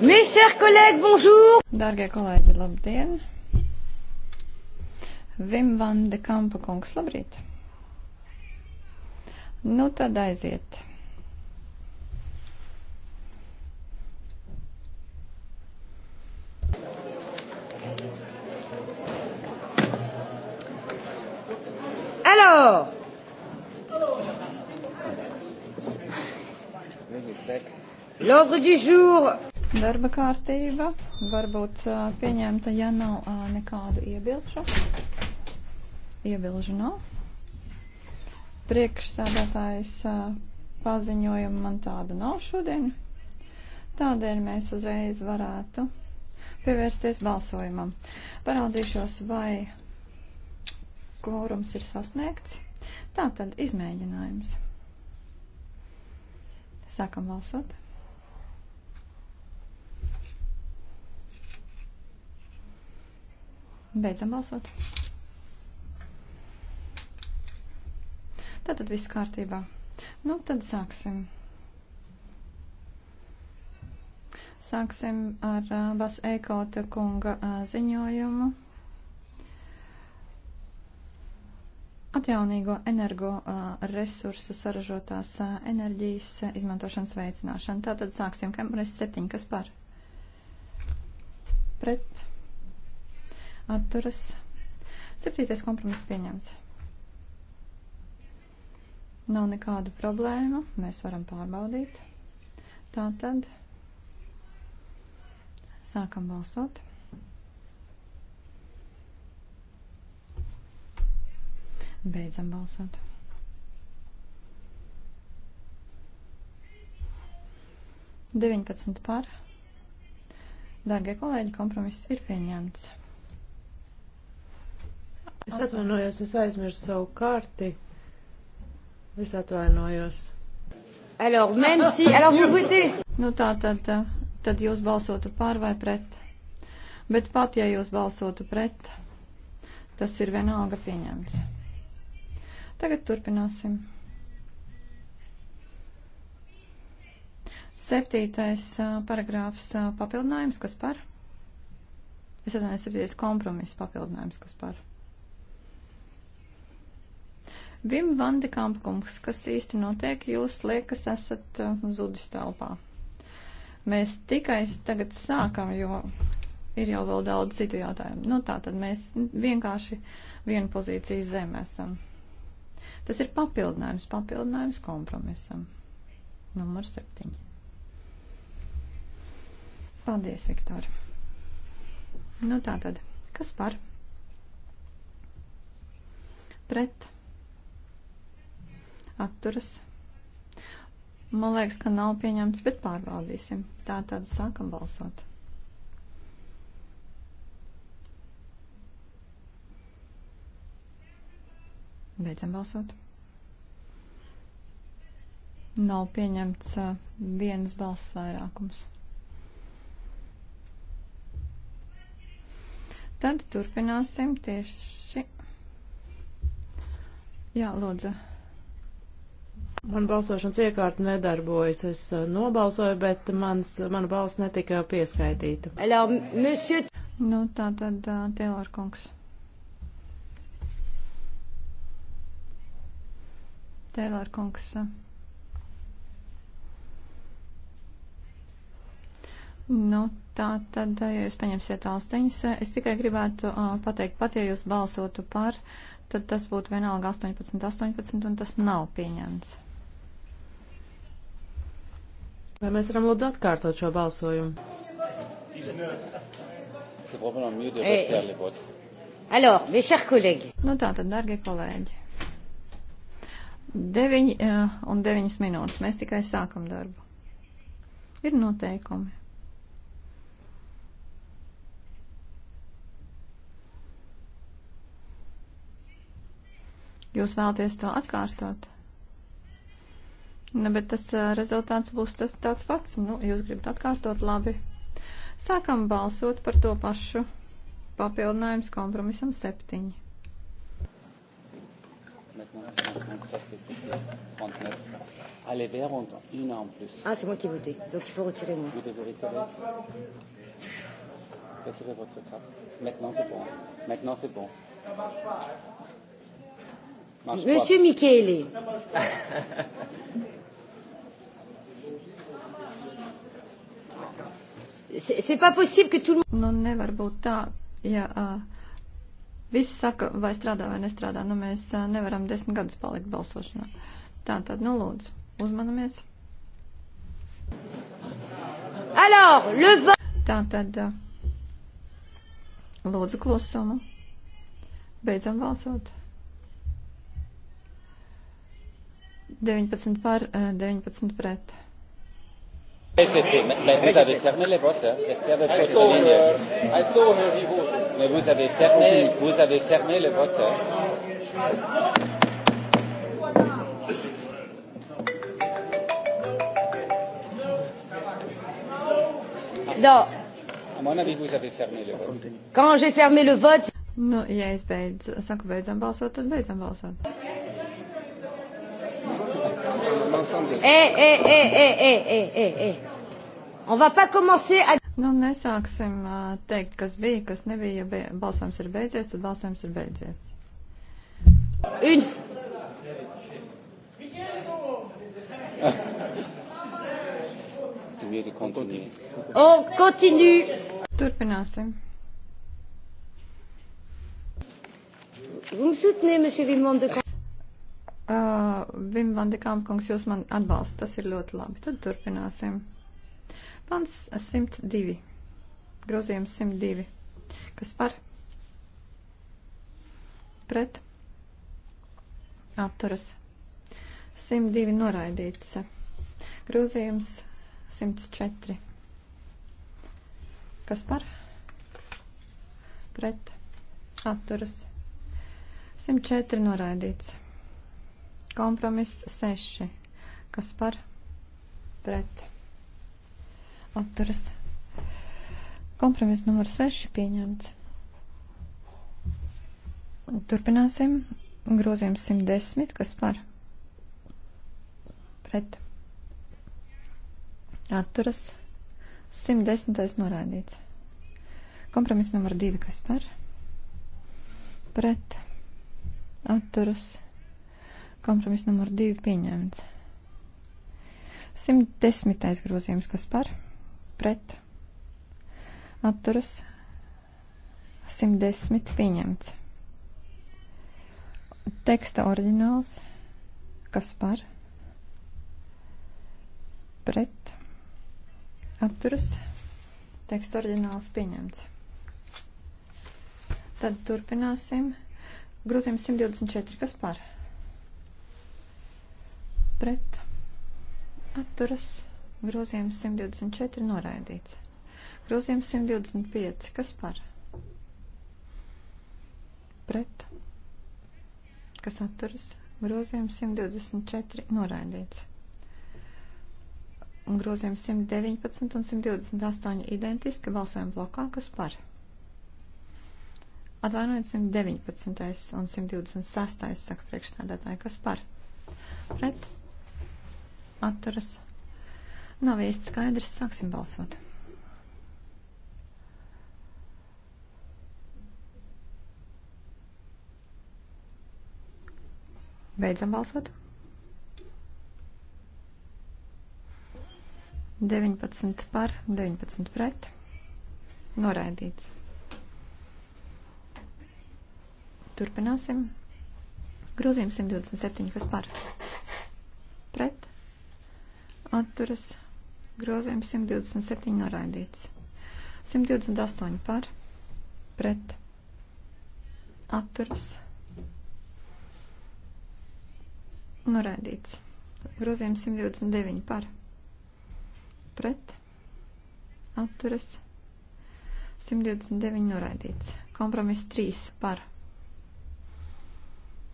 Mes chers collègues, bonjour! Dargie kolēģi, labdien! Vim van de Kampa kungs, labrīt! Nu tad aiziet! Alors! Hello. Hello. L'ordre du jour. Darba kārtība var būt pieņemta, ja nav nekādu iebilžu. Iebilžu nav. Priekšsēdētājs paziņojumu man tādu nav šodien. Tādēļ mēs uzreiz varētu pievērsties balsojumam. Paraudzīšos, vai kvorums ir sasniegts. Tātad izmēģinājums. Sākam balsot. Beidzam balsot. Tātad viss kārtībā. Nu, tad sāksim. Sāksim ar uh, Bas Eikota kunga uh, ziņojumu. Atjaunīgo energo uh, resursu saražotās uh, enerģijas uh, izmantošanas veicināšana. Tātad sāksim. Kamres 7. Kas par? Pret atturas. Septītais kompromiss pieņemts. Nav nekādu problēmu, mēs varam pārbaudīt. Tā tad sākam balsot. Beidzam balsot. Deviņpadsmit par. Dārgie kolēģi, kompromiss ir pieņemts. Es atvainojos, es aizmirsu savu karti. Es atvainojos. Alors, même si, alors vous votez. Nu tā tad, tad jūs balsotu pār vai pret. Bet pat, ja jūs balsotu pret, tas ir vienalga pieņemts. Tagad turpināsim. Septītais paragrāfs papildinājums, kas par? Es atvainojos, septītais kompromiss papildinājums, kas par? Vim Vandekampkungs, kas īsti notiek, jūs liekas esat uh, zudis telpā. Mēs tikai tagad sākam, jo ir jau vēl daudz citu jautājumu. Nu tā tad mēs vienkārši vienu pozīciju zem esam. Tas ir papildinājums, papildinājums kompromisam. Numur septiņi. Paldies, Viktor. Nu tā tad, kas par? Pret atturas. Man liekas, ka nav pieņemts, bet pārbaudīsim. Tā tad sākam balsot. Beidzam balsot. Nav pieņemts uh, vienas balss vairākums. Tad turpināsim tieši. Jā, lūdzu. Man balsošanas iekārta nedarbojas. Es eh, nobalsoju, bet mans, mana balss netika pieskaitīta. Alors, monsieur... Nu, tā tad uh, eh, Tēlār kungs. Tēlār kungs. Eh. Nu, tā tad, ja jūs paņemsiet austiņas, es tikai gribētu uh, pateikt, pat ja jūs balsotu par, tad tas būtu vienalga 18, 18, un tas nav pieņemts. Vai mēs varam lūdzu atkārtot šo balsojumu? Eh, eh. Alors, mes chers collègues. Nu tā tad, dargie kolēģi. 9 uh, eh, un 9 minūtes. Mēs tikai sākam darbu. Ir noteikumi. Jūs vēlaties to atkārtot? Ne, bet tas rezultāts būs tas, tāds pats. Nu, jūs gribat atkārtot labi. Sākam balsot par to pašu papildinājums kompromisam septiņi. Ah, c'est moi qui ai voté, donc il faut retirer moi. Vous devez retirer. Retirez votre carte. Maintenant c'est bon. Maintenant c'est bon. Monsieur Michele. C'est pas possible que tout le monde. Nu, nevar būt tā, ja uh, visi saka, vai strādā vai nestrādā. Nu, mēs uh, nevaram desmit gadus palikt balsošanā. Tā tad, nu, lūdzu, uzmanamies. Alors, le va... Tā tad, uh, lūdzu, klusumu. Beidzam balsot. 19 par, 19 eh, pret. Vous avez fermé les votes. Mais vous avez fermé, vous avez fermé les votes. Non. À mon avis, vous avez fermé le vote. Quand j'ai fermé le vote. Nu, ja es beidzu, saku beidzam balsot, tad beidzam balsot. Ei, eh, ei, eh, ei, eh, ei, ei, ei, ei. On va pas commencer à... Nu, nesāksim teikt, kas bija, kas nebija. Ja be... balsojums ir beidzies, tad balsojums ir beidzies. Une... C'est mieux de continuer. On continue. Turpināsim. Vous me soutenez, monsieur Vimond de uh, Vim Vandekāmkungs, jūs man atbalstat, tas ir ļoti labi. Tad turpināsim. Pants 102. Grozījums 102. Kas par? Pret? Atturas. 102 noraidīts. Grozījums 104. Kas par? Pret. Atturas. 104 noraidīts. Kompromiss 6. Kas par? Pret. Atturas. Kompromiss numur 6 pieņemts. Turpināsim. Grozījums 110. Kas par? Pret. Atturas. 110. norādīts. Kompromiss numur 2. Kas par? Pret. Atturas. Kompromiss numur 2 pieņemts. 110. grozījums, kas par, pret, atturas, 110 pieņemts. Teksta oriģināls, kas par, pret, atturas, teksta oriģināls pieņemts. Tad turpināsim. Grozījums 124, kas par? pret atturas grozījums 124 noraidīts. Grozījums 125. Kas par? Pret. Kas atturas? Grozījums 124 noraidīts. Un grozījums 119 un 128 identiski balsojam blokā. Kas par? Atvainojiet 119. un 126. saka priekšstādātāji. Kas par? Pret atturas. Nav īsti skaidrs. Sāksim balsot. Beidzam balsot. 19 par, 19 pret. Noraidīts. Turpināsim. Grūzījums 127, kas par atturas grozījums 127 noraidīts. 128 par, pret, atturas noraidīts. Grozījums 129 par, pret, atturas 129 noraidīts. Kompromiss 3 par,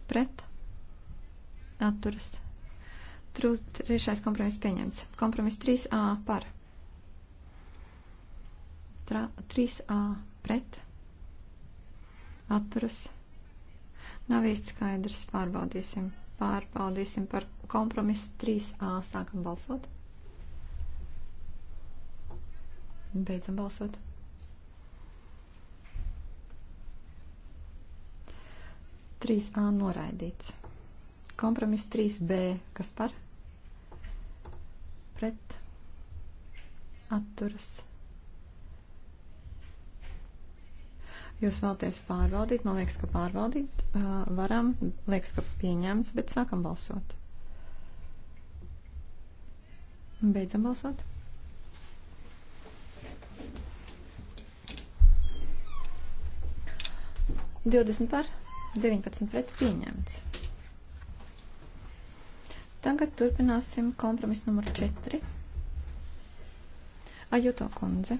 pret, atturas Trešais kompromiss pieņemts. Kompromiss 3A par. Tra, 3A pret. Atturas. Nav īsti skaidrs. Pārbaudīsim. Pārbaudīsim par kompromisu 3A. Sākam balsot. Beidzam balsot. Trīs A noraidīts. Kompromis 3B. Kas par? Pret. Atturas. Jūs vēlaties pārbaudīt? Man liekas, ka pārbaudīt uh, varam. Liekas, ka pieņemts, bet sākam balsot. Beidzam balsot. Divdesmit par, deviņpadsmit pret pieņemts. Tagad turpināsim kompromisu numur 4. Ajuto kundze.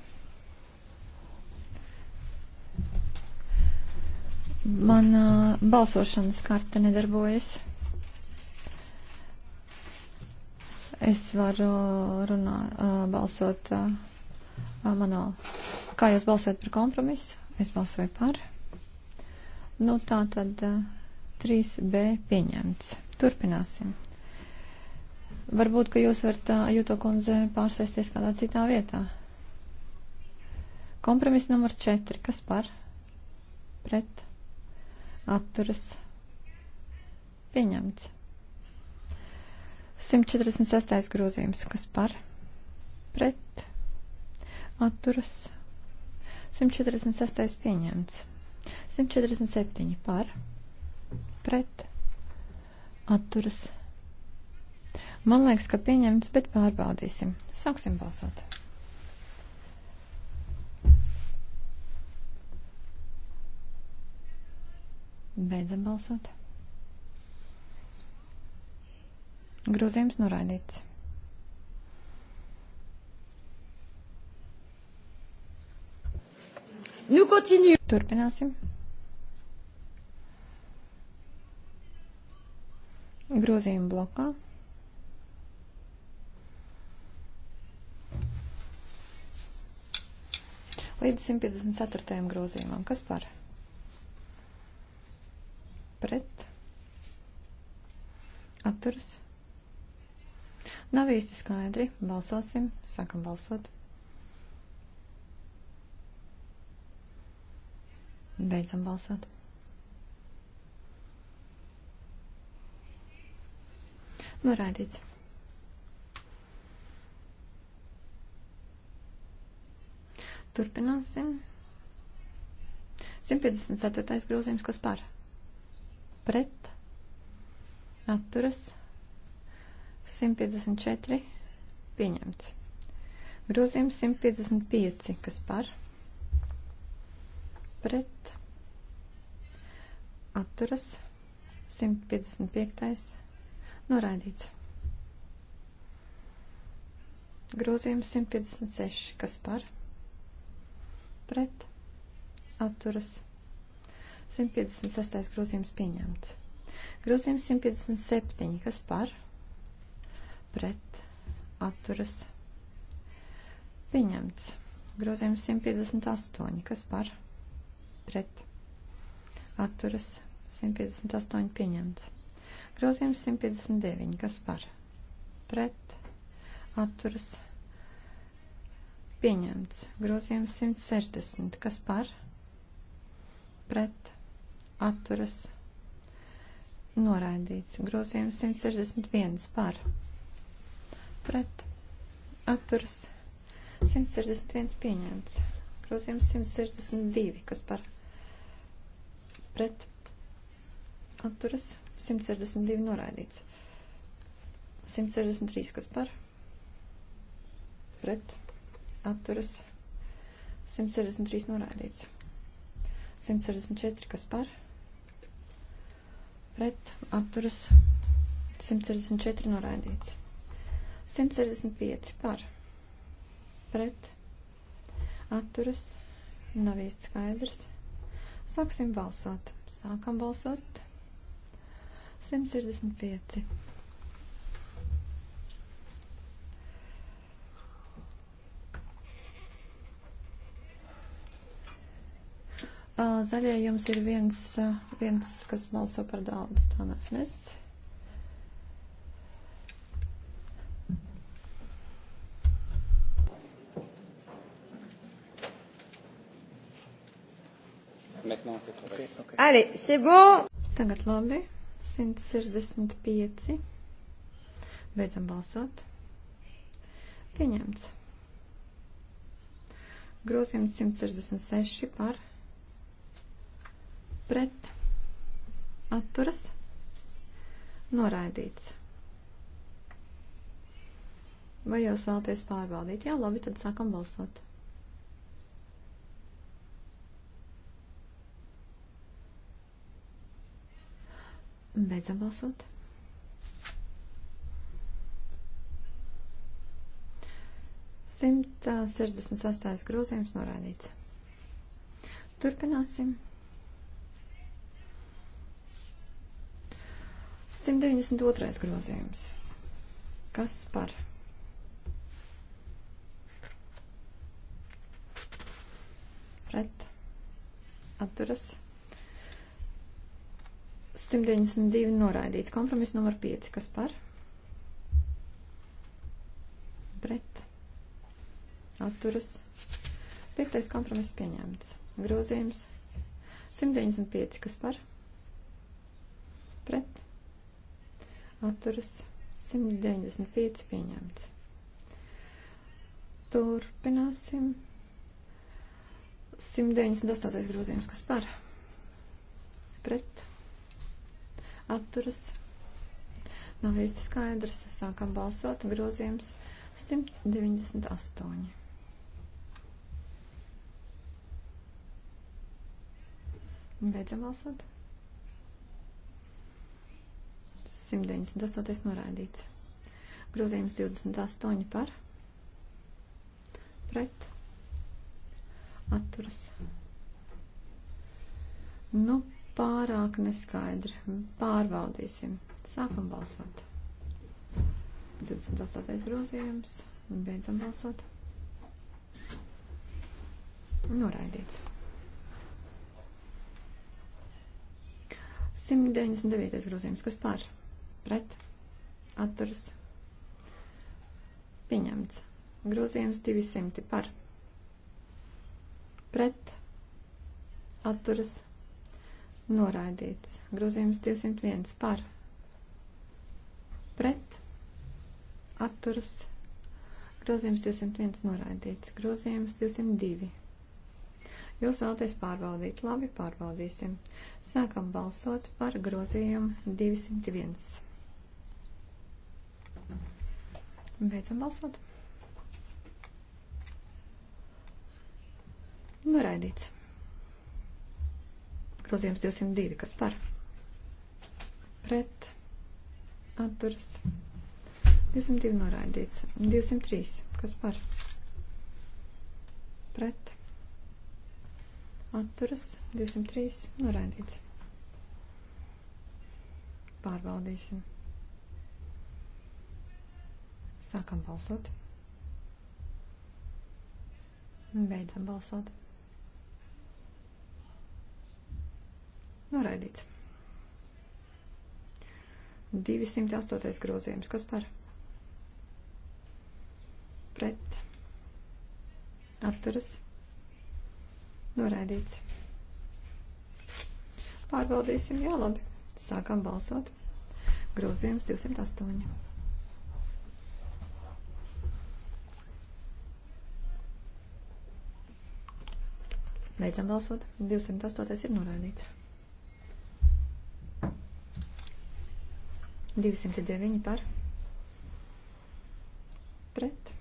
Mana balsošanas karte nedarbojas. Es varu runā, balsot manā. Kā jūs balsojat par kompromisu? Es balsoju par. Nu, tā tad 3B pieņemts. Turpināsim. Varbūt, ka jūs varat Juto kundze pārsēsties kādā citā vietā. Kompromiss numur 4. Kas par? Pret. Atturas. Pieņemts. 146. grozījums. Kas par? Pret. Atturas. 146. pieņemts. 147. par. Pret. Atturas. Man liekas, ka pieņemts, bet pārbaudīsim. Sāksim balsot. Beidzam balsot. Grozījums noraidīts. Nu, continue. Turpināsim. Grozījuma blokā. līdz 154. grozījumam. Kas par? Pret. Atturs. Nav īsti skaidri. Balsosim. Sākam balsot. Beidzam balsot. Noraidīts. Turpināsim. 154. grozījums, kas par? Pret. Atturas. 154. Pieņemts. Grozījums 155. Kas par? Pret. Atturas. 155. Noraidīts. Grozījums 156. Kas par? Pret pret atturas. 156. grozījums pieņemts. Grozījums 157. Kas par? Pret atturas. Pieņemts. Grozījums 158. Kas par? Pret atturas. 158. Pieņemts. Grozījums 159. Kas par? Pret atturas. Pieņemts. Grozījums 160. Kas par? Pret. Atturas. Noraidīts. Grozījums 161. Par. Pret. Atturas. 161. Pieņemts. Grozījums 162. Kas par? Pret. Atturas. 162. Noraidīts. 163. Kas par? Pret atturas 163 noraidīts. 164 kas par pret atturas 164 noraidīts. 165 par pret atturas nav īsti skaidrs. Sāksim balsot. Sākam balsot. 165. Zaļie jums ir viens, viens kas balso par daudz. Tā nesmu es. Arī, sebo! Tagad labi. 165. Beidzam balsot. Pieņemts. Grozījums 166 par pret atturas noraidīts. Vai jūs vēlaties pārbaudīt? Jā, labi, tad sākam balsot. Beidzam balsot. Simt sešdesmit sastais grozījums norādīts. Turpināsim. 192. grozījums. Kas par? Pret. Atturas. 192 noraidīts. Kompromiss numur 5. Kas par? Pret. Atturas. 5. kompromiss pieņemts. Grozījums 195. Kas par? Pret atturas 195 pieņemts. Turpināsim. 198. grozījums, kas par pret atturas nav īsti skaidrs. Sākam balsot. Grozījums 198. Beidzam balsot. 198 noraidīts. Grozījums 28 par. Pret. Atturas. Nu, pārāk neskaidri. Pārbaudīsim. Sākam balsot. 28. grozījums un beidzam balsot. Noraidīts. 199. grozījums, kas par? pret atturas pieņemts. Grozījums 200 par pret atturas noraidīts. Grozījums 201 par pret atturas noraidīts. Grozījums 201 noraidīts, grozījums 202. Jūs vēlaties pārbaudīt, labi pārbaudīsim. Sākam balsot par grozījumu 201. Beidzam balsot. Noraidīts. Nu, Grozījums 202, kas par? Pret. Atturas. 202 noraidīts. 203, kas par? Pret. Atturas. 203 noraidīts. Pārbaudīsim. Sākam balsot. Beidzam balsot. Noraidīts. 208. grozījums. Kas par? Pret. Atturas. Noraidīts. Pārbaudīsim, jā, labi. Sākam balsot. Grozījums 208. Beidzam balsot. 208. ir noraidīts. 209 par. Pret.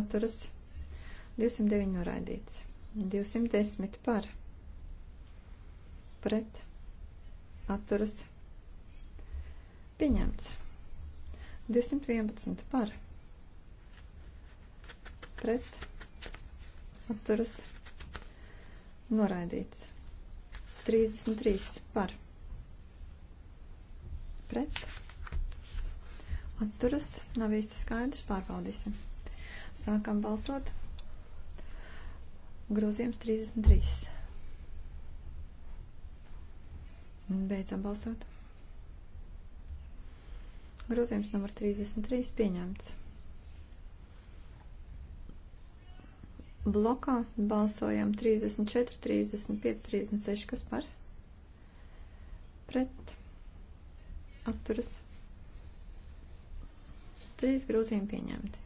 Atturas. 209 noraidīts. 210 par. Pret. Atturas. Pieņemts. 211 par. Pret. Atturas. Pieņemts Noraidīts. 33 par. Pret. Atturas. Nav īsti skaidrs. Pārbaudīsim. Sākam balsot. Grozījums 33. Beidzam balsot. Grozījums numur 33 pieņemts. blokā balsojam 34, 35, 36, kas par pret atturas. Trīs grozījumi pieņemti.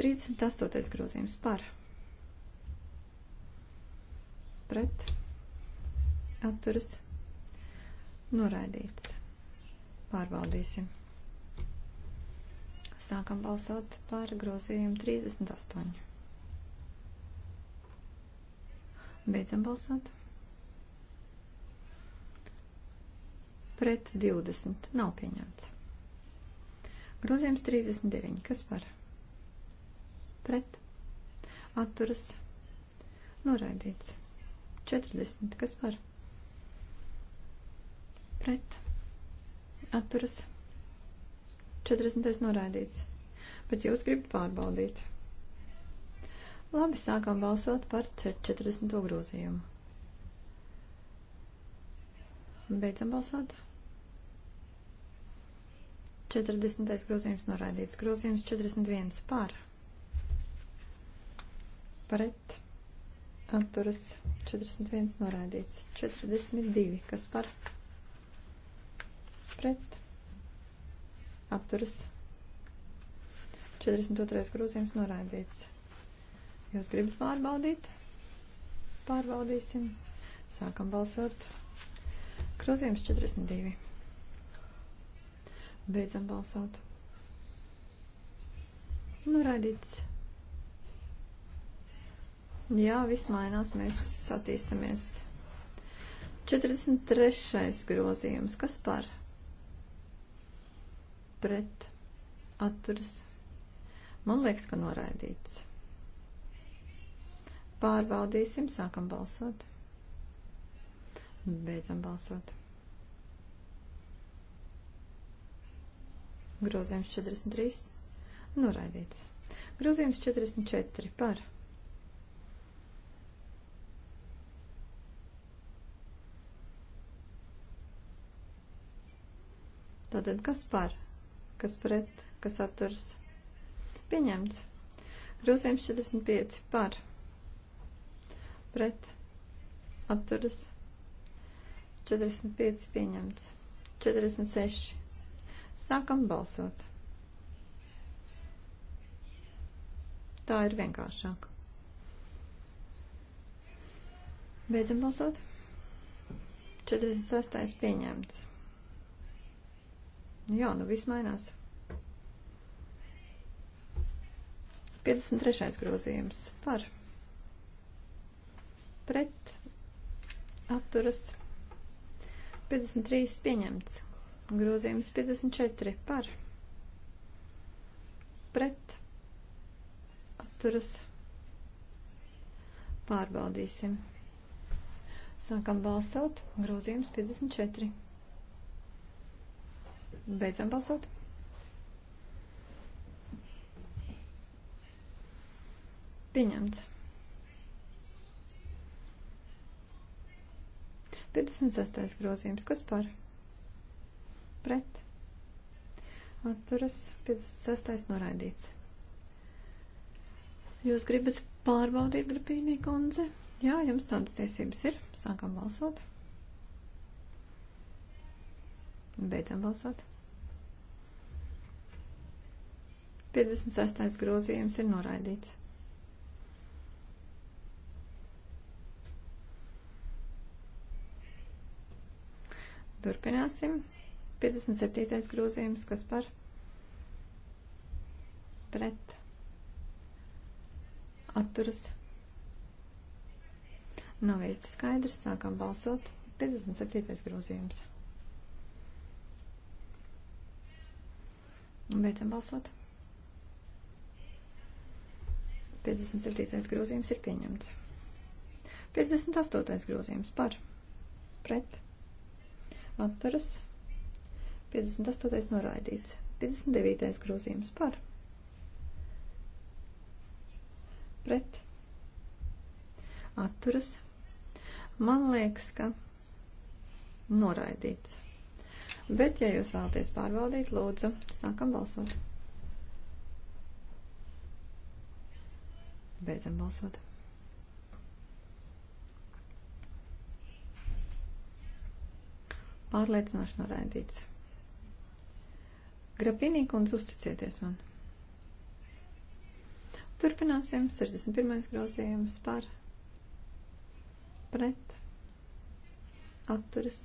38. grozījums par pret atturas noraidīts. Pārbaudīsim. Sākam balsot par grozījumu 38. Beidzam balsot. Pret 20. Nav pieņemts. Grozījums 39. Kas par? Pret. Atturas. Noraidīts. 40. Kas par? Pret. Atturas. 40. Noraidīts. Bet jūs gribat pārbaudīt. Labi, sākam balsot par 40. grozījumu. Beidzam balsot. 40. grozījums noraidīts. Grozījums 41 par. Pret. Atturas 41 noraidīts. 42. Kas par? Pret. Atturas 42. grozījums noraidīts. Jūs gribat pārbaudīt? Pārbaudīsim. Sākam balsot. Grozījums 42. Beidzam balsot. Noraidīts. Jā, viss mainās, mēs attīstamies. 43. grozījums. Kas par? Pret. Atturas. Man liekas, ka noraidīts. Pārbaudīsim, sākam balsot. Beidzam balsot. Grozījums 43. Noraidīts. Grozījums 44 par. Tātad kas par, kas pret, kas atturs? Pieņemts. Grozījums 45 par pret atturas 45 pieņemts 46 sākam balsot tā ir vienkāršāk beidzam balsot 46 pieņemts jā nu viss mainās 53. grozījums par pret atturas 53 pieņemts. Grozījums 54 par pret atturas pārbaudīsim. Sākam balsot. Grozījums 54. Beidzam balsot. Pieņemts. 56. grozījums. Kas par? Pret. Atturas. 56. noraidīts. Jūs gribat pārbaudīt, Grapīnī kundze? Jā, jums tādas tiesības ir. Sākam balsot. Beidzam balsot. 56. grozījums ir noraidīts. Turpināsim. 57. grozījums, kas par pret atturas. Nav īsti skaidrs, sākam balsot. 57. grozījums. Un beidzam balsot. 57. grozījums ir pieņemts. 58. grozījums par pret atturas atturas. 58. noraidīts. 59. grozījums par. Pret. Atturas. Man liekas, ka noraidīts. Bet, ja jūs vēlaties pārbaudīt, lūdzu, sākam balsot. Beidzam balsot. Pārliecinoši noraidīts. Grapinīka un uzticieties man. Turpināsim. 61. grozījums par pret atturas.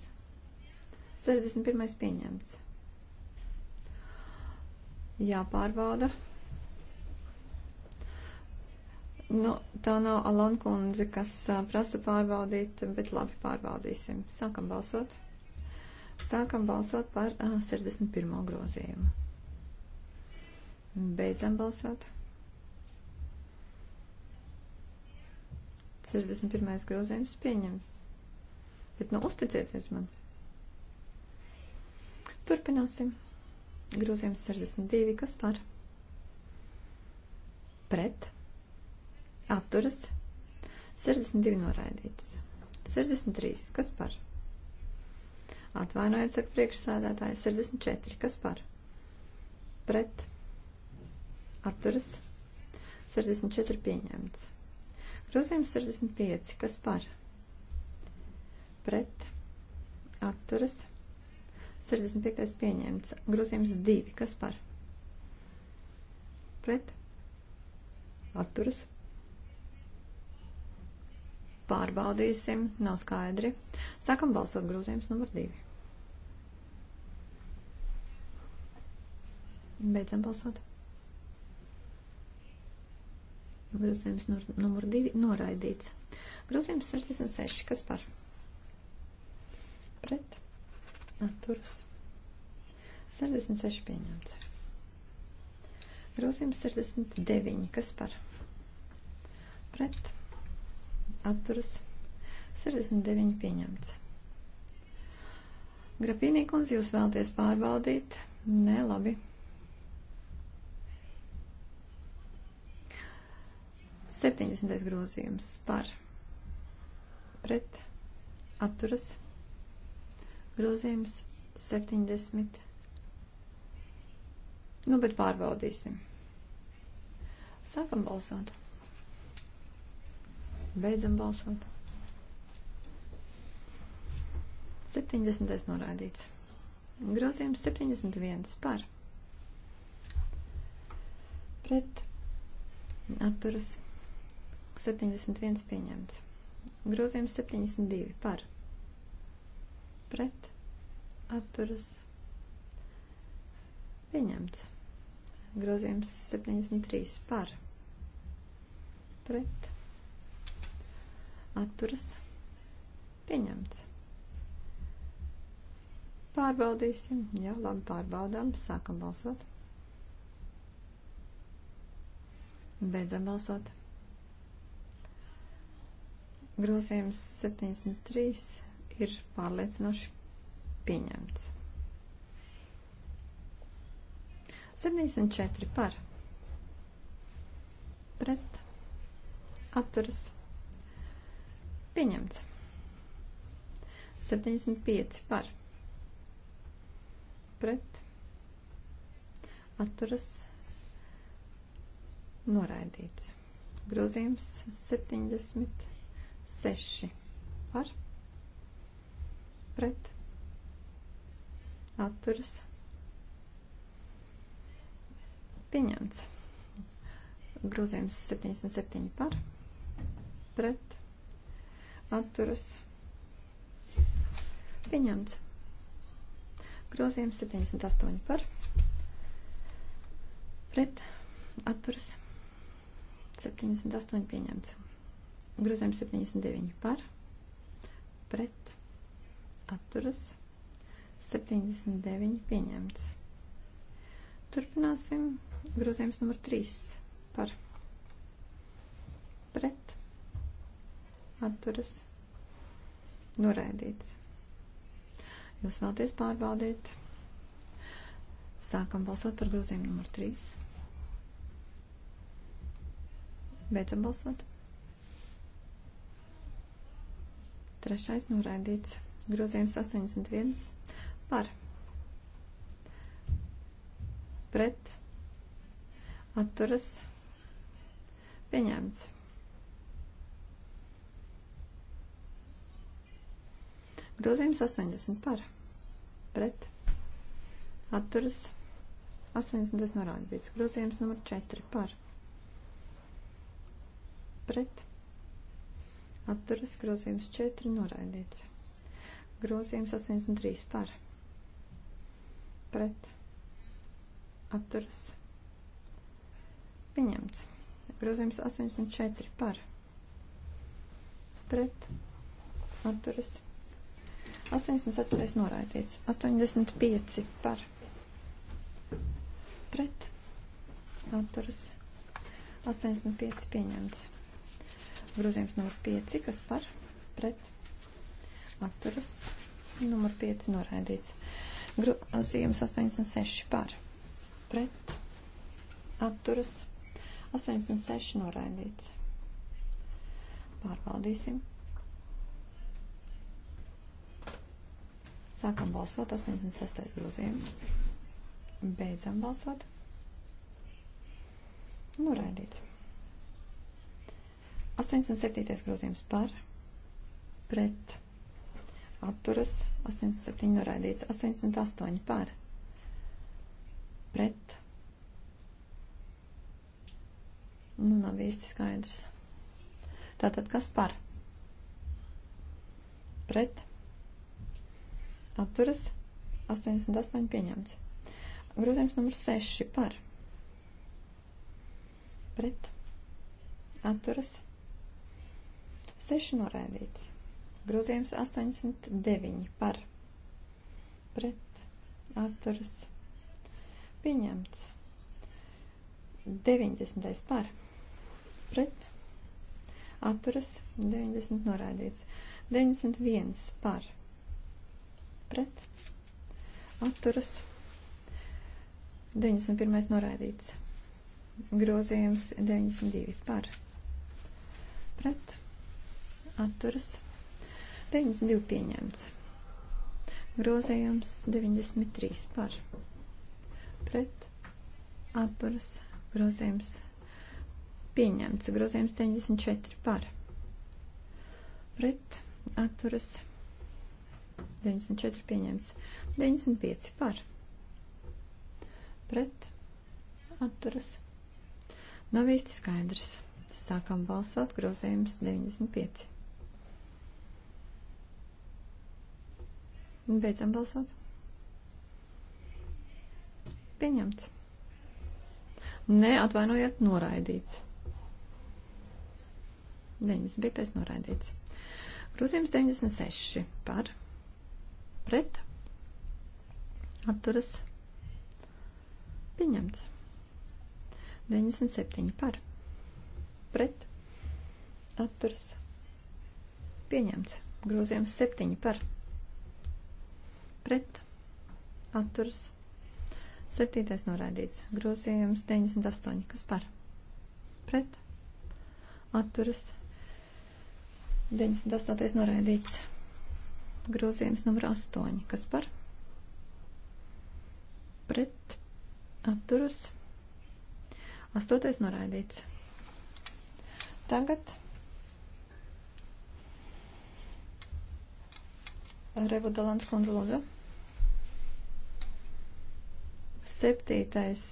61. pieņemts. Jāpārbauda. Nu, tā nav Alankundze, kas prasa pārbaudīt, bet labi pārbaudīsim. Sākam balsot. Sākam balsot par 61. grozījumu. Beidzam balsot. 61. grozījums pieņems. Bet nu uzticieties man. Turpināsim. Grozījums 62. Kas par? Pret. Atturas. 62 noraidīts. 63. Kas par? Atvainojiet, saka priekšsēdētāji, 64. Kas par? Pret. Atturas. 64 pieņemts. Grozījums 65. Kas par? Pret. Atturas. 65. pieņemts. Grozījums 2. Kas par? Pret. Atturas. Pārbaudīsim. Nav skaidri. Sākam balsot grozījums numur 2. Beidzam balsot. Grozījums nur, numur 2 noraidīts. Grozījums 66. Kas par? Pret. Atturas. 66 pieņemts. Grozījums 69. Kas par? Pret. Atturas. 69 pieņemts. Grapīnī kundze, jūs vēlaties pārbaudīt? Nē, labi. 70. grozījums par pret atturas grozījums 70. Nu, bet pārbaudīsim. Sākam balsot. Beidzam balsot. 70. noraidīts. Grozījums 71 par pret atturas grozījums 71 pieņemts. Grozījums 72 par. Pret. Atturas. Pieņemts. Grozījums 73 par. Pret. Atturas. Pieņemts. Pārbaudīsim. Jā, labi, pārbaudām. Sākam balsot. Beidzam balsot. Grozījums 73 ir pārliecinoši pieņemts. 74 par pret atturas pieņemts. 75 par pret atturas noraidīts. Grozījums 70 6 par pret atturas pieņemts. Grūzījums 77 par pret atturas pieņemts. Grūzījums 78 par pret atturas 78 pieņemts. Grozījums 79 par, pret, atturas, 79 pieņemts. Turpināsim. Grozījums numur 3 par, pret, atturas, noraidīts. Jūs vēlties pārbaudīt. Sākam balsot par grozījumu numur 3. Beidzam balsot. trešais noraidīts. Grozījums 81 par pret atturas pieņemts. Grozījums 80 par pret atturas 80 norādīts. Grozījums numur 4 par pret atturas grozījums 4 noraidīts. Grozījums 83 par pret atturas pieņemts. Grozījums 84 par pret atturas 87 noraidīts. 85 par pret atturas 85 pieņemts. Grozījums numur 5, kas par pret atturas numur 5 noraidīts. Grozījums 86 par pret atturas 86 noraidīts. Pārbaudīsim. Sākam balsot 86. grozījums. Beidzam balsot. Noraidīts. 87. grozījums par, pret, atturas, 87 noraidīts, 88 par, pret, nu nav īsti skaidrs. Tātad kas par? Pret, atturas, 88 pieņemts. Grozījums numurs 6 par, pret, atturas, 88. 6 noraidīts. Grozījums 89 par pret atturas pieņemts. 90. par pret atturas 90 noraidīts. 91 par pret atturas 91 noraidīts. Grozījums 92 par pret atturas 92 pieņemts. Grozījums 93 par pret atturas grozījums pieņemts. Grozījums 94 par pret atturas 94 pieņemts. 95 par pret atturas nav īsti skaidrs. Sākam balsot grozījums 95. Beidzam balsot. Pieņemts. Nē, atvainojiet, noraidīts. 95. noraidīts. Grūzījums 96 par pret atturas pieņemts. 97 par pret atturas pieņemts. Grūzījums 7 par pret pret atturas. Septītais noraidīts. Grozījums 98. Kas par? Pret atturas. 98. noraidīts. Grozījums numur 8. Kas par? Pret atturas. Astotais noraidīts. Tagad Revu Dalans Konzulūza. Septītais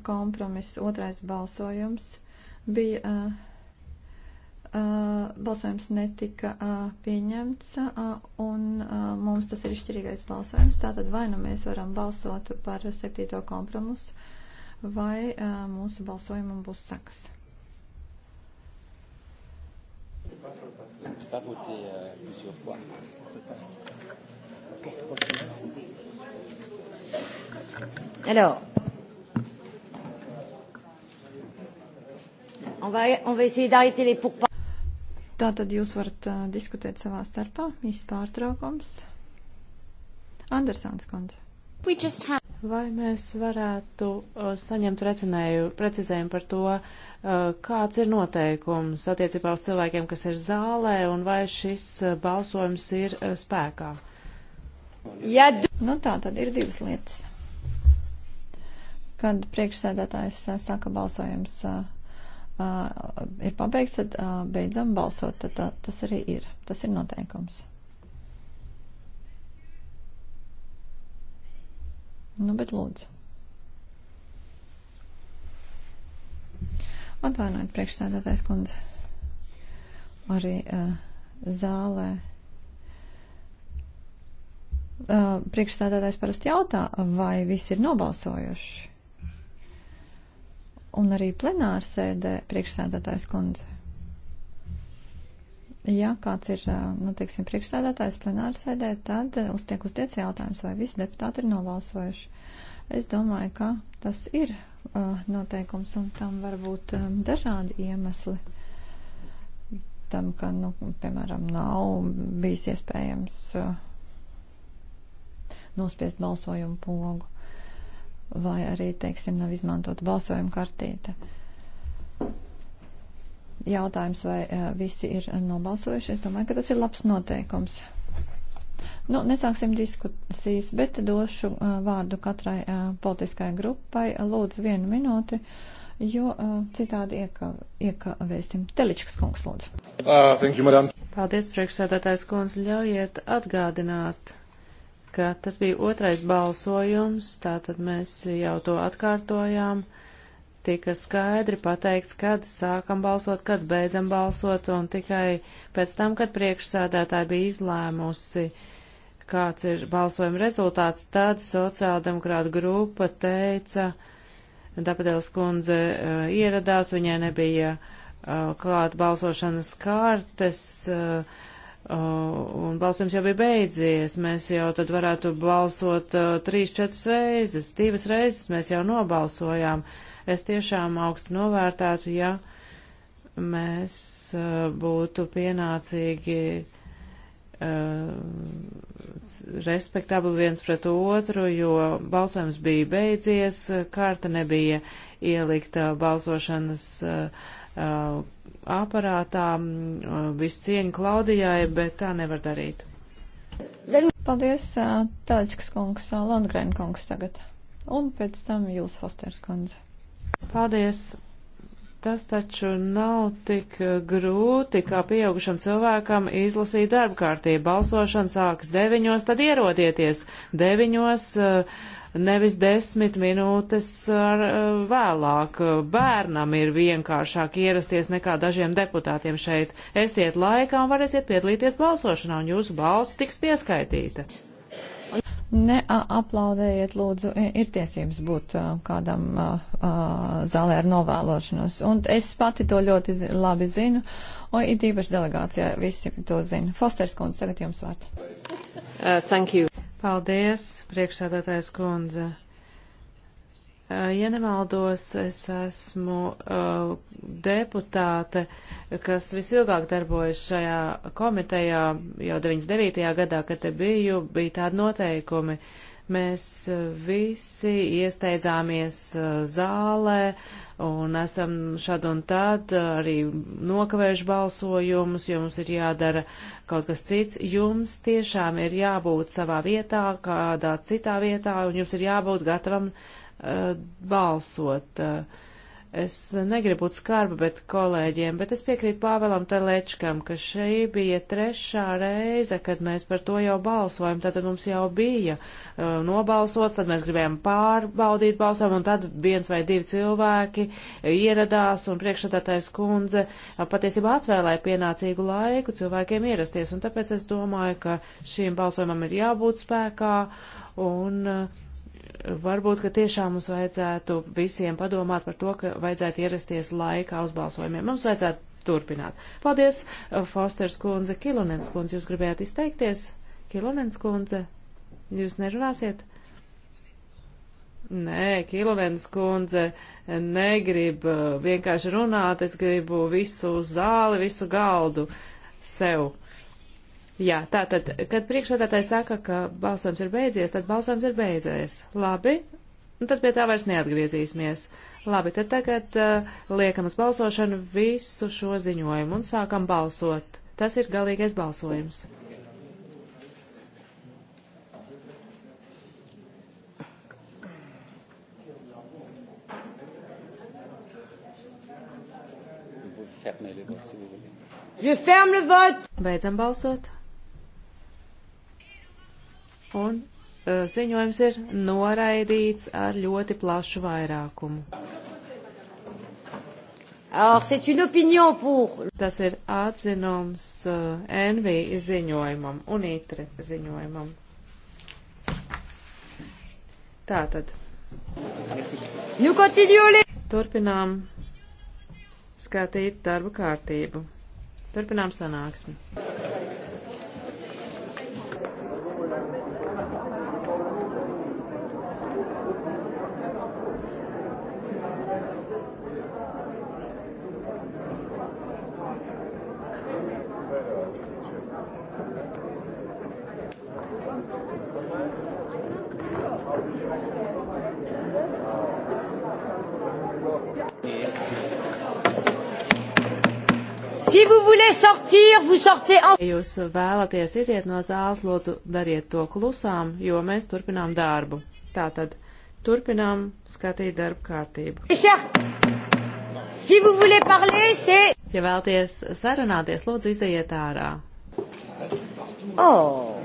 kompromiss, otrais balsojums bija. Balsojums netika pieņemts, un mums tas ir izšķirīgais balsojums. Tātad vai nu mēs varam balsot par septīto kompromisu, vai mūsu balsojumam būs saks. Pas voter euh, plusieurs fois. Okay. Alors, on va, on va essayer d'arrêter les pourparlers. Tātad jūs varat uh, diskutēt savā starpā, īsts pārtraukums. Andersons kundze. Have... Vai mēs varētu uh, saņemt precizējumu par to, uh, kāds ir noteikums attiecībā uz cilvēkiem, kas ir zālē, un vai šis uh, balsojums ir uh, spēkā? Ja... Nu tā tad ir divas lietas kad priekšsēdētājs uh, saka balsojums uh, uh, ir pabeigts, tad beidzam balsot. Tad tas arī ir. Tas ir noteikums. Nu, bet lūdzu. Atvainojiet, priekšsēdētājs kundze. Arī uh, zālē. Uh, priekšstādātājs parasti jautā, vai visi ir nobalsojuši un arī plenārsēdē priekšsēdētājs kundze. Ja kāds ir, nu, teiksim, priekšsēdētājs plenārsēdē, tad uz tiek uzdiec jautājums, vai visi deputāti ir novalsojuši. Es domāju, ka tas ir uh, noteikums un tam var būt um, dažādi iemesli. Tam, ka, nu, piemēram, nav bijis iespējams uh, nospiest balsojumu pogu vai arī, teiksim, nav izmantota balsojuma kartīte. Jautājums, vai e, visi ir nobalsojuši, es domāju, ka tas ir labs noteikums. Nu, nesāksim diskusijas, bet došu uh, vārdu katrai uh, e, politiskai grupai. Lūdzu, vienu minūti, jo uh, citādi ieka, iekavēsim. Teličkas kungs, lūdzu. Uh, thank you, madam. Paldies, priekšsēdētājs kungs. Ļaujiet atgādināt ka tas bija otrais balsojums, tātad mēs jau to atkārtojām. Tika skaidri pateikts, kad sākam balsot, kad beidzam balsot, un tikai pēc tam, kad priekšsēdētāji bija izlēmusi, kāds ir balsojuma rezultāts, tad sociāldemokrāta grupa teica, Dapatēls kundze uh, ieradās, viņai nebija uh, klāt balsošanas kartes. Uh, Uh, un balsojums jau bija beidzies, mēs jau tad varētu balsot uh, trīs, četras reizes, divas reizes mēs jau nobalsojām. Es tiešām augstu novērtētu, ja mēs uh, būtu pienācīgi uh, respektabli viens pret otru, jo balsojums bija beidzies, kārta nebija ielikta uh, balsošanas uh, uh, aparātā. Uh, visu cieņu Klaudijai, bet tā nevar darīt. Paldies, uh, Tāļķis kungs, uh, Landgrēn kungs tagad. Un pēc tam jūs, Fosters kundze. Paldies. Tas taču nav tik uh, grūti, kā pieaugušam cilvēkam izlasīt darbkārtību. Balsošana sāks deviņos, tad ierodieties. Deviņos. Uh, nevis desmit minūtes ar, eh, vēlāk. Bērnam ir vienkāršāk ierasties nekā dažiem deputātiem šeit. Esiet laikā un varēsiet piedalīties balsošanā, un jūsu balss tiks pieskaitīta. Neaplaudējiet, lūdzu, ir tiesības būt kādam zālē ar novēlošanos. Un es pati to ļoti labi zinu, un it īpaši delegācijā visi to zina. Fosters kundze, tagad jums vārds. Uh, thank you. Paldies, priekšsādātājs kundze. Ja nemaldos, es esmu uh, deputāte, kas visilgāk darbojas šajā komitejā jau 99. gadā, kad te biju, bija tādi noteikumi. Mēs visi iesteidzāmies uh, zālē, uh, un esam šad un tād arī nokavējuši balsojumus, jo mums ir jādara kaut kas cits. Jums tiešām ir jābūt savā vietā, kādā citā vietā, un jums ir jābūt gatavam uh, balsot. Uh, es negribu būt skarba, bet kolēģiem, bet es piekrītu Pāvēlam Telečkam, ka šī bija trešā reize, kad mēs par to jau balsojam, tātad mums jau bija uh, Eh, nobalsots, tad mēs gribējām pārbaudīt balsojumu, un tad viens vai divi cilvēki eh, ieradās, un priekšsēdētājs kundze eh, patiesībā atvēlēja pienācīgu laiku cilvēkiem ierasties, un tāpēc es domāju, ka šīm balsojumam ir jābūt spēkā, un varbūt, ka tiešām mums vajadzētu visiem padomāt par to, ka vajadzētu ierasties laikā uz balsojumiem. Mums vajadzētu turpināt. Paldies, Fosters kundze, Kilonens kundze, jūs gribējāt izteikties? Kilonens kundze. Jūs nerunāsiet? Nē, Kilvens kundze negrib uh, vienkārši runāt, es gribu visu zāli, visu galdu sev. Jā, tātad, kad priekšsēdētāji saka, ka balsojums ir beidzies, tad balsojums ir beidzies. Labi, un tad pie tā vairs neatgriezīsimies. Labi, tad tagad uh, liekam uz balsošanu visu šo ziņojumu un sākam balsot. Tas ir galīgais balsojums. Fermez le vote, si vous voulez. Je ferme le vote. Beidzam balsot. Un uh, ziņojums ir noraidīts ar ļoti plašu vairākumu. Alors, c'est une opinion pour... Tas ir atzinums uh, e, NV ziņojumam un ITRE ziņojumam. Tātad. Turpinām skatīt darba kārtību. Turpinām sanāksmi. Oh! Jūs vēlaties iziet no zāles, lūdzu, dariet to klusām, jo mēs turpinām darbu. Tātad turpinām skatīt darbu kārtību. Ja vēlaties sarunāties, lūdzu, iziet ārā. Oh.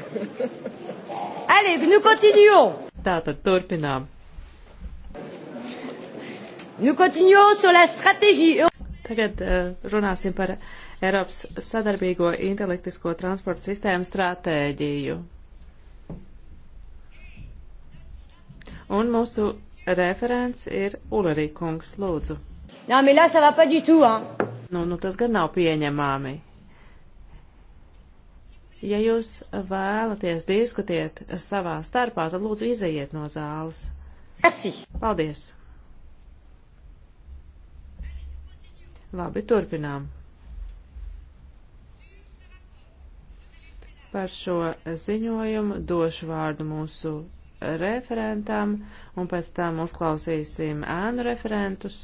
Allez, nous continuons. Tātad turpinām. Nous continuons sur la stratégie. Tagad uh, runāsim par Eiropas sadarbīgo intelektisko transporta sistēmu stratēģiju. Un mūsu referents ir Ulerī kungs, lūdzu. Nā, mais là, ça va pas du tout, hein? Nu, nu, tas gan nav pieņemami. Ja jūs vēlaties diskutiet savā starpā, tad lūdzu izējiet no zāles. Merci. Paldies. Labi, turpinām. par šo ziņojumu, došu vārdu mūsu referentam un pēc tam uzklausīsim ēnu referentus.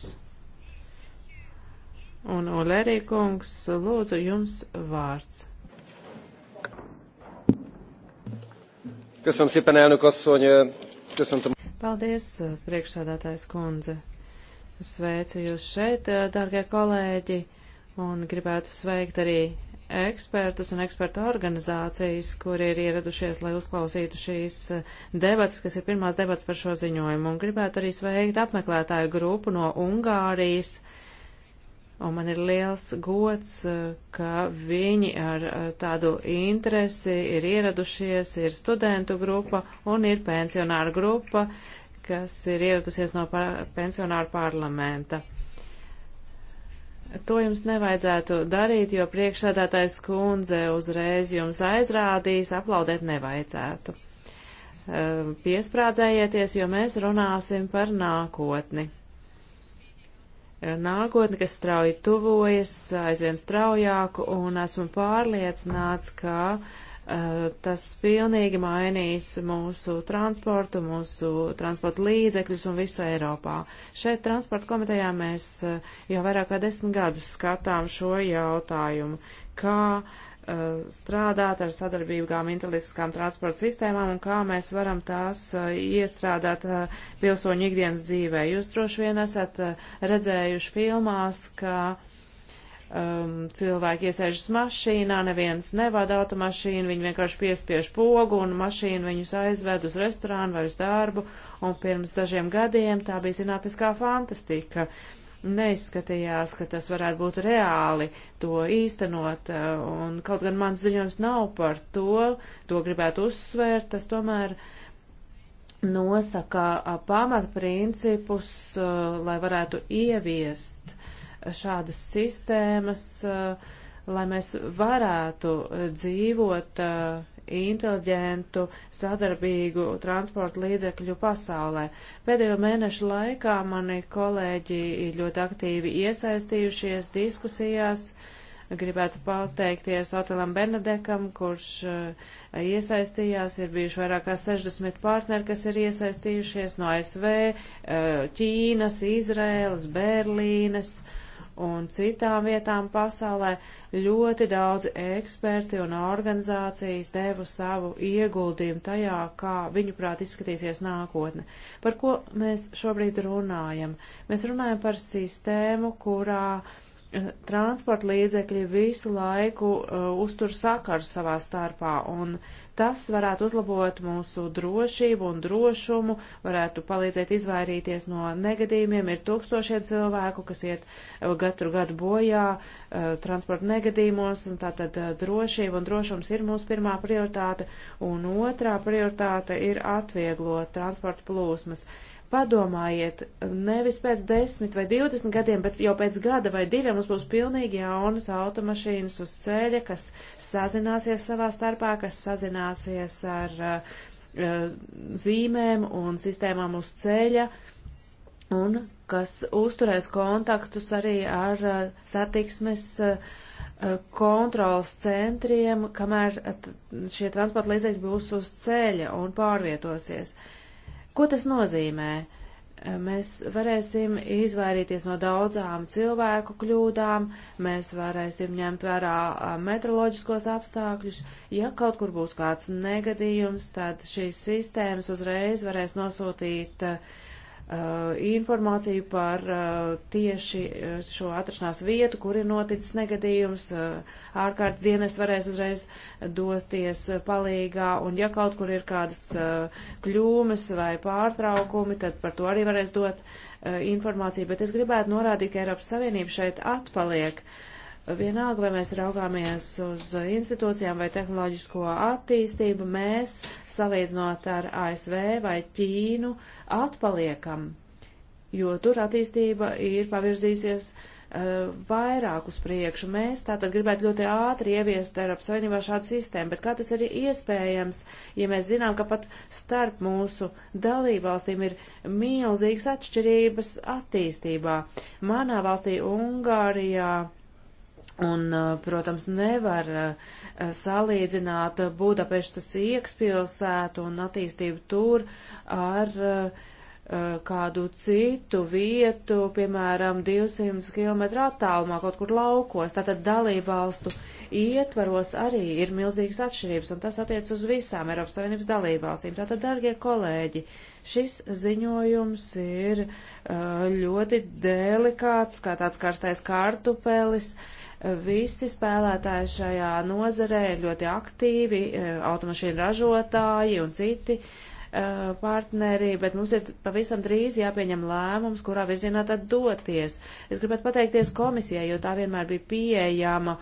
Un Olerī kungs, lūdzu jums vārds. Köszönöm szépen, elnök asszony! Köszöntöm. Paldies, priekšsādātājs kundze! Sveicu jūs šeit, dārgie kolēģi, un gribētu sveikt arī ekspertus un ekspertu organizācijas, kuri ir ieradušies, lai uzklausītu šīs eh, debatas, kas ir pirmās debatas par šo ziņojumu. Un gribētu arī sveikt apmeklētāju grupu no Ungārijas. Un man ir liels gods, eh, ka viņi ar eh, tādu interesi ir ieradušies, ir studentu grupa un ir pensionāru grupa, kas ir ieradusies no par pensionāru parlamenta. To jums nevajadzētu darīt, jo priekšsēdētājs kundze uzreiz jums aizrādīs, aplaudēt nevajadzētu. Ehm, piesprādzējieties, jo mēs runāsim par nākotni. Ehm, nākotni, kas strauji tuvojas, aizvien straujāku, un esmu pārliecināts, ka uh, Eh, tas pilnīgi mainīs mūsu transportu, mūsu transporta līdzekļus un visu Eiropā. Šeit transporta komitejā mēs eh, jau vairāk kā desmit gadus skatām šo jautājumu, kā uh, strādāt ar sadarbībām inteliskām transporta sistēmām un kā mēs varam tās uh, iestrādāt uh, pilsoņu ikdienas dzīvē. Jūs droši vien esat redzējuši filmās, ka um, cilvēki iesēžas mašīnā, neviens nevada automašīnu, viņi vienkārši piespiež pogu un mašīnu viņus aizved uz restorānu vai uz darbu, un pirms dažiem gadiem tā bija zinātniskā fantastika. Neizskatījās, ka tas varētu būt reāli to īstenot, uh, un kaut gan mans ziņojums nav par to, to gribētu uzsvērt, tas tomēr nosaka uh, pamatprincipus, uh, lai varētu ieviest šādas sistēmas, eh, lai mēs varētu eh, dzīvot eh, inteliģentu, sadarbīgu transporta līdzekļu pasaulē. Pēdējo mēnešu laikā mani kolēģi ir ļoti aktīvi iesaistījušies diskusijās. Gribētu pateikties Otelam Bernadekam, kurš uh, iesaistījās, ir bijuši vairāk kā 60 partneri, kas ir iesaistījušies no ASV, uh, Ķīnas, Izraēlas, Berlīnes. Uh, un citām vietām pasaulē, ļoti daudz eksperti un organizācijas devu savu ieguldījumu tajā, kā viņuprāt izskatīsies nākotne. Par ko mēs šobrīd runājam? Mēs runājam par sistēmu, kurā uh, eh, transporta līdzekļi visu laiku uh, uztur sakaru savā starpā, un Tas varētu uzlabot mūsu drošību un drošumu, varētu palīdzēt izvairīties no negadījumiem. Ir tūkstošiem cilvēku, kas iet eh, katru gadu bojā eh, transporta negadījumos, un tātad eh, drošība un drošums ir mūsu pirmā prioritāte, un otrā prioritāte ir atvieglot transporta plūsmas. Padomājiet, nevis pēc 10 vai 20 gadiem, bet jau pēc gada vai diviem mums būs pilnīgi jaunas automašīnas uz ceļa, kas sazināsies savā starpā, kas sazināsies ar uh, zīmēm un sistēmām uz ceļa un kas uzturēs kontaktus arī ar uh, satiksmes uh, kontrolas centriem, kamēr šie transporta līdzekļi būs uz ceļa un pārvietosies. Uh, Ko tas nozīmē? Mēs varēsim izvairīties no daudzām cilvēku kļūdām, mēs varēsim ņemt vērā metroloģiskos apstākļus. Ja kaut kur būs kāds negadījums, tad šīs sistēmas uzreiz varēs nosūtīt uh, Uh, informāciju par uh, tieši uh, šo atrašanās vietu, kur ir noticis negadījums. Ārkārt dienas varēs uzreiz dosties palīgā, un ja kaut kur ir kādas kļūmes vai pārtraukumi, tad par to arī varēs dot informāciju. Bet es gribētu norādīt, ka Eiropas Savienība šeit atpaliek. Uh, Vienalga, vai mēs raugāmies uz institūcijām vai tehnoloģisko attīstību, mēs, salīdzinot ar ASV vai Ķīnu, atpaliekam, jo tur attīstība ir pavirzīsies uh, vairāk uz priekšu. Mēs tātad gribētu ļoti ātri ieviest Eiropas Savienībā šādu sistēmu, bet kā tas arī iespējams, ja mēs zinām, ka pat starp mūsu dalībvalstīm ir milzīgas atšķirības attīstībā. Manā valstī Ungārijā Un, uh, protams, nevar uh, salīdzināt Budapeštas iekšpilsētu un attīstību tur ar uh, kādu citu vietu, piemēram, 200 km attālumā kaut kur laukos. Tātad dalībvalstu ietvaros arī ir milzīgas atšķirības, un tas attiec uz visām Eiropas Savienības dalībvalstīm. Tātad, dargie kolēģi, šis ziņojums ir ļoti delikāts, kā tāds karstais kartupelis. Uh, Visi spēlētāji šajā nozarē ir ļoti aktīvi, e, automašīnu ražotāji un citi e, partneri, bet mums ir pavisam drīz jāpieņem lēmums, kurā virzienā tad doties. Es gribētu pateikties komisijai, jo tā vienmēr bija pieejama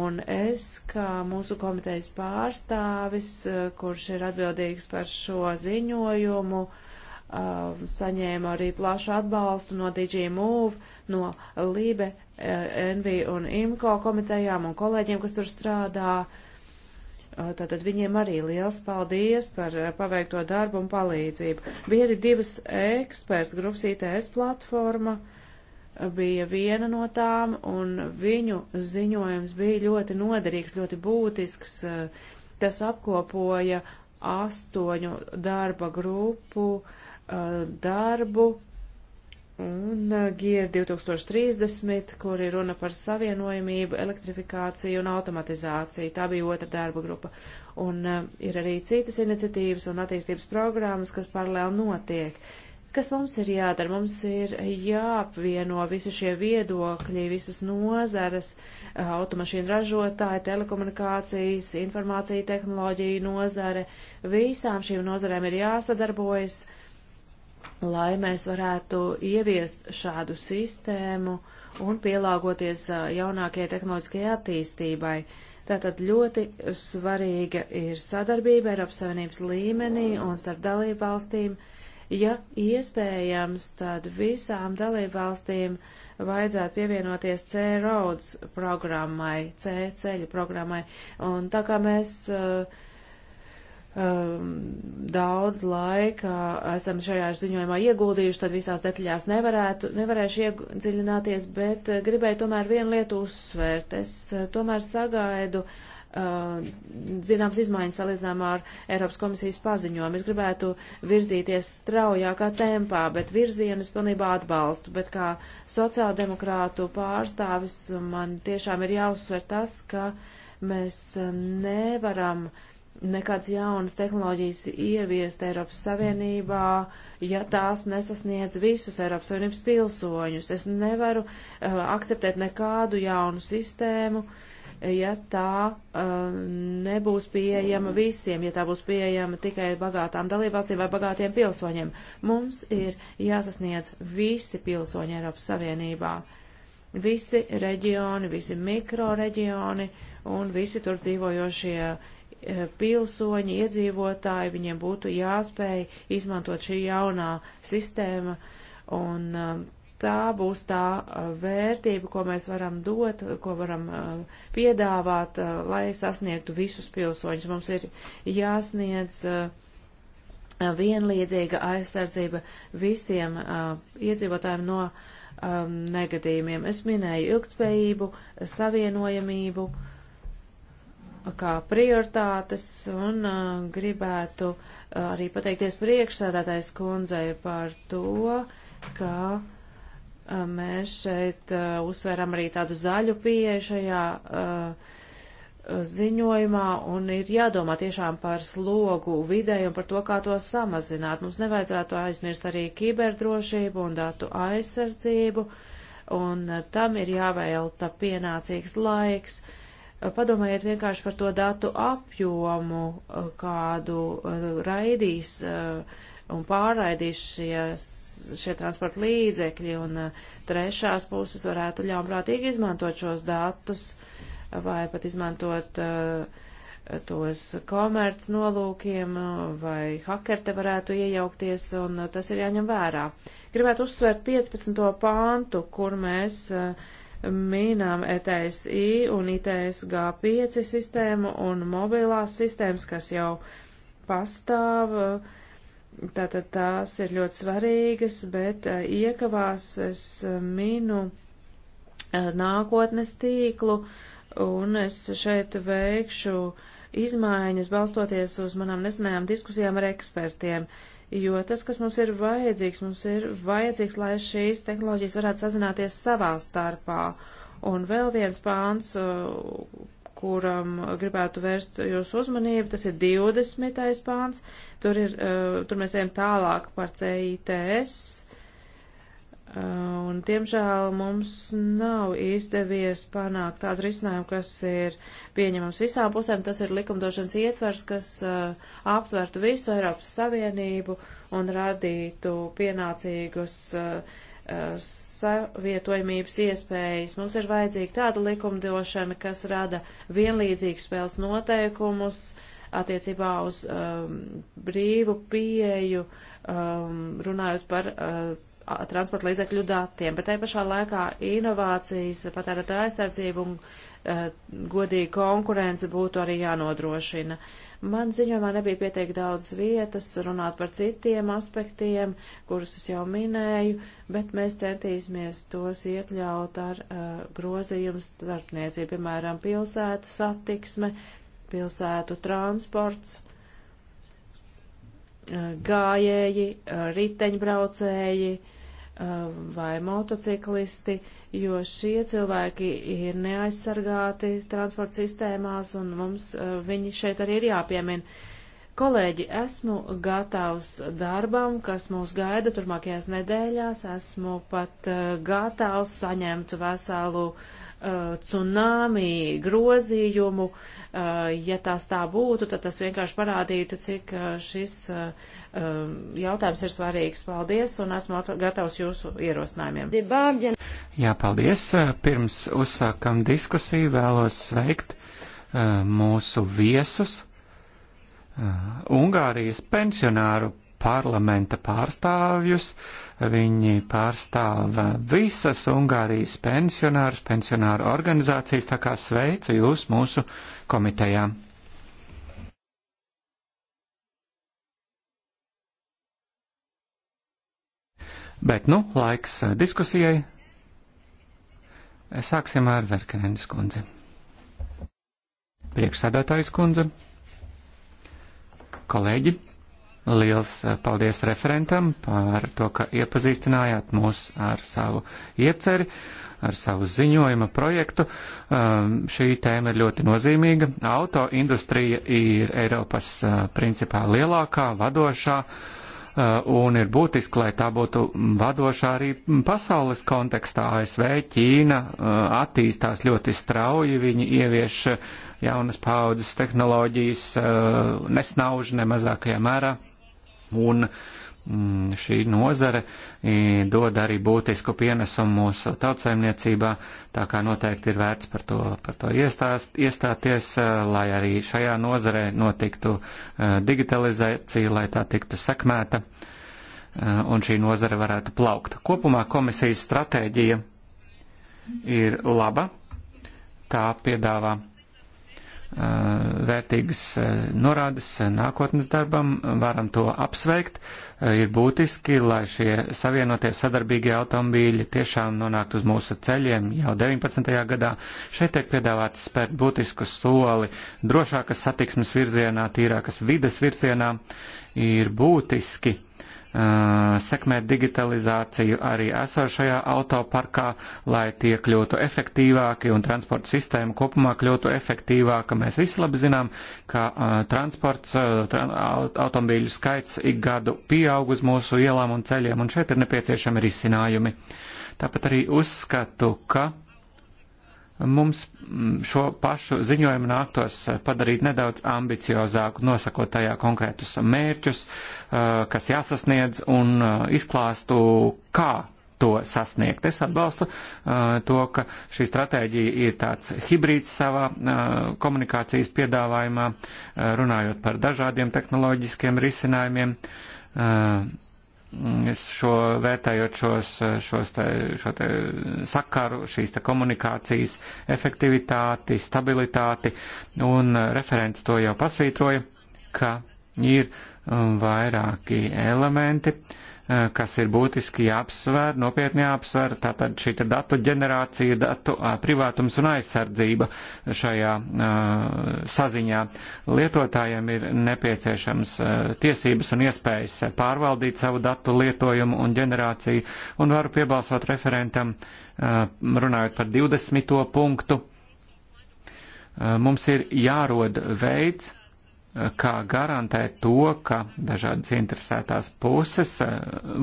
Un es, kā mūsu komitejas pārstāvis, e, kurš ir atbildīgs par šo ziņojumu, saņēmu arī plašu atbalstu no DigiMove, no Libe Eh, NV un IMCO komitejām un kolēģiem, kas tur strādā. Eh, tātad viņiem arī liels paldies par eh, paveikto darbu un palīdzību. Bija arī divas ekspertu grupas ITS platforma, bija viena no tām, un viņu ziņojums bija ļoti noderīgs, ļoti būtisks. Tas apkopoja astoņu darba grupu darbu Un uh, GIR 2030, kur ir runa par savienojamību, elektrifikāciju un automatizāciju. Tā bija otra darba grupa. Un uh, ir arī citas iniciatīvas un attīstības programmas, kas paralēli notiek. Kas mums ir jādara? Mums ir jāapvieno visi šie viedokļi, visas nozares, uh, automašīnu ražotāji, telekomunikācijas, informācija tehnoloģija nozare. Visām šīm nozarēm ir jāsadarbojas. Uh, lai mēs varētu ieviest šādu sistēmu un pielāgoties jaunākajai tehnoloģiskajai attīstībai. Tātad ļoti svarīga ir sadarbība Eiropas Savienības līmenī un starp dalību valstīm. Ja iespējams, tad visām dalību valstīm vajadzētu pievienoties C-Roads programmai, C-ceļu programmai. Un tā kā mēs uh, Um, daudz laika esam šajā ziņojumā ieguldījuši, tad visās detaļās nevarētu, nevarēšu iedziļināties, bet uh, gribēju tomēr vienu lietu uzsvērt. Es uh, tomēr sagaidu uh, zināms izmaiņas salīdzinājumā ar Eiropas komisijas paziņojumu. Es gribētu virzīties straujākā tempā, bet virzienu es pilnībā atbalstu. Bet kā sociāldemokrātu pārstāvis man tiešām ir jāuzsver tas, ka mēs nevaram uh, nekādas jaunas tehnoloģijas ieviest Eiropas Savienībā, ja tās nesasniedz visus Eiropas Savienības pilsoņus. Es nevaru uh, akceptēt nekādu jaunu sistēmu, ja tā uh, nebūs pieejama visiem, ja tā būs pieejama tikai bagātām dalībvalstīm vai bagātiem pilsoņiem. Mums ir jāsasniedz visi pilsoņi Eiropas Savienībā. Visi reģioni, visi mikroreģioni un visi tur dzīvojošie uh, Eh, pilsoņi, iedzīvotāji, viņiem būtu jāspēj izmantot šī jaunā sistēma, un eh, tā būs tā eh, vērtība, ko mēs varam dot, ko varam piedāvāt, lai sasniegtu visus pilsoņus. Mums ir jāsniedz vienlīdzīga aizsardzība visiem iedzīvotājiem no negadījumiem. Es minēju ilgtspējību, savienojamību, uh, kā prioritātes un uh, gribētu uh, arī pateikties priekšsēdētājs kundzei par to, ka uh, mēs šeit uh, uzsveram arī tādu zaļu pieeju šajā uh, ziņojumā un ir jādomā tiešām par slogu videi un par to, kā to samazināt. Mums nevajadzētu aizmirst arī kiberdrošību un datu aizsardzību, un tam ir jāvēlta pienācīgs laiks. Uh, Padomājiet vienkārši par to datu apjomu, eh, kādu eh, raidīs eh, un pārraidīs šies, šie transporta līdzekļi, un trešās puses varētu ļaunprātīgi izmantot šos datus vai pat izmantot tos komerc nolūkiem, vai hakeri te varētu iejaukties, un tas ir jāņem vērā. Gribētu uzsvērt 15. pāntu, kur mēs uh, mīnām ETSI un ITSG5 sistēmu un mobilās sistēmas, kas jau pastāv. Tātad tās ir ļoti svarīgas, bet eh, iekavās es eh, minu eh, nākotnes tīklu un es šeit veikšu izmaiņas balstoties uz manām nesenajām diskusijām ar ekspertiem. Uh, jo tas, kas mums ir vajadzīgs, mums ir vajadzīgs, lai šīs tehnoloģijas varētu sazināties savā starpā. Un vēl viens pāns, uh, kuram gribētu vērst jūsu uzmanību, tas ir 20. pāns. Tur, ir, uh, tur mēs ejam tālāk par CITS Un, diemžēl, mums nav izdevies panākt tādu risinājumu, kas ir pieņemams visām pusēm. Tas ir likumdošanas ietvers, kas uh, aptvertu visu Eiropas Savienību un radītu pienācīgus uh, uh savietojamības iespējas. Mums ir vajadzīga tāda likumdošana, kas rada vienlīdzīgus spēles noteikumus attiecībā uz um, brīvu pieeju, um, runājot par uh, transporta līdzekļu datiem, bet te pašā laikā inovācijas, patērētā aizsardzība un uh, godīga konkurence būtu arī jānodrošina. Man ziņojumā nebija pietiek daudz vietas runāt par citiem aspektiem, kurus es jau minēju, bet mēs centīsimies tos iekļaut ar uh, grozījumu starpniecību, piemēram, pilsētu satiksme, pilsētu transports eh, gājēji, riteņbraucēji, uh, Uh, vai motociklisti, jo šie cilvēki ir neaizsargāti transporta sistēmās, un mums uh, viņi šeit arī ir jāpiemina. Kolēģi, esmu gatavs darbam, kas mūs gaida turmākajās nedēļās, esmu pat uh, gatavs saņemt veselu uh, cunāmi grozījumu. Uh, ja tās tā būtu, tad tas vienkārši parādītu, cik uh, šis uh, Um, jautājums ir svarīgs. Paldies, un esmu gatavs jūsu ierosinājumiem. Jā, paldies. Pirms uzsākam diskusiju, vēlos sveikt uh, mūsu viesus. Uh, Ungārijas pensionāru parlamenta pārstāvjus. Viņi pārstāv uh, visas Ungārijas pensionārus, pensionāru organizācijas, tā kā sveicu jūs mūsu komitejām. Bet, nu, laiks eh, diskusijai. Sāksim ar Verkenenes kundzi. Priekšsēdētājs kundze, kolēģi, liels eh, paldies referentam par to, ka iepazīstinājāt mūs ar savu ieceri, ar savu ziņojuma projektu. Um, šī tēma ir ļoti nozīmīga. Auto industrija ir Eiropas uh, principā lielākā, vadošā uh, Eh, un ir būtiski, lai tā būtu vadošā arī pasaules kontekstā. ASV, Ķīna eh, attīstās ļoti strauji, viņi ievieš jaunas paudzes tehnoloģijas, eh, nesnauž ne mazākajā mērā. Un uh, Mm, šī nozare dod arī būtisku pienesumu mūsu tautsaimniecībā, tā kā noteikti ir vērts par to, par to iestāst, iestāties, eh, lai arī šajā nozarē notiktu eh, digitalizācija, lai tā tiktu sekmēta eh, un šī nozare varētu plaukt. Kopumā komisijas stratēģija ir laba, tā piedāvā vērtīgas norādes nākotnes darbam, varam to apsveikt. Ir būtiski, lai šie savienotie sadarbīgie automobīļi tiešām nonāktu uz mūsu ceļiem jau 19. gadā. Šeit tiek piedāvāts spērt būtisku soli drošākas satiksmes virzienā, tīrākas vides virzienā. Ir būtiski uh, Eh, sekmēt digitalizāciju arī esošajā autoparkā, lai tie kļūtu efektīvāki un transporta sistēma kopumā kļūtu efektīvāka. Mēs visi labi zinām, ka uh, transports, uh, eh, tra automobīļu skaits ik gadu pieaug uz mūsu ielām un ceļiem, un šeit ir nepieciešami risinājumi. Tāpat arī uzskatu, ka mums mm, šo pašu ziņojumu nāktos padarīt nedaudz ambiciozāku, nosakot tajā konkrētus mērķus, uh, Eh, kas jāsasniedz un eh, izklāstu, kā to sasniegt. Es atbalstu uh, to, ka šī stratēģija ir tāds hibrīds savā uh, komunikācijas piedāvājumā, uh, runājot par dažādiem tehnoloģiskiem risinājumiem. Uh, Es šo vērtējot šos, šos te, šo te sakaru, šīs te komunikācijas efektivitāti, stabilitāti, un referents to jau pasvītroja, ka ir uh, vairāki elementi, eh, kas ir būtiski jāapsver, nopietni jāapsver. Tātad šī datu ģenerācija, datu eh, privātums un aizsardzība šajā eh, saziņā. Lietotājiem ir nepieciešams tiesības un iespējas pārvaldīt savu datu lietojumu un ģenerāciju, un varu piebalsot referentam, runājot par 20. punktu. Mums ir jārod veids, kā garantēt to, ka dažādas interesētās puses eh,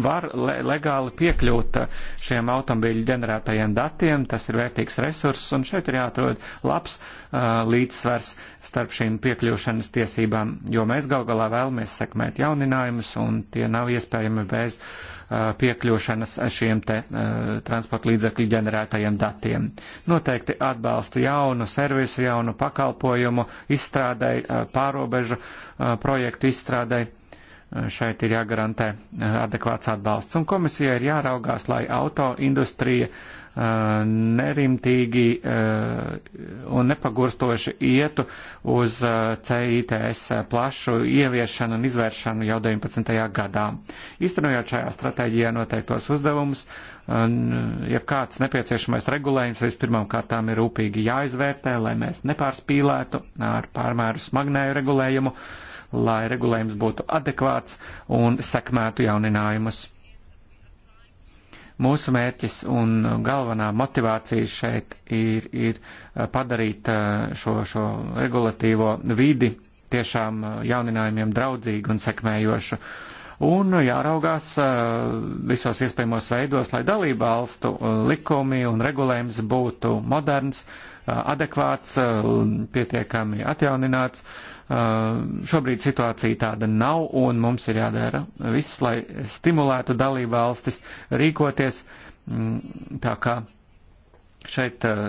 var le legāli piekļūt eh, šiem automobīļu ģenerētajiem datiem. Tas ir vērtīgs resurss, un šeit ir jāatrod labs uh, Uh, līdzsvars starp šīm piekļūšanas tiesībām, jo mēs gal galā vēlamies sekmēt jauninājumus, un tie nav iespējami bez uh, piekļūšanas šiem te uh, transporta līdzekļu ģenerētajiem datiem. Noteikti atbalstu jaunu servisu, jaunu pakalpojumu izstrādai, pārobežu projektu izstrādai šeit ir jāgarantē adekvāts atbalsts. Un komisija ir jāraugās, lai auto industrija nerimtīgi un nepagurstoši ietu uz CITS plašu ieviešanu un izvēršanu jau 19. gadā. Īstenojot šajā stratēģijā noteiktos uzdevumus, ja kāds nepieciešamais regulējums vispirmām kārtām ir rūpīgi jāizvērtē, lai mēs nepārspīlētu ar pārmēru smagnēju regulējumu, lai regulējums būtu adekvāts un sekmētu jauninājumus. Mūsu mērķis un galvenā motivācija šeit ir, ir eh, padarīt eh, šo, šo regulatīvo vidi tiešām eh, jauninājumiem draudzīgu un sekmējošu. Un jāraugās visos iespējamos veidos, lai dalība valstu likumi un regulējums būtu moderns, adekvāts, pietiekami atjaunināts Šobrīd situācija tāda nav, un mums ir jādara viss, lai stimulētu dalību valstis rīkoties mm, tā kā šeit uh,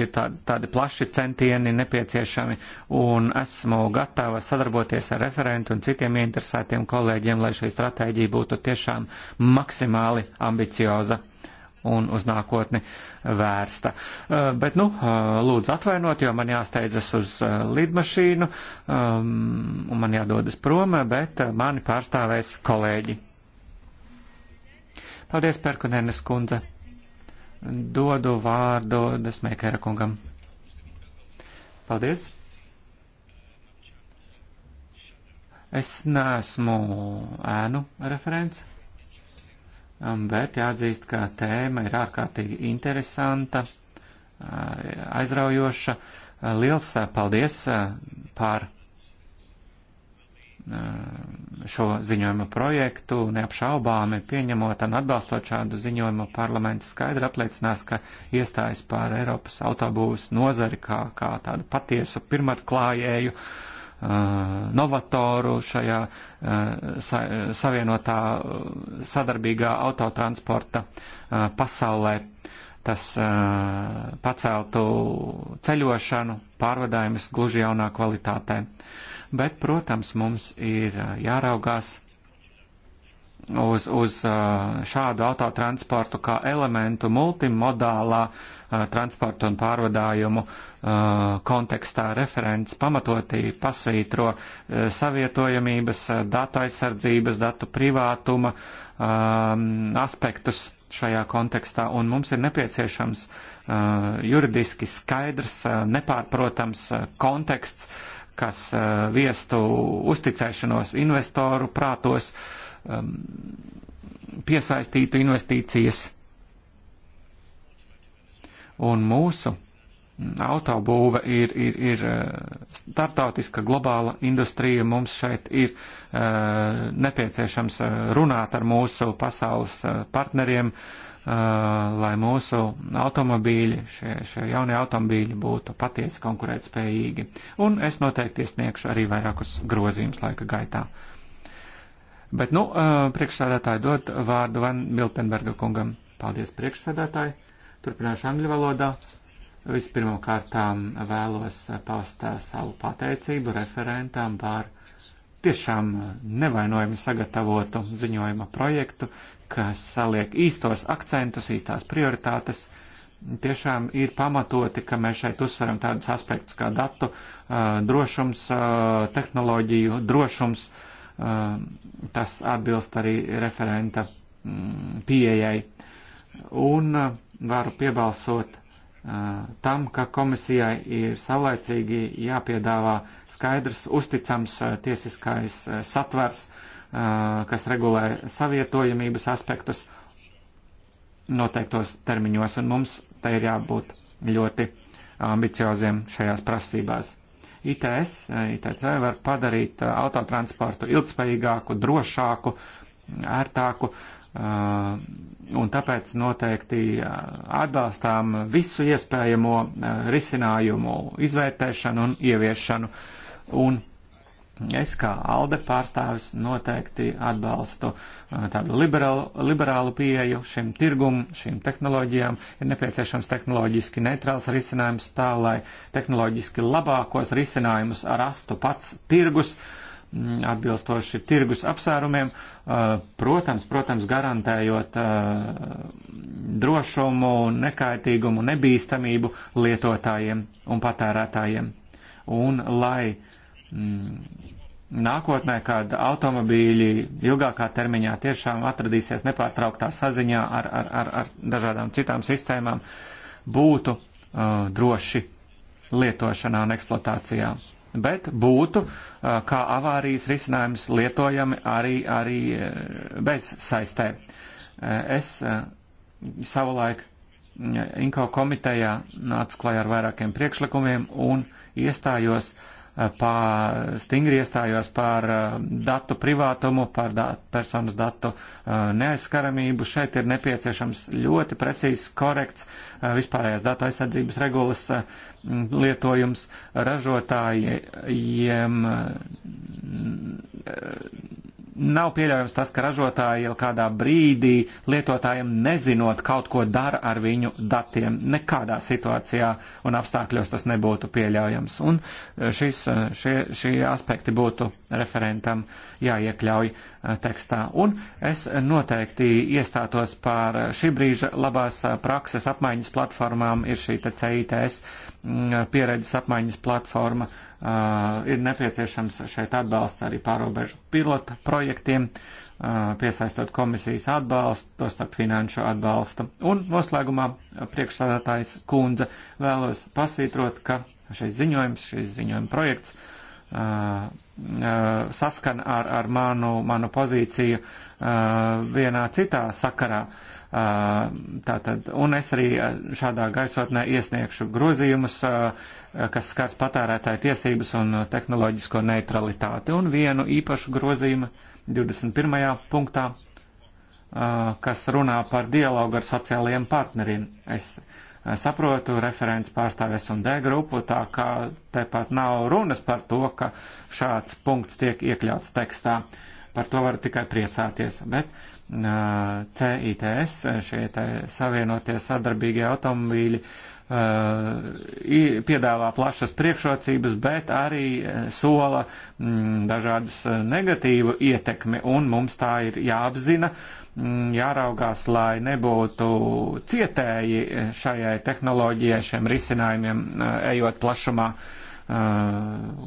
ir tā, tādi plaši centieni nepieciešami, un esmu gatava sadarboties ar referentu un citiem ieinteresētiem kolēģiem, lai šī stratēģija būtu tiešām maksimāli ambicioza un uz nākotni vērsta. Eh, bet, nu, eh, lūdzu atvainot, jo man jāsteidzas uz eh, lidmašīnu ehm, un man jādodas prom, bet mani pārstāvēs kolēģi. Paldies, Perkunēnes kundze. Dodu vārdu Desmēkera kungam. Paldies. Es neesmu ēnu referents. Um, bet jāatzīst, ka tēma ir ārkārtīgi interesanta, uh, aizraujoša. Uh, liels uh, paldies par šo ziņojumu projektu, neapšaubāmi pieņemot un atbalstot šādu ziņojumu, parlaments skaidri apliecinās, ka iestājas par Eiropas autobūvas nozari kā, kā tādu patiesu pirmatklājēju. Uh, Uh, novatoru šajā uh, sa, savienotā uh, sadarbīgā autotransporta pasaulē. Tas paceltu ceļošanu, pārvadājumus gluži jaunā kvalitātē. Bet, protams, mums ir jāraugās uz, uz šādu autotransportu kā elementu multimodālā transporta un pārvadājumu kontekstā referents pamatotī pasvītro savietojamības, datu aizsardzības, datu privātuma aspektus šajā kontekstā, un mums ir nepieciešams juridiski skaidrs, nepārprotams konteksts, kas viestu uzticēšanos investoru prātos, uh, um, piesaistītu investīcijas. Un mūsu mm, autobūve ir, ir, ir uh, startautiska globāla industrija. Mums šeit ir uh, nepieciešams uh, runāt ar mūsu pasaules uh, partneriem, uh, lai mūsu automobīļi, šie, šie jaunie automobīļi būtu patiesi konkurētspējīgi. Un es noteikti iesniegšu arī vairākus grozījumus laika gaitā. Bet, nu, priekšsēdētāji dod vārdu Van Miltenberga kungam. Paldies, priekšsēdētāji. Turpināšu angļu valodā. Vispirmām kārtām vēlos paust savu pateicību referentām par tiešām nevainojami sagatavotu ziņojuma projektu, kas saliek īstos akcentus, īstās prioritātes tiešām ir pamatoti, ka mēs šeit uzsveram tādus aspektus kā datu drošums, tehnoloģiju drošums, Um, tas atbilst arī referenta mm, pieejai. Un uh, varu piebalsot uh, tam, ka komisijai ir saulēcīgi jāpiedāvā skaidrs, uzticams uh, tiesiskais satvers, kas regulē savietojamības aspektus noteiktos termiņos, un mums te ir jābūt ļoti ambicioziem šajās prasībās. ITS, ITC var padarīt uh, autotransportu ilgspējīgāku, drošāku, ērtāku, uh, un tāpēc noteikti uh, atbalstām visu iespējamo risinājumu izvērtēšanu un ieviešanu. Un Es kā ALDE pārstāvis noteikti atbalstu uh, tādu liberālu, liberālu pieeju šim tirgum, šīm tehnoloģijām. Ir nepieciešams tehnoloģiski neitrāls risinājums tā, lai tehnoloģiski labākos risinājumus rastu pats tirgus mm, atbilstoši tirgus apsvērumiem, uh, protams, protams, garantējot uh, drošumu, nekaitīgumu, nebīstamību lietotājiem un patērētājiem. Un lai uh, Mm. nākotnē, kad automobīļi ilgākā termiņā tiešām atradīsies nepārtrauktā saziņā ar, ar, ar, ar dažādām citām sistēmām, būtu uh, droši lietošanā un eksploatācijā. Bet būtu uh, kā avārijas risinājums lietojami arī, arī uh, bez saistē. Uh, es uh, savulaik mm, Inko komitejā nācu klajā ar vairākiem priekšlikumiem un iestājos uh, pā, stingri iestājos par uh, datu privātumu, par da, personas datu uh, neaizskaramību. Šeit ir nepieciešams ļoti precīzs, korekts uh, vispārējās datu aizsardzības regulas lietojums ražotājiem Nav pieļaujams tas, ka ražotāji jau kādā brīdī lietotājiem nezinot kaut ko dara ar viņu datiem. Nekādā situācijā un apstākļos tas nebūtu pieļaujams. Un e, šis, e, šie, šie aspekti būtu referentam jāiekļauj e, tekstā. Un es noteikti iestātos par šī brīža labās prakses apmaiņas platformām, ir šī CITS pieredzes apmaiņas platforma. Uh, Uh, ir nepieciešams šeit atbalsts arī pārobežu pilota projektiem, uh, piesaistot komisijas atbalstu, to starp finanšu atbalstu. Un noslēgumā uh, priekšsādātājs kundze vēlos pasvītrot, ka šis ziņojums, šis ziņojuma projekts saskana ar, ar manu, manu pozīciju vienā citā sakarā. Uh, Tātad, un es arī šādā gaisotnē iesniegšu grozījumus, kas skats patērētāju tiesības un tehnoloģisko neutralitāti. Un vienu īpašu grozījumu 21. punktā, kas runā par dialogu ar sociālajiem partneriem. Es saprotu, referents pārstāvēs un D grupu, tā kā tepat nav runas par to, ka šāds punkts tiek iekļauts tekstā. Par to var tikai priecāties. Bet CITS, šie savienotie sadarbīgie automobīļi, piedāvā plašas priekšrocības, bet arī sola mm, dažādas negatīvu ietekmi, un mums tā ir jāapzina, mm, jāraugās, lai nebūtu cietēji šajai tehnoloģijai, šiem risinājumiem, ejot plašumā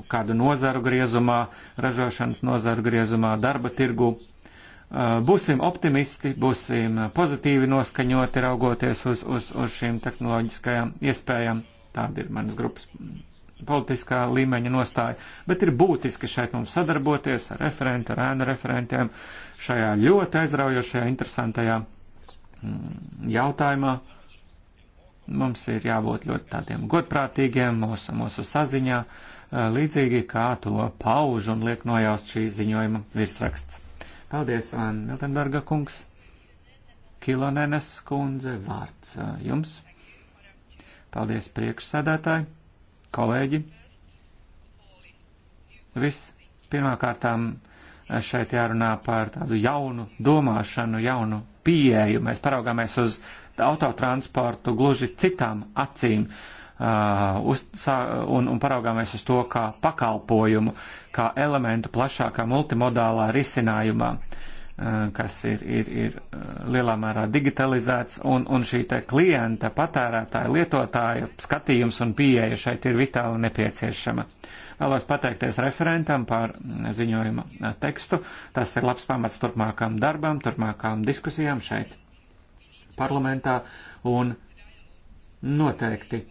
kādu nozaru griezumā, ražošanas nozaru griezumā, darba tirgu Eh, būsim optimisti, būsim pozitīvi noskaņoti, raugoties uz, uz, uz šīm tehnoloģiskajām iespējām. Tāda ir manas grupas politiskā līmeņa nostāja, bet ir būtiski šeit mums sadarboties ar referentu, ar ēnu referentiem šajā ļoti aizraujošajā, interesantajā mm, jautājumā. Mums ir jābūt ļoti tādiem godprātīgiem mūsu, mūsu saziņā, eh, līdzīgi kā to pauž un liek nojaust šī ziņojuma virsraksts. Paldies, Anna Miltenberga kungs. Kilonenes kundze vārds uh, jums. Paldies, priekšsēdētāji, kolēģi. Viss pirmkārtām uh, šeit jārunā par tādu jaunu domāšanu, jaunu pieeju. Mēs paraugāmies uz autotransportu gluži citām acīm. Uh, Uh, uz, un, un paraugāmies uz to kā pakalpojumu, kā elementu plašākā multimodālā risinājumā, uh, kas ir, ir, ir uh, lielā mērā digitalizēts, un, un šī te klienta, patērētāja, lietotāja skatījums un pieeja šeit ir vitāli nepieciešama. Vēlos pateikties referentam par ziņojuma tekstu. Tas ir labs pamats turpmākām darbām, turpmākām diskusijām šeit parlamentā un noteikti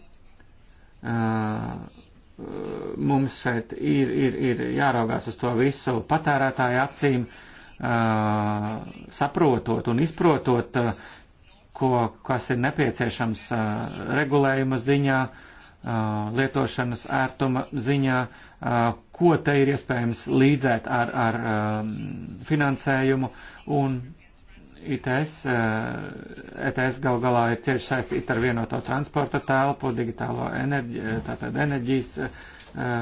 Mums šeit ir, ir, ir jāraugās uz to visu patērētāju acīm, saprotot un izprotot, ko, kas ir nepieciešams regulējuma ziņā, lietošanas ērtuma ziņā, ko te ir iespējams līdzēt ar, ar finansējumu un ITS, ETS eh, e gal galā ir cieši saistīta ar vienoto transporta telpu, digitālo enerģi, eh, tātad enerģijas, eh,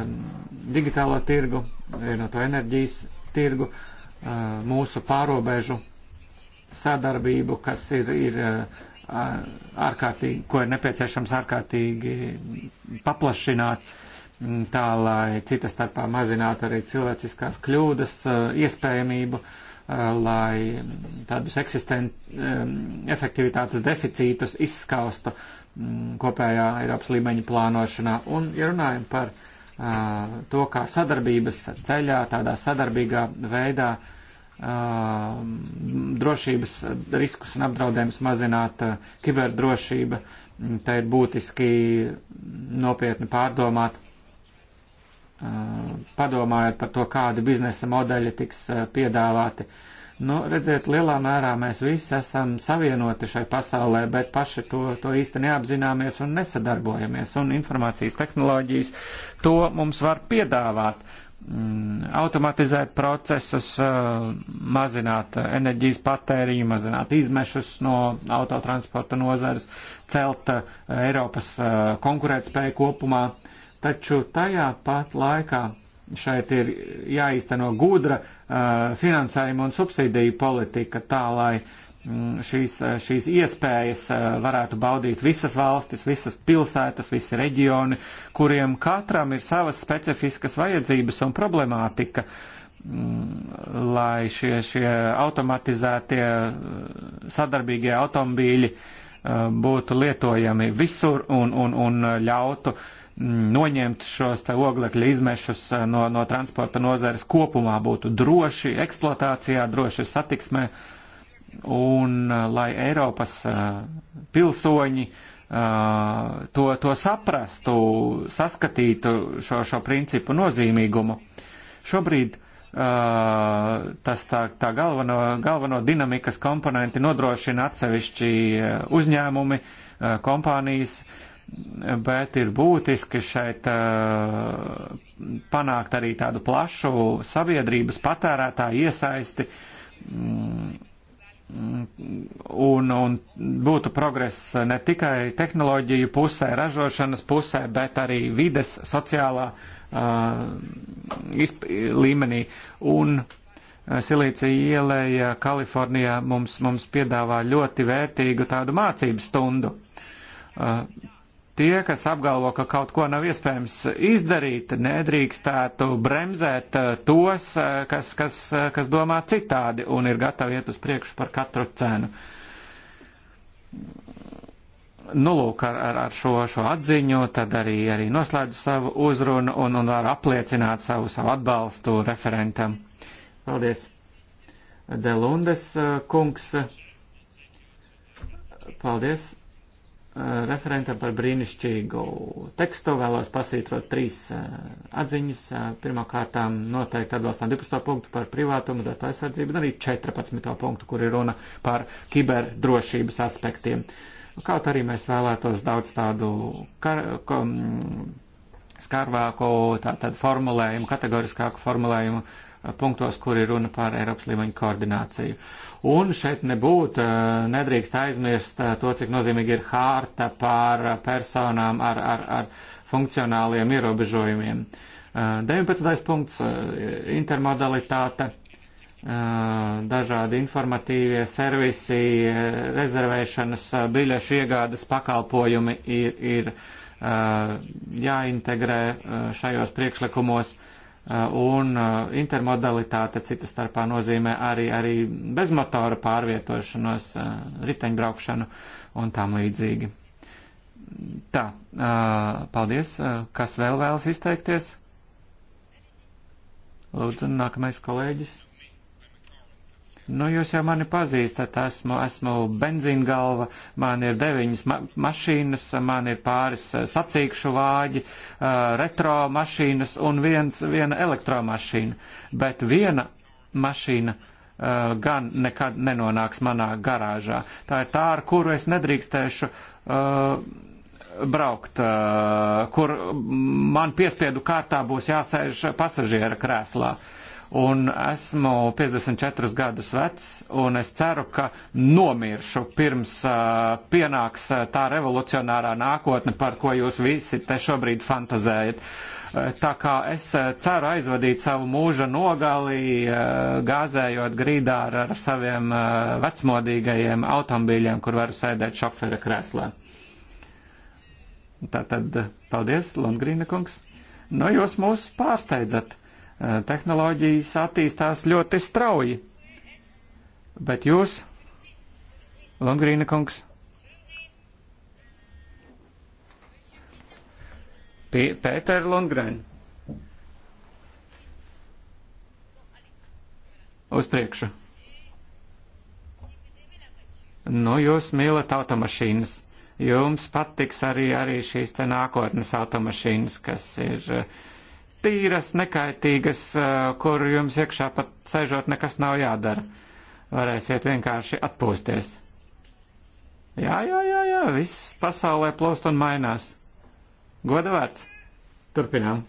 digitālo tirgu, vienoto enerģijas tirgu, mūsu pārobežu sadarbību, kas ir, ir ārkārtīgi, ko ir nepieciešams ārkārtīgi paplašināt, mm, tā lai citas starpā mazinātu arī cilvēciskās kļūdas iespējamību lai tādus eksistent efektivitātes deficītus izskaustu mm, kopējā Eiropas līmeņa plānošanā. Un, ja runājam par to, kā sadarbības ceļā, tādā sadarbīgā veidā drošības riskus un apdraudējumus mazināt kiberdrošība, mm, te ir būtiski nopietni pārdomāt padomājot par to, kādi biznesa modeļi tiks eh, piedāvāti. Nu, redziet, lielā mērā mēs visi esam savienoti šai pasaulē, bet paši to, to īsti neapzināmies un nesadarbojamies, un informācijas tehnoloģijas to mums var piedāvāt mm, automatizēt procesus, eh, mazināt enerģijas patēriņu, mazināt izmešus no autotransporta nozares, celt eh, Eiropas konkurētspēju kopumā taču tajā pat laikā šeit ir jāīsteno gudra uh, finansējuma un subsīdiju politika tā, lai mm, šīs, uh, šīs iespējas uh, varētu baudīt visas valstis, visas pilsētas, visi reģioni, kuriem katram ir savas specifiskas vajadzības un problemātika, mm, lai šie, šie automatizētie sadarbīgie automobīļi būtu lietojami visur un, un, un ļautu uh, noņemt šos oglekļa izmešus eh, no, no transporta nozares kopumā būtu droši eksploatācijā, droši satiksmē, un eh, lai Eiropas eh, pilsoņi to, to saprastu, saskatītu šo, šo principu nozīmīgumu. Šobrīd tas tā, tā galveno, galveno dinamikas komponenti nodrošina atsevišķi uzņēmumi, kompānijas, uh, bet ir būtiski šeit panākt arī tādu plašu sabiedrības patērētāju iesaisti. Mm, un, un būtu progress ne tikai tehnoloģiju pusē, ražošanas pusē, bet arī vides sociālā uh, līmenī. Un Silīcija ielēja Kalifornijā mums, mums piedāvā ļoti vērtīgu tādu mācību stundu. Uh, tie, kas apgalvo, ka kaut ko nav iespējams izdarīt, nedrīkstētu bremzēt eh, tos, eh, kas, kas, eh, kas domā citādi un ir gatavi iet uz priekšu par katru cenu. Nu, lūk, ar, ar, ar šo, šo atziņu tad arī, arī noslēdzu savu uzrunu un, un varu apliecināt savu, savu atbalstu referentam. Paldies! Delundes kungs, paldies! referentam par brīnišķīgu tekstu. Vēlos pasītrot trīs atziņas. Pirmkārtām noteikti atbalstām 12. punktu par privātumu, datu aizsardzību, un arī 14. punktu, kur ir runa par kiberdrošības aspektiem. Kaut arī mēs vēlētos daudz tādu kar, kom, mm, skarvāku, tātad formulējumu, kategoriskāku formulējumu punktos, kur ir runa par Eiropas līmeņu koordināciju. Un šeit nebūtu, eh, nedrīkst aizmirst eh, to, cik nozīmīgi ir hārta par personām ar, ar, ar funkcionāliem ierobežojumiem. 19. Eh, punkts - intermodalitāte, dažādi informatīvie servisi, rezervēšanas, biļešu iegādes pakalpojumi ir, ir jāintegrē šajos priekšlikumos Uh, un uh, intermodalitāte cita starpā nozīmē arī, arī bezmotora pārvietošanos, uh, riteņbraukšanu un tam līdzīgi. Tā, paldies. Kas vēl vēlas izteikties? Lūdzu, nākamais kolēģis. Nu, jūs jau mani pazīstat, esmu, esmu benzīna galva, man ir deviņas ma mašīnas, man ir pāris eh, sacīkšu vāģi, uh, retro mašīnas un viens, viena elektromašīna. Bet viena mašīna uh, gan nekad nenonāks manā garāžā. Tā ir tā, ar kuru es nedrīkstēšu. Uh, braukt, uh, kur man piespiedu kārtā būs jāsēž pasažiera krēslā. Uh, un esmu 54 gadus vecs, un es ceru, ka nomiršu pirms uh, pienāks uh, tā revolucionārā nākotne, par ko jūs visi te šobrīd fantazējat. Uh, tā kā es ceru aizvadīt savu mūža nogali, gāzējot grīdā ar, ar saviem vecmodīgajiem automobīļiem, kur varu sēdēt šofera krēslā. Tātad, paldies, Lundgrīna kungs. Nu, jūs mūs pārsteidzat. Eh, tehnoloģijas attīstās ļoti strauji. Bet jūs, Longrīna kungs, Pēter Longrēn, uz priekšu. Nu, jūs mīlat automašīnas. Jums patiks arī, arī šīs te nākotnes automašīnas, kas ir uh, tīras, nekaitīgas, eh, kur jums iekšā pat sēžot nekas nav jādara. Varēsiet vienkārši atpūsties. Jā, jā, jā, jā, viss pasaulē plūst un mainās. Goda vērts. Turpinām.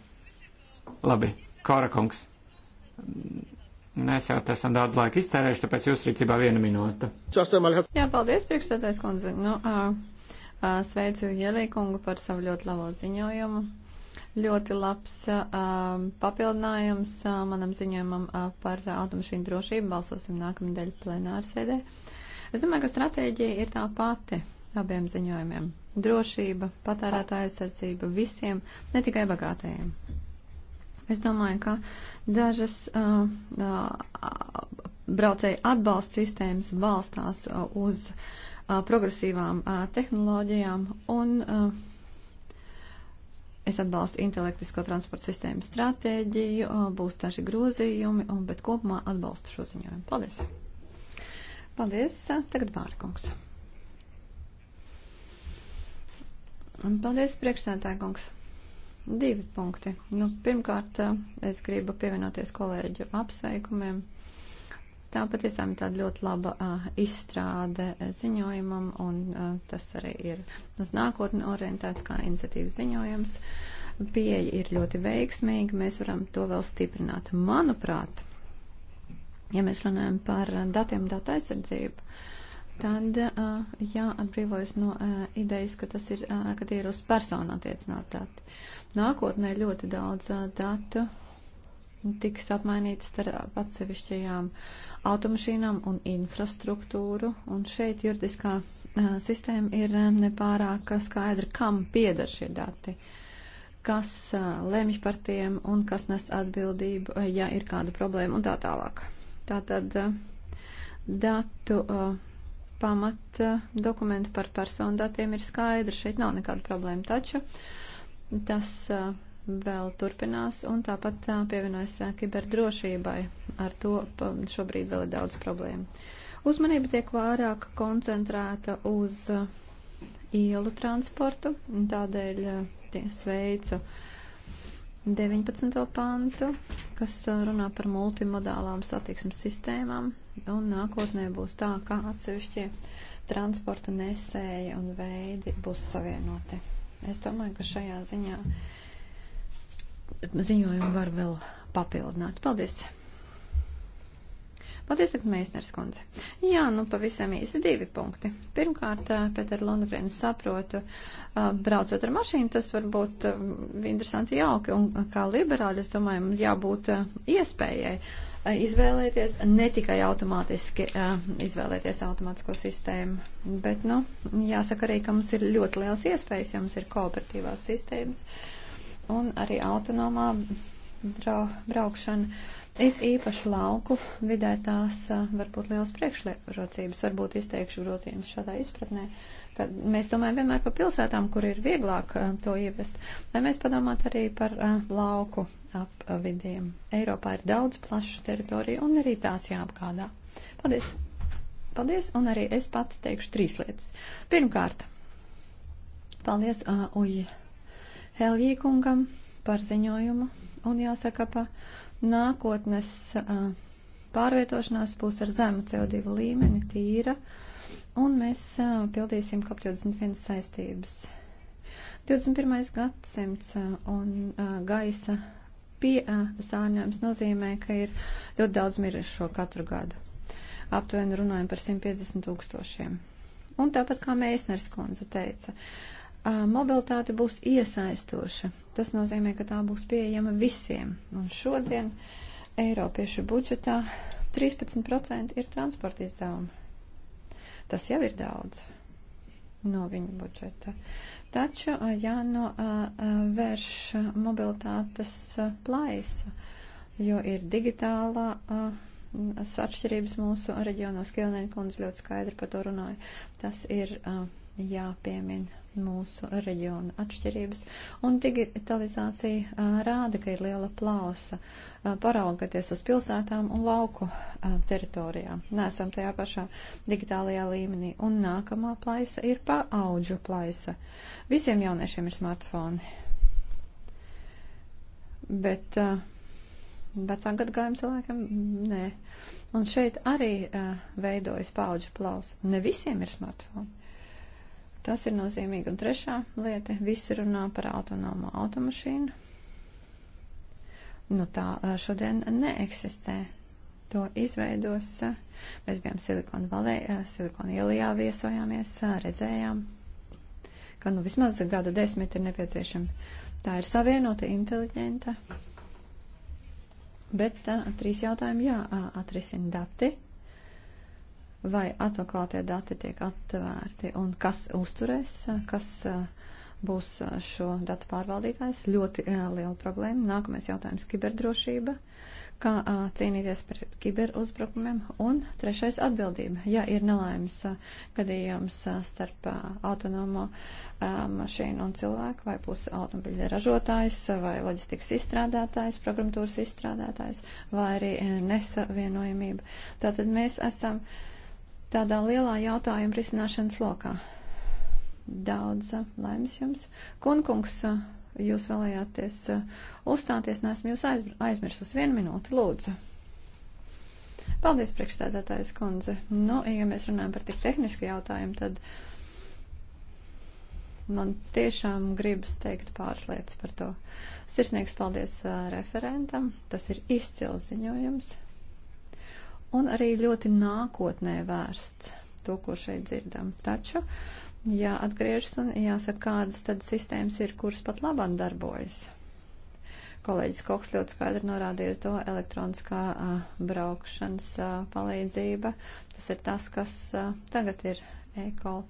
Labi, Kora kungs. Mēs jau esam daudz laika iztērējuši, tāpēc jūs rīcībā viena minūte. Jā, paldies, priekšstādājs kundze. Nu, uh, uh, sveicu Jelī kungu par savu ļoti labo ziņojumu. Ļoti labs uh, papildinājums uh, manam ziņojumam uh, par automašīnu drošību. Balsosim nākamnedēļ plenārsēdē. Es domāju, ka stratēģija ir tā pati abiem ziņojumiem. Drošība, patērētāja aizsardzība visiem, ne tikai bagātajiem. Es domāju, ka dažas uh, uh, braucēju atbalsta sistēmas balstās uh, uz uh, progresīvām uh, tehnoloģijām un uh, Es atbalstu intelektisko transporta sistēmu stratēģiju, būs taši grozījumi, un, bet kopumā atbalstu šo ziņojumu. Paldies! Paldies! Tagad Bārkungs. Paldies, priekšsētāja kungs. Divi punkti. Nu, pirmkārt, es gribu pievienoties kolēģu apsveikumiem Tā patiesām ir tāda ļoti laba uh, izstrāde ziņojumam, un uh, tas arī ir uz nākotni orientēts kā iniciatīvas ziņojums. Pieeja ir ļoti veiksmīga, mēs varam to vēl stiprināt. Manuprāt, ja mēs runājam par datiem datu aizsardzību, tad uh, jāatbrīvojas no uh, idejas, ka, tas ir, uh, ka tie ir uz personu attiecināti dati. Nākotnē ļoti daudz uh, datu tiks apmainītas starp atsevišķajām automašīnām un infrastruktūru. Un šeit juridiskā sistēma ir nepārāk skaidra, kam pieder šie dati, kas lemj par tiem un kas nes atbildību, ja ir kāda problēma un tā tālāk. Tātad datu pamat dokumenti par personu datiem ir skaidri, šeit nav nekāda problēma taču. Tas uh, vēl turpinās un tāpat pievienojas kiberdrošībai. Ar to šobrīd vēl ir daudz problēmu. Uzmanība tiek vairāk koncentrēta uz ielu transportu, tādēļ tie sveicu 19. pantu, kas runā par multimodālām satiksmes sistēmām, un nākotnē būs tā, kā atsevišķie transporta nesēji un veidi būs savienoti. Es domāju, ka šajā ziņā uh, ziņojumu var vēl papildināt. Paldies! Paldies, ka Meisners kundze. Jā, nu pavisam īsi divi punkti. Pirmkārt, Pēter Lundgren saprotu, braucot ar mašīnu, tas var būt interesanti jauki, un kā liberāļi, es domāju, jābūt iespējai izvēlēties, ne tikai automātiski izvēlēties automātisko sistēmu, bet, nu, jāsaka arī, ka mums ir ļoti liels iespējas, ja mums ir kooperatīvās sistēmas. Uh, un arī autonomā brau, braukšana. Ir īpaši lauku vidē tās varbūt liels priekšrocības, varbūt izteikšu grozījumus šādā izpratnē. Par, mēs domājam vienmēr par pilsētām, kur ir vieglāk to ievest, lai mēs padomātu arī par lauku apvidiem. Eiropā ir daudz plašu teritoriju un arī tās jāapgādā. Paldies! Paldies, un arī es pati teikšu trīs lietas. Pirmkārt, paldies uh, Uji Heljīkungam par ziņojumu un jāsaka, pa nākotnes pārvietošanās būs ar zemu CO2 līmeni, tīra, un mēs pildīsim COP21 saistības. 21. gadsimts un gaisa piesāņojums nozīmē, ka ir ļoti daudz mirušo katru gadu. Aptuveni runājam par 150 tūkstošiem. Un tāpat kā Mēsners kundze teica, uh, mobilitāte būs iesaistoša. Tas nozīmē, ka tā būs pieejama visiem. Un šodien Eiropiešu budžetā 13% ir transporta izdevumi. Tas jau ir daudz no viņu budžeta. Taču jānovērš mobilitātes plaisa, jo ir digitālā atšķirības mūsu reģionos. Kilnēna kundze ļoti skaidri par to runāja. Tas ir jāpiemina mūsu reģiona atšķirības. Un digitalizācija rāda, ka ir liela plausa paraugoties uz pilsētām un lauku teritorijām. Nesam tajā pašā digitālajā līmenī. Un nākamā plaisa ir paaudžu plaisa. Visiem jauniešiem ir smartfoni. Bet uh, vecāku gadagājumu cilvēkiem nē. Un šeit arī uh, veidojas paudžu plaus. Ne visiem ir smartfoni. Tas ir nozīmīgi. Un trešā lieta - visi runā par autonomo automašīnu. Nu, tā eh, šodien neeksistē. To izveidos. Eh, mēs bijām Silikona valē, eh, Silikona ielijā viesojāmies, redzējām, ka nu, vismaz gadu desmit ir nepieciešama. Tā ir savienota, inteliģenta. Bet tā, trīs jautājumi jāatrisina dati vai atvaklātie dati tiek atvērti un kas uzturēs, kas eh, būs eh, šo datu pārvaldītājs. Ļoti eh, liela problēma. Nākamais jautājums - kiberdrošība. Kā cīnīties par kiberuzbrukumiem? Un trešais - atbildība. Ja ir nelaimes gadījums starp autonomo mašīnu un cilvēku, vai būs automobiļa ražotājs, vai loģistikas izstrādātājs, programmatūras izstrādātājs, vai arī nesavienojamība. Tātad mēs esam. Uh, tādā lielā jautājuma risināšanas lokā. Daudz laimes jums. Kunkungs, jūs vēlējāties uzstāties, nesmu jūs aizmirsus. Vienu minūti, lūdzu. Paldies, priekšstādātājs kundze. Nu, ja mēs runājam par tik tehnisku jautājumu, tad man tiešām gribas teikt pāris lietas par to. Sirsnieks paldies referentam. Tas ir izcils ziņojums un arī ļoti nākotnē vērsts to, ko šeit dzirdam. Taču jāatgriežas un jāsaka, kādas tad sistēmas ir, kuras pat labāk darbojas. Kolēģis Koks ļoti skaidri norādīja uz to elektroniskā a, braukšanas a, palīdzība. Tas ir tas, kas a, tagad ir ekol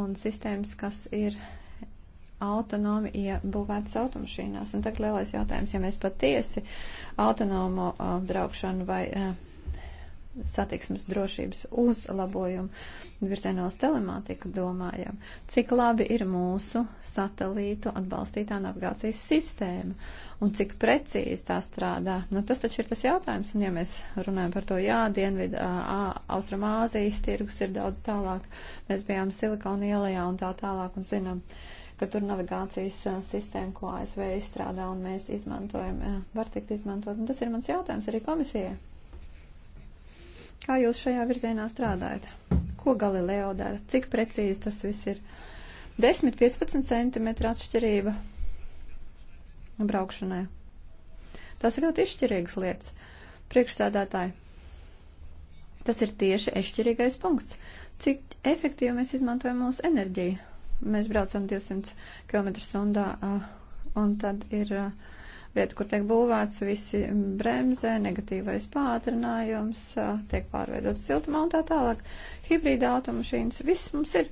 un sistēmas, kas ir autonomi iebūvētas automašīnās. Un tagad lielais jautājums, ja mēs patiesi autonomo a, braukšanu vai a, satiksmes drošības uzlabojumu virzienā uz telemātiku domājam, cik labi ir mūsu satelītu atbalstītā navigācijas sistēma un cik precīzi tā strādā. Nu, tas taču ir tas jautājums, un ja mēs runājam par to, jā, Dienvidu, Austrumāzijas tirgus ir daudz tālāk, mēs bijām Silikona ielajā un tā tālāk un zinām ka tur navigācijas sistēma, ko ASV izstrādā un mēs izmantojam, var tikt izmantot. Un tas ir mans jautājums arī komisijai. Kā jūs šajā virzienā strādājat? Ko Galileo dara? Cik precīzi tas viss ir? 10-15 cm atšķirība braukšanai. Tas ir ļoti izšķirīgas lietas. Priekšstādātāji, tas ir tieši izšķirīgais punkts. Cik efektīvi mēs izmantojam mūsu enerģiju? Mēs braucam 200 km stundā un tad ir uh, vieta, kur tiek būvēts visi bremzē, negatīvais pātrinājums, tiek pārveidots siltumā un tā tālāk. Hibrīda automašīnas, viss mums ir.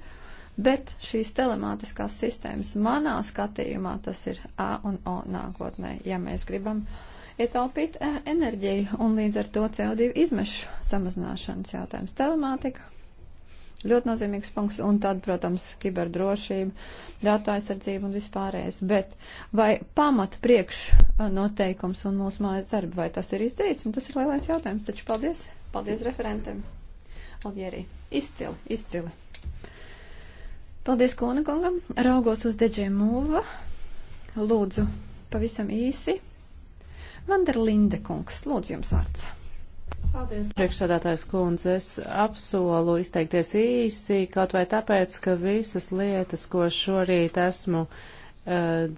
Bet šīs telemātiskās sistēmas manā skatījumā tas ir A un O nākotnē, ja mēs gribam ietaupīt e, enerģiju un līdz ar to CO2 izmešu samazināšanas jautājums. Telemātika ļoti nozīmīgs punkts, un tad, protams, kiberdrošība, datu aizsardzība un vispārējais. Bet vai pamat priekšnoteikums uh, un mūsu mājas darba, vai tas ir izdarīts, un tas ir lielais jautājums. Taču paldies, paldies referentiem. Alvierī, izcili, izcili. Paldies Kona kungam, raugos uz DJ Mūva. Lūdzu, pavisam īsi. Vanderlinde kungs, lūdzu jums vārds. Paldies, priekšsēdētājs kundze. Es apsolu izteikties īsi, kaut vai tāpēc, ka visas lietas, ko šorīt esmu uh,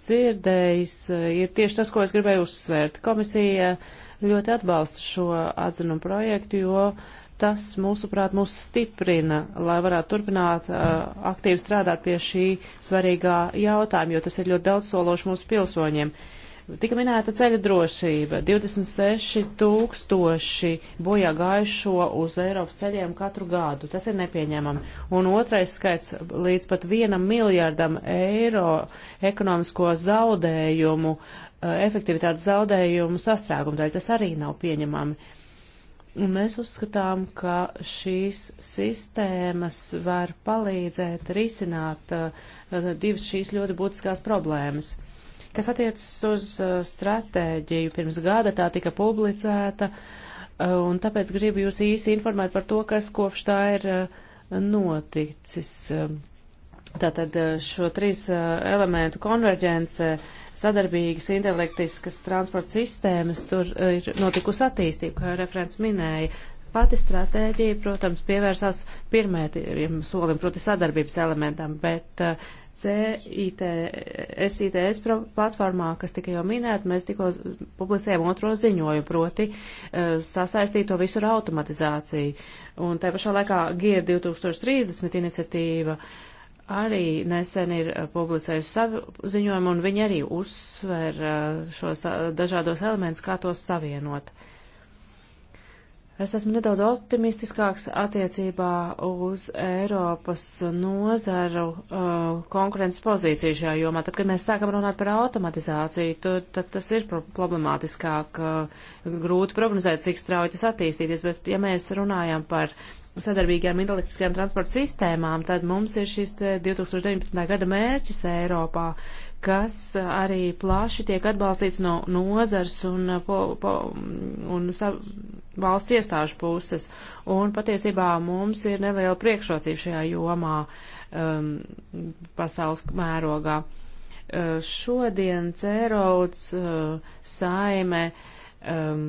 dzirdējis, eh, ir tieši tas, ko es gribēju uzsvērt. Komisija ļoti atbalsta šo atzinumu projektu, jo tas, mūsuprāt, mūs stiprina, lai varētu turpināt uh, aktīvi strādāt pie šī svarīgā jautājuma, jo tas ir ļoti daudz sološi mūsu pilsoņiem. Uh, Tika minēta ceļa drošība. 26 tūkstoši bojā gājušo uz Eiropas ceļiem katru gadu. Tas ir nepieņemami. Un otrais skaits līdz pat vienam miljardam eiro ekonomisko zaudējumu, eh, efektivitātes zaudējumu sastrēgumu dēļ. Tas arī nav pieņemami. Un mēs uzskatām, ka šīs sistēmas var palīdzēt risināt eh, divas šīs ļoti būtiskās problēmas Kas attiecas uz uh, stratēģiju, pirms gada tā tika publicēta, uh, un tāpēc gribu jūs īsi informēt par to, kas kopš tā ir uh, noticis. Um, tātad šo trīs elementu konverģence, sadarbīgas intelektiskas transporta sistēmas, tur ir notikusi attīstība, kā referents minēja. Pati stratēģija, protams, pievērsās pirmētiem solim, proti sadarbības elementam, bet CIT, SITS platformā, kas tika jau minēta, mēs tikko publicējam otro ziņoju, proti eh, sasaistīt to visu ar automatizāciju. Un te pašā laikā GIR 2030 iniciatīva arī nesen ir eh, publicējusi savu ziņojumu, un viņi arī uzsver eh, šos dažādos elementus, kā tos savienot. Uh, Es esmu nedaudz optimistiskāks attiecībā uz Eiropas nozaru uh, konkurences pozīciju šajā jomā. Tad, kad mēs sākam runāt par automatizāciju, tad, tad tas ir problemātiskāk, uh, grūti prognozēt, cik strauji tas attīstīties, bet ja mēs runājam par uh, sadarbīgām intelektiskajām transporta sistēmām, tad mums ir šis 2019. gada mērķis Eiropā, kas arī plaši tiek atbalstīts no nozars un, uh, po, po, un sa, valsts iestāžu puses. Un patiesībā mums ir neliela priekšrocība šajā jomā um, pasaules mērogā. Uh, šodien Cērauds uh, saime um,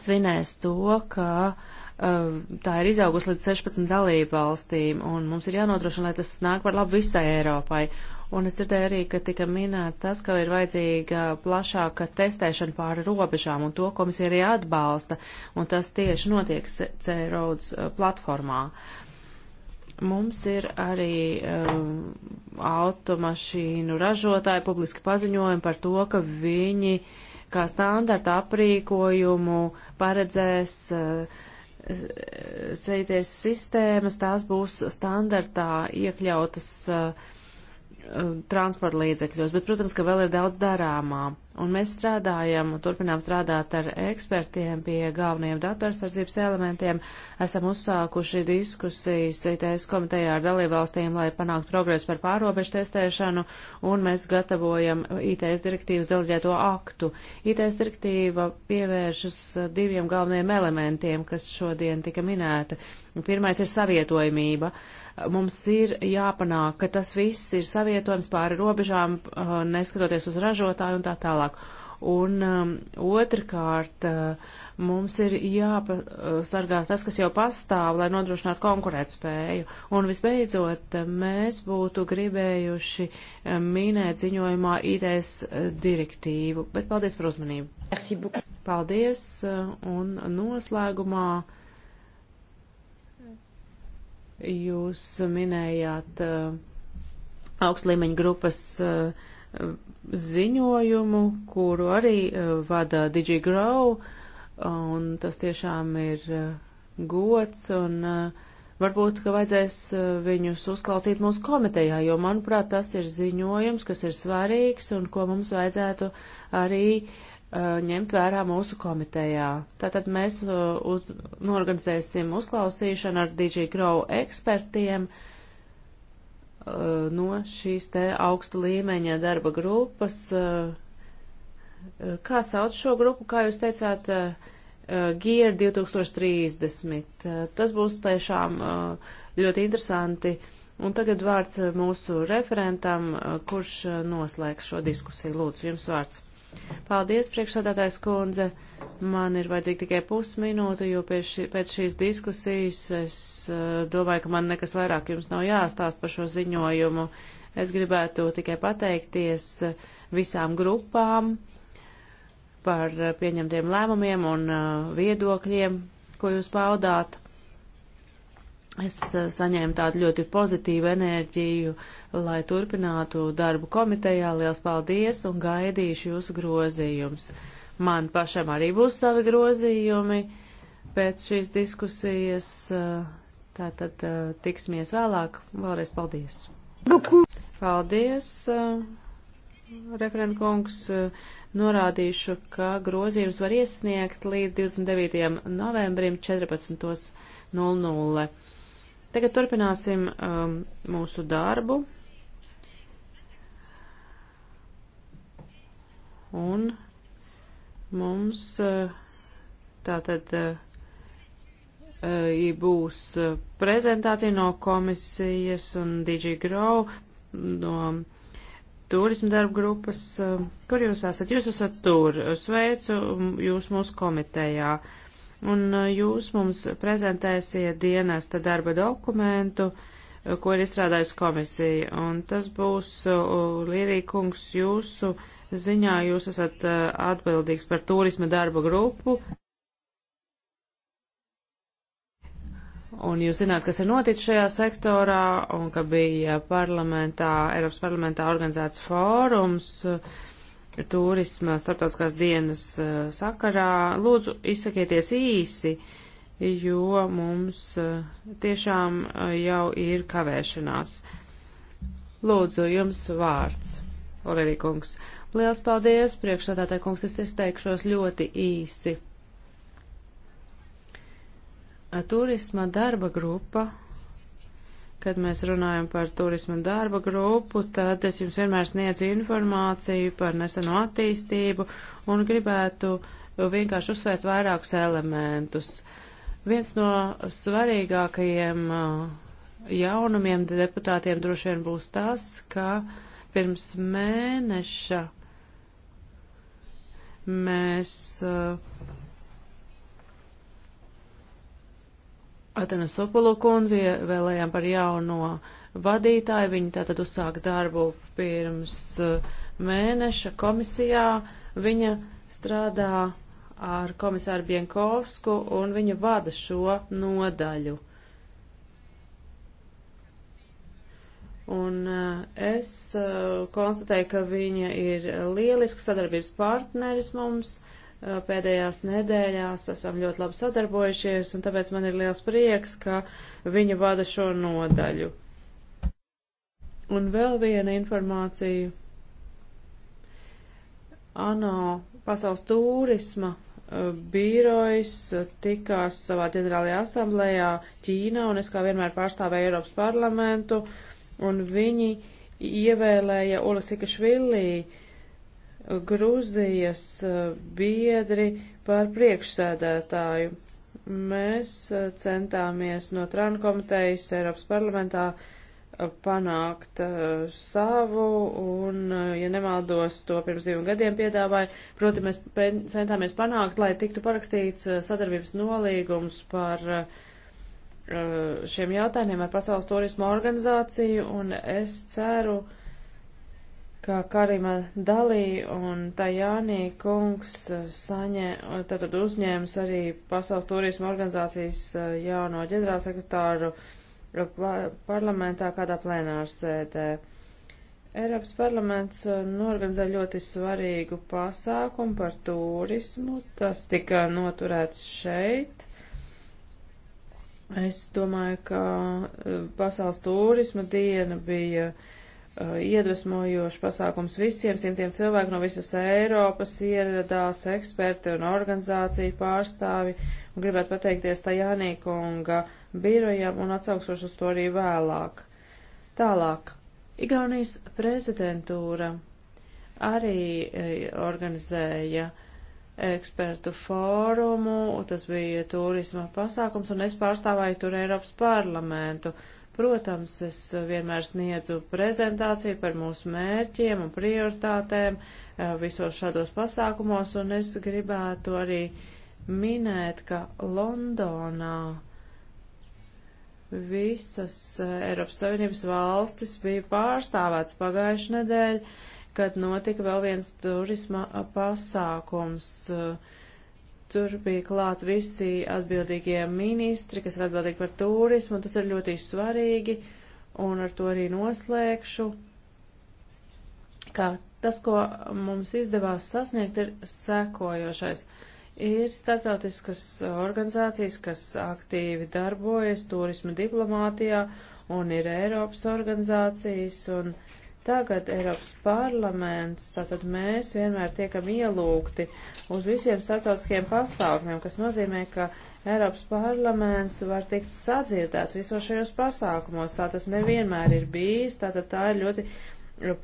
svinēs to, ka uh, Ehm, tā ir izaugusi līdz 16 dalību valstīm, un mums ir jānodrošina, lai tas nāk par labu visai Eiropai. Un es dzirdēju arī, ka tika minēts tas, ka ir vajadzīga plašāka testēšana pāri robežām, un to komisija arī atbalsta, un tas tieši notiek C-Roads eh, platformā. Mums ir arī um, automašīnu ražotāji publiski paziņojumi par to, ka viņi kā standarta aprīkojumu paredzēs uh, CITS sistēmas, tās būs standartā iekļautas uh, Um, transporta līdzekļos, bet, protams, ka vēl ir daudz darāmā. Un mēs strādājam, turpinām strādāt ar ekspertiem pie galvenajiem datorsardzības elementiem. Esam uzsākuši diskusijas ITS komitejā ar dalībvalstīm, lai panāktu progresu par pārobežu testēšanu, un mēs gatavojam ITS direktīvas deleģēto aktu. ITS direktīva pievēršas diviem galvenajiem elementiem, kas šodien tika minēta. Pirmais ir savietojamība. Uh, Mums ir jāpanāk, ka tas viss ir savietojams pāri robežām, uh, neskatoties uz ražotāju un tā tālāk. Un um, otrkārt, uh, mums ir jāpasargā uh, tas, kas jau pastāv, lai nodrošinātu konkurētspēju. Un visbeidzot, mēs būtu gribējuši uh, minēt ziņojumā ITS direktīvu, bet paldies par uzmanību. Paldies, un noslēgumā Jūs minējāt uh, augstlīmeņa grupas uh, ziņojumu, kuru arī uh, vada DigiGrow, un tas tiešām ir gods, un varbūt, ka vajadzēs viņus uzklausīt mūsu komitejā, jo, manuprāt, tas ir ziņojums, kas ir svarīgs un ko mums vajadzētu arī uh, Uh, ņemt vērā mūsu komitejā. Tātad mēs uh, uz, norganizēsim uzklausīšanu ar DJ Grow ekspertiem uh, no šīs te augsta līmeņa darba grupas. Kā sauc šo grupu, kā jūs teicāt, Gear 2030? Tas būs tiešām ļoti interesanti. Un tagad vārds mūsu referentam, kurš noslēgs šo diskusiju. Lūdzu, jums vārds. Paldies, priekšsādātājs kundze. Man ir vajadzīga tikai pusminūte, jo pēc, šī, pēc šīs diskusijas es eh, domāju, ka man nekas vairāk jums nav jāstāst par šo ziņojumu. Es gribētu tikai pateikties eh, visām grupām par eh, pieņemtiem lēmumiem un viedokļiem, ko jūs paudāt. Es eh, saņēmu tādu ļoti pozitīvu enerģiju, lai turpinātu darbu komitejā. Liels paldies un gaidīšu jūsu grozījumus. Man pašam arī būs savi grozījumi pēc šīs diskusijas. Eh, tātad eh, tiksimies vēlāk. Vēlreiz paldies. Paldies, referent kungs. Norādīšu, ka grozījums var iesniegt līdz 29. novembrim 14.00. Tagad turpināsim um, mūsu darbu. Un mums uh, tātad uh, uh būs uh, prezentācija no komisijas un DG Grow no turismu darba grupas. Uh, kur jūs esat? Jūs esat tur. Sveicu um, jūs mūsu komitejā. Uh, un uh, jūs mums prezentēsiet dienesta darba dokumentu, uh, ko ir izstrādājusi komisija. Un tas būs, uh, Lierīkungs, jūsu ziņā, jūs esat atbildīgs par turisma darba grupu. Un jūs zināt, kas ir noticis šajā sektorā un ka bija parlamentā, Eiropas parlamentā organizēts fórums. Uh, turisma starptautiskās dienas eh, sakarā. Lūdzu, izsakieties īsi, jo mums eh, tiešām eh, jau ir kavēšanās. Lūdzu, jums vārds, Olerī kungs. Liels paldies, priekšstādātāji kungs, es izteikšos ļoti īsi. Turisma darba grupa Kad mēs runājam par turismu darba grupu, tad es jums vienmēr sniedzu informāciju par nesenu attīstību un gribētu vienkārši uzsvērt vairākus elementus. Viens no svarīgākajiem uh, jaunumiem deputātiem droši vien būs tas, ka pirms mēneša mēs uh, Atanasopolo kundzi vēlējām par jauno vadītāju. Viņa tātad uzsāka darbu pirms uh, mēneša komisijā. Viņa strādā ar komisāru Bienkovsku un viņa vada šo nodaļu. Un uh, es uh, konstatēju, ka viņa ir lielisks sadarbības partneris mums. Uh, Eh, pēdējās nedēļās esam ļoti labi sadarbojušies, un tāpēc man ir liels prieks, ka viņa vada šo nodaļu. Un vēl viena informācija. ANO pasaules turisma eh, bīrojs eh, tikās savā ģenerālajā asamblējā Ķīnā, un es kā vienmēr pārstāvēju Eiropas parlamentu, un viņi ievēlēja Ulasika Švillī Grūzijas eh, biedri par priekšsēdētāju. Mēs eh, centāmies no Trānu komitejas Eiropas parlamentā eh, panākt uh, savu un, uh, ja nemaldos, to pirms diviem gadiem piedāvāja. Proti, mēs centāmies panākt, lai tiktu parakstīts uh, sadarbības nolīgums par šiem jautājumiem ar Pasaules turismu organizāciju, un es ceru, uh, kā Karima Dalī un Tajānī kungs uh, saņē, uh, tātad uzņēmis arī Pasaules turisma organizācijas uh, jauno ģenerālsekretāru parlamentā kādā plenārsēdē. Eiropas parlaments norganizē ļoti svarīgu pasākumu par turismu. Tas tika noturēts šeit. Es domāju, ka pasaules turisma diena bija uh, Uh, iedvesmojošs pasākums visiem simtiem cilvēku no visas Eiropas ieradās eksperti un organizāciju pārstāvi un gribētu pateikties Tajānī kunga birojam un atsauksošu uz to arī vēlāk. Tālāk. Igaunijas prezidentūra arī eh, organizēja ekspertu fórumu, tas bija turisma pasākums, un es pārstāvēju tur Eiropas parlamentu. Uh, Protams, es vienmēr sniedzu prezentāciju par mūsu mērķiem un prioritātēm eh, visos šādos pasākumos, un es gribētu arī minēt, ka Londonā visas eh, Eiropas Savienības valstis bija pārstāvēts pagājuši nedēļ, kad notika vēl viens turisma eh, pasākums. Uh, Tur bija klāt visi atbildīgie ministri, kas ir atbildīgi par turismu, tas ir ļoti svarīgi, un ar to arī noslēgšu. Kā tas, ko mums izdevās sasniegt, ir sekojošais. Ir starptautiskas organizācijas, kas aktīvi darbojas turisma diplomātijā, un ir Eiropas organizācijas, un uh, Tagad Eiropas parlaments, tātad mēs vienmēr tiekam ielūgti uz visiem startautiskiem pasākumiem, kas nozīmē, ka Eiropas parlaments var tikt sadzirdēts visos šajos pasākumos. Tā tas nevienmēr ir bijis, tātad tā ir ļoti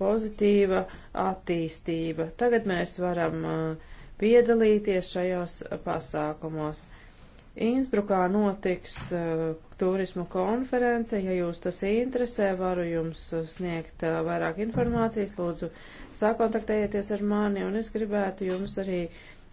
pozitīva attīstība. Tagad mēs varam uh, piedalīties šajos pasākumos. Innsbrukā notiks uh, turismu konference. Ja jūs tas interesē, varu jums eh, sniegt uh, vairāk informācijas. Lūdzu, sakontaktējieties ar mani, un es gribētu jums arī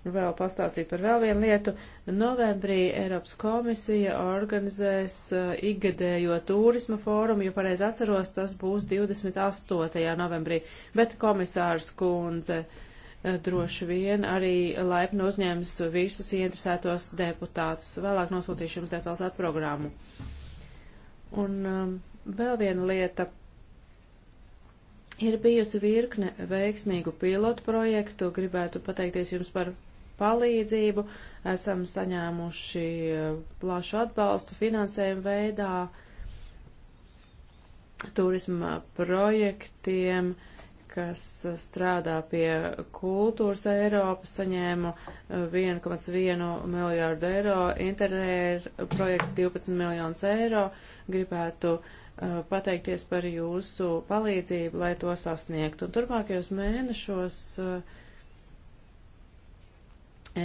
vēl pastāstīt par vēl vienu lietu. Novembrī Eiropas komisija organizēs uh, ikgadējo turisma fórumu, jo pareizi atceros, tas būs 28. novembrī. Bet komisārs kundze. Uh, droši vien arī laipni uzņēmis visus ieinteresētos deputātus. Vēlāk nosūtīšu jums detalizētu programmu. Un um, vēl viena lieta. Ir bijusi virkne veiksmīgu pilotu projektu. Gribētu pateikties jums par palīdzību. Esam saņēmuši uh, plašu atbalstu finansējumu veidā, turisma projektiem. Uh, kas strādā pie kultūras Eiropas, saņēmu eh, 1,1 miljārdu eiro, interēra projekts 12 miljonus eiro. Gribētu uh, pateikties par jūsu palīdzību, lai to sasniegtu. Un turpmākajos mēnešos uh,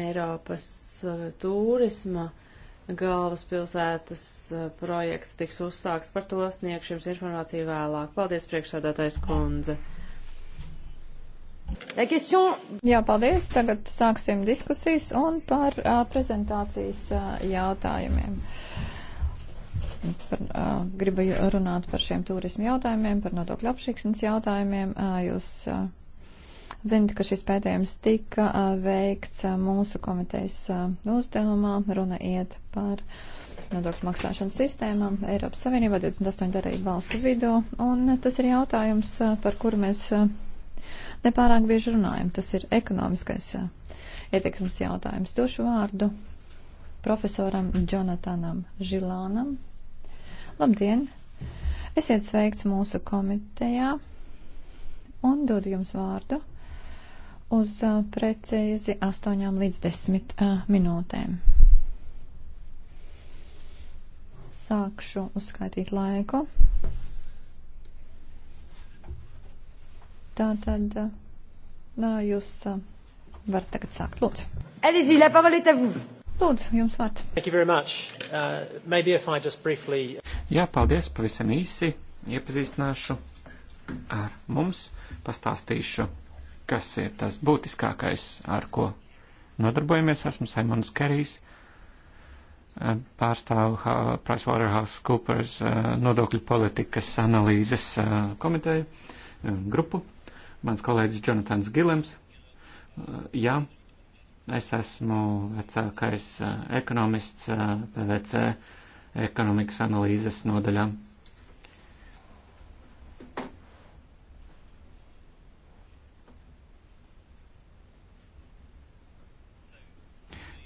Eiropas uh, turisma galvaspilsētas projekts tiks uzsākts. Par to sniegšu jums informāciju vēlāk. Paldies, priekšsādātais kundze! Jā, paldies. Tagad sāksim diskusijas un par uh, prezentācijas uh, jautājumiem. Par, uh, gribu runāt par šiem turismu jautājumiem, par nodokļu apšīkšanas jautājumiem. Uh, jūs uh, zinat, ka šis pētījums tika uh, veikts uh, mūsu komitejas uh, uzdevumā. Runa iet par nodokļu maksāšanas sistēmām Eiropas Savienībā 28 darību valstu vidū. Un tas ir jautājums, uh, par kuru mēs. Uh, nepārāk bieži runājam. Tas ir ekonomiskais ietekmes jautājums. Došu vārdu profesoram Jonatanam Žilānam. Labdien! Esiet sveikts mūsu komitejā un dod jums vārdu uz uh, precīzi 8 līdz 10 uh, minūtēm. Sākšu uzskaitīt laiku. Tā tad nā, jūs varat tagad sākt. Lūdzu. Allez-y, la parole est à vous. Lūdzu, jums vārds. Thank you very much. Uh, maybe if I just briefly. Jā, paldies, pavisam īsi iepazīstināšu ar mums, pastāstīšu, kas ir tas būtiskākais, ar ko nodarbojamies. Esmu Simons Kerijs, pārstāvu PricewaterhouseCoopers nodokļu politikas analīzes komiteju grupu mans kolēģis Jonatans Gilims. Uh, jā, es esmu vecākais uh, ekonomists uh, PVC ekonomikas analīzes nodaļā.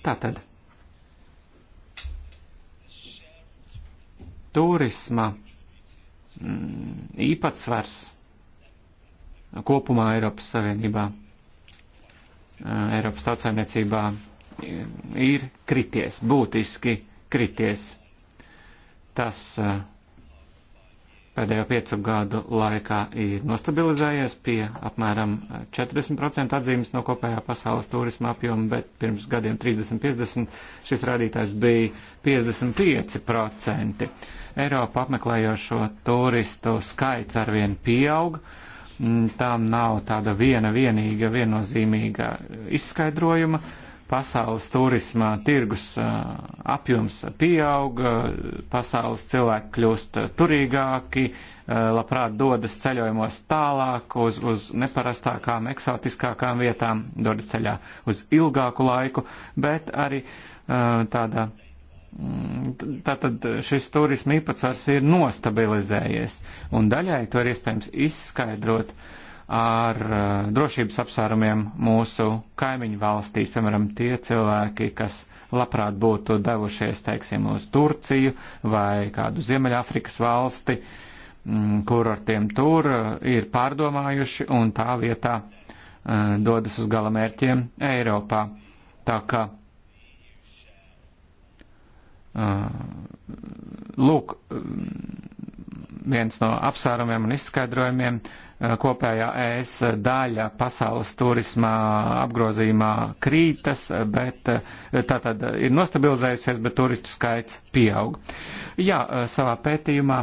Tātad. Turisma mm, īpatsvars kopumā Eiropas Savienībā, eh, Eiropas tautsēmniecībā eh, ir krities, būtiski krities. Tas eh, pēdējo piecu gadu laikā ir nostabilizējies pie apmēram 40% atzīmes no kopējā pasaules turisma apjoma, bet pirms gadiem 30-50 šis rādītājs bija 55%. Eiropa apmeklējošo turistu skaits arvien pieaug. Uh, Tām mm, nav tāda viena vienīga, viennozīmīga izskaidrojuma. Pasaules turisma tirgus uh, apjoms pieauga, uh, pasaules cilvēki kļūst turīgāki, uh, labprāt dodas ceļojumos tālāk uz, uz neparastākām, eksotiskākām vietām, dodas ceļā uz ilgāku laiku, bet arī tādā Mm, tātad šis turisma īpatsvars ir nostabilizējies, un daļai to ir iespējams izskaidrot ar uh, drošības apsvērumiem mūsu kaimiņu valstīs, piemēram, tie cilvēki, kas labprāt būtu devušies, teiksim, uz Turciju vai kādu Ziemeļāfrikas valsti, mm, kur ar tiem tur uh, ir pārdomājuši un tā vietā uh, dodas uz galamērķiem Eiropā. Tā kā Uh, lūk, um, viens no apsvērumiem un izskaidrojumiem uh, kopējā ES daļa pasaules turismā apgrozījumā krītas, bet uh, tā tad ir nostabilizējusies, bet turistu skaits pieaug. Jā, savā pētījumā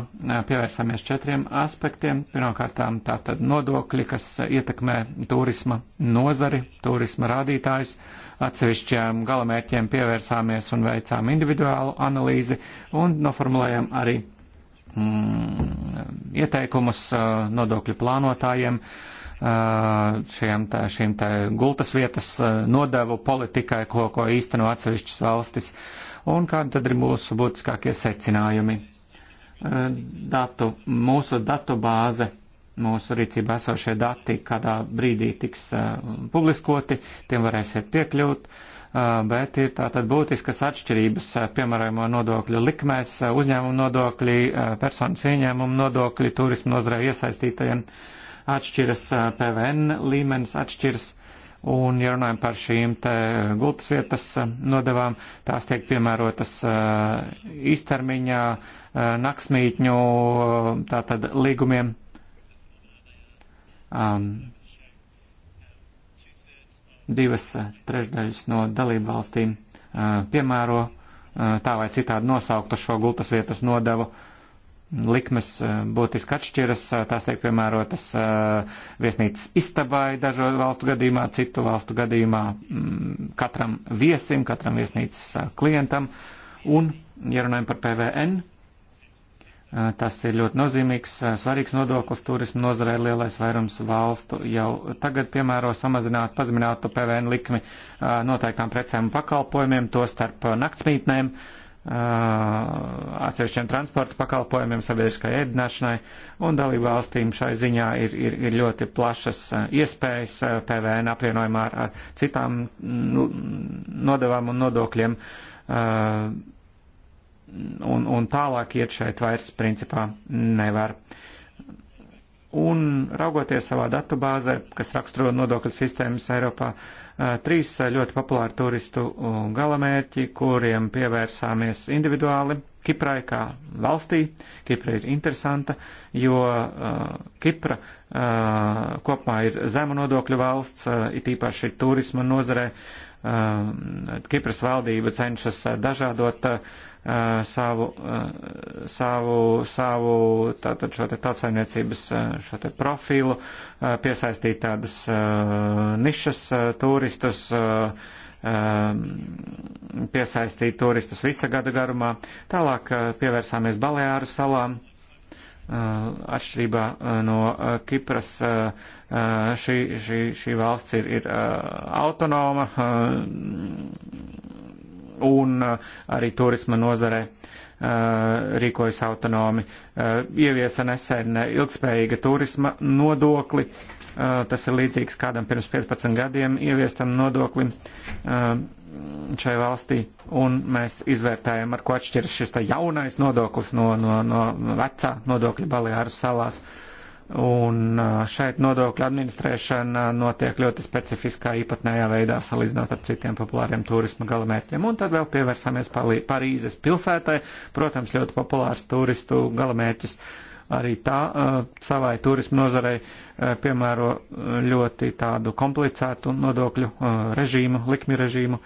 pievērsāmies četriem aspektiem. Pirmkārtām tā tad nodokļi, kas ietekmē turisma nozari, turisma rādītājs atsevišķiem galamērķiem pievērsāmies un veicām individuālu analīzi un noformulējām arī mm, ieteikumus uh, nodokļu plānotājiem uh, šiem tā, šīm tā gultas vietas uh, nodevu politikai, ko, ko īsteno atsevišķas valstis, un kādi tad ir mūsu būtiskākie secinājumi. Uh, datu, mūsu datu bāze mūsu rīcībā esošie dati kādā brīdī tiks uh, publiskoti, tiem varēsiet piekļūt, uh, bet ir tātad būtiskas atšķirības, uh, eh, piemērojamo nodokļu likmēs, uh, uzņēmumu nodokļi, uh, personas ieņēmumu nodokļi, turismu nozarē iesaistītajiem atšķiras, uh, PVN līmenis atšķiras. Un, ja runājam par šīm te gultas vietas nodevām, tās tiek piemērotas īstermiņā, naksmītņu, tātad līgumiem, um, divas uh, trešdaļas no dalību valstīm uh, piemēro uh, tā vai citādi nosauktu šo gultas vietas nodevu. Likmes uh, būtiski atšķiras, uh, tās tiek piemērotas uh, viesnīcas istabai dažu valstu gadījumā, citu valstu gadījumā mm, katram viesim, katram viesnīcas uh, klientam. Un, ja runājam par PVN, uh, Eh, tas ir ļoti nozīmīgs, eh, svarīgs nodoklis turismu nozarē. Lielais vairums valstu jau tagad piemēro samazināt, pazeminātu PVN likmi eh, noteiktām precēm un pakalpojumiem, to starp naktsmītnēm, atsevišķiem transporta pakalpojumiem, sabiedriskai ēdināšanai, un dalību valstīm šai ziņā ir, ir, ir ļoti plašas iespējas PVN apvienojumā ar, ar citām mm, nu, nodevām un nodokļiem un, un tālāk iet šeit vairs principā nevar. Un raugoties savā datubāzē, kas raksturo nodokļu sistēmas Eiropā, trīs ļoti populāri turistu galamērķi, kuriem pievērsāmies individuāli. Kiprai kā valstī, Kipra ir interesanta, jo uh, Kipra uh, kopumā ir zemu nodokļu valsts, uh, it īpaši turisma nozarē. Uh, Kipras valdība cenšas dažādot uh, savu, savu, savu tātad šo te tautsaimniecības šo te profilu, piesaistīt tādas nišas turistus, piesaistīt turistus visa gada garumā. Tālāk pievērsāmies Baleāru salām atšķirībā no Kipras šī, šī, šī valsts ir, ir autonoma, un uh, arī turisma nozarē uh, rīkojas autonomi. Uh, ieviesa nesen ilgspējīga turisma nodokli. Tas ir līdzīgs kādam pirms 15 gadiem ieviestam nodoklim šai valstī, un mēs izvērtējam, ar ko atšķiras šis jaunais nodoklis no, no, no vecā nodokļa Baleāru salās. Uh, Un šeit nodokļu administrēšana notiek ļoti specifiskā īpatnējā veidā salīdzinot ar citiem populāriem turisma galamērķiem. Un tad vēl pievērsāmies Parīzes pilsētai. Protams, ļoti populārs turistu galamērķis arī tā savai turismu nozarei piemēro ļoti tādu komplicētu nodokļu režīmu, likmi režīmu.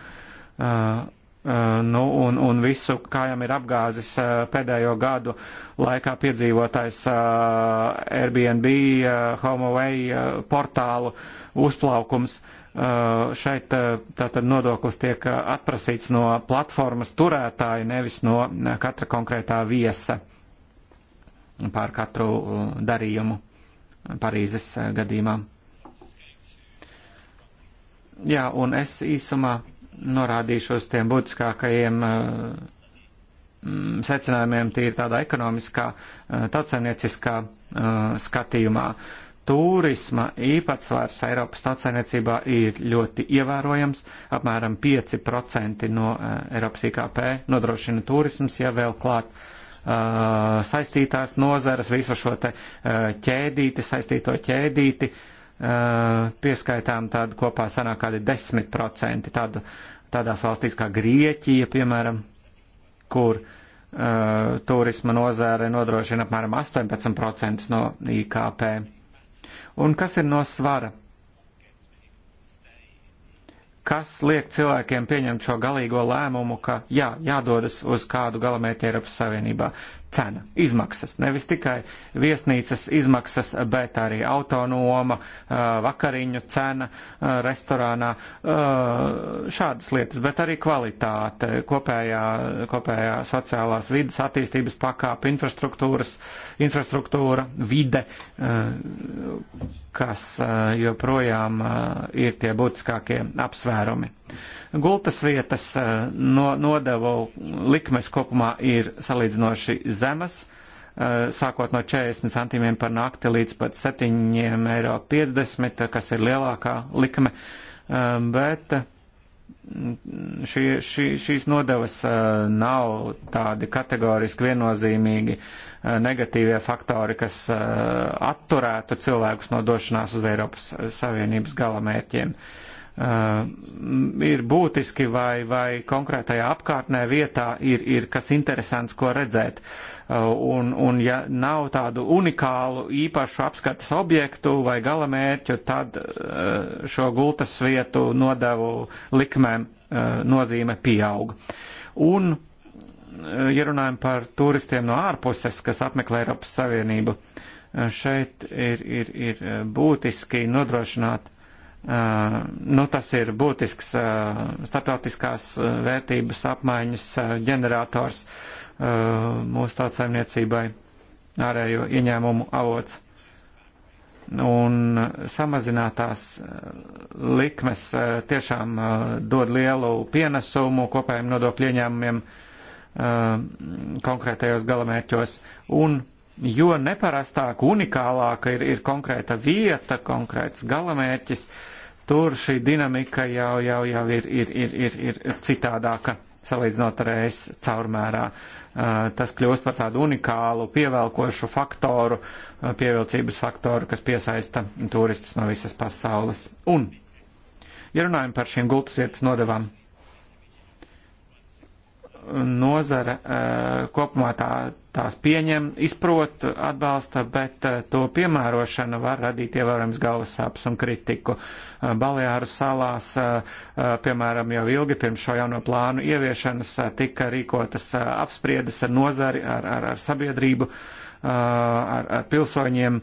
Eh, nu, un, un visu, kā jām ir apgāzis eh, pēdējo gadu laikā piedzīvotais eh, Airbnb, HomeAway portālu uzplaukums. Šeit tātad nodoklis tiek atprasīts no platformas turētāja, nevis no katra konkrētā viesa pār katru darījumu Parīzes gadījumā. Jā, un es īsumā norādīšu uz tiem būtiskākajiem eh, mm, secinājumiem tīri tādā ekonomiskā, eh, tautsainieciskā eh, skatījumā. Turisma īpatsvars Eiropas tautsainiecībā ir ļoti ievērojams, apmēram 5% no Eiropas IKP nodrošina turisms, ja vēl klāt saistītās nozares, visu šo te ķēdīti, saistīto ķēdīti, uh, Eh, pieskaitām tādu kopā sanāk kādi 10% tādu, tādās valstīs kā Grieķija, piemēram, kur uh, turisma nozēre nodrošina apmēram 18% no IKP. Un kas ir no svara? Kas liek cilvēkiem pieņemt šo galīgo lēmumu, ka jā, jādodas uz kādu galamērķi Eiropas Savienībā? cena, izmaksas. Nevis tikai viesnīcas izmaksas, bet arī autonoma, vakariņu cena restorānā, šādas lietas, bet arī kvalitāte, kopējā, kopējā sociālās vidas attīstības pakāpe, infrastruktūras, infrastruktūra, vide, kas joprojām ir tie būtiskākie apsvērumi. Gultas vietas eh, no, nodevu likmes kopumā ir salīdzinoši zemas, eh, sākot no 40 centimiem par nakti līdz pat 7,50 eiro, eh, kas ir lielākā likme, bet šī, šī, šīs nodevas nav tādi kategoriski viennozīmīgi negatīvie faktori, kas atturētu cilvēkus no došanās uz Eiropas Savienības galamērķiem. mērķiem Uh, ir būtiski vai, vai konkrētajā apkārtnē vietā ir, ir kas interesants, ko redzēt. Uh, un, un ja nav tādu unikālu īpašu apskates objektu vai galamērķu, tad uh, šo gultas vietu nodevu likmēm nozīme pieaug. Un, ja runājam par turistiem no ārpuses, kas apmeklē Eiropas Savienību, šeit ir, ir, ir būtiski nodrošināt Eh, nu, tas ir būtisks eh, starptautiskās eh, vērtības apmaiņas ģenerators mūsu tautsaimniecībai, ārējo ieņēmumu avots. Un samazinātās likmes tiešām dod lielu pienesumu kopējiem nodokļu ieņēmumiem konkrētajos galamērķos. Un jo neparastāka, unikālāka ir, ir konkrēta vieta, konkrēts galamērķis, uh, Tur šī dinamika jau, jau, jau ir, ir, ir, ir, ir citādāka salīdzinot ar es caurmērā. Uh, tas kļūst par tādu unikālu pievelkošu faktoru, uh, pievilcības faktoru, kas piesaista turistus no visas pasaules. Un, ja runājam par šīm gultas vietas nodevām, nozare eh, kopumā tā, tās pieņem, izprot, atbalsta, bet eh, to piemērošana var radīt ievērojams galvas sāpes un kritiku. Eh, Baleāru salās, piemēram, jau ilgi pirms šo jauno plānu ieviešanas tika rīkotas apspriedes ar nozari, ar, ar, ar sabiedrību ar, ar pilsoņiem,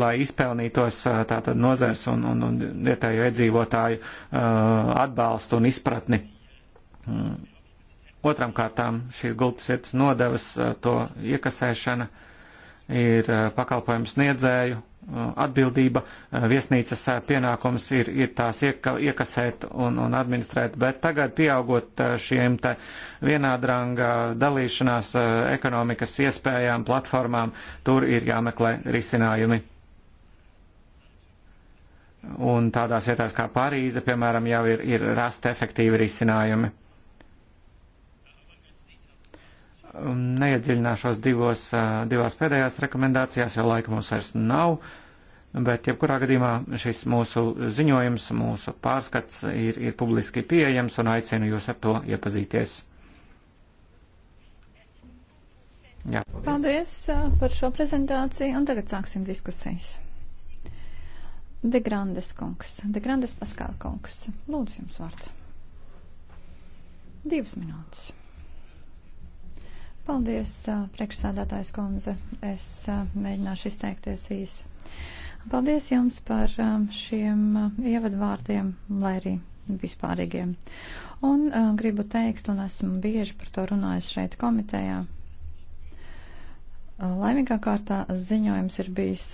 lai izpelnītos tātad nozars un, un, un vietējo iedzīvotāju atbalstu un izpratni. Mm. Otram kārtām šīs gultas vietas nodevas, to iekasēšana ir pakalpojumu sniedzēju atbildība, viesnīcas pienākums ir, ir tās iekasēt un, un administrēt, bet tagad pieaugot šiem te vienādrangā dalīšanās ekonomikas iespējām, platformām, tur ir jāmeklē risinājumi. Un tādās vietās kā Parīze, piemēram, jau ir, ir rasta efektīvi risinājumi. Um, neiedziļināšos divos, uh, divās pēdējās rekomendācijās, jo laika mums vairs nav, bet jebkurā gadījumā šis mūsu ziņojums, mūsu pārskats ir, ir publiski pieejams un aicinu jūs ar to iepazīties. Jā, paldies. paldies uh, par šo prezentāciju, un tagad sāksim diskusijas. De Grandes kungs, De Grandes Paskāla kungs, lūdzu jums vārds. Divas minūtes. Paldies, priekšsādātājs kundze. Es mēģināšu izteikties īsi. Paldies jums par šiem ievadvārdiem, lai arī vispārīgiem. Un gribu teikt, un esmu bieži par to runājis šeit komitejā, Laimīgā kārtā ziņojums ir bijis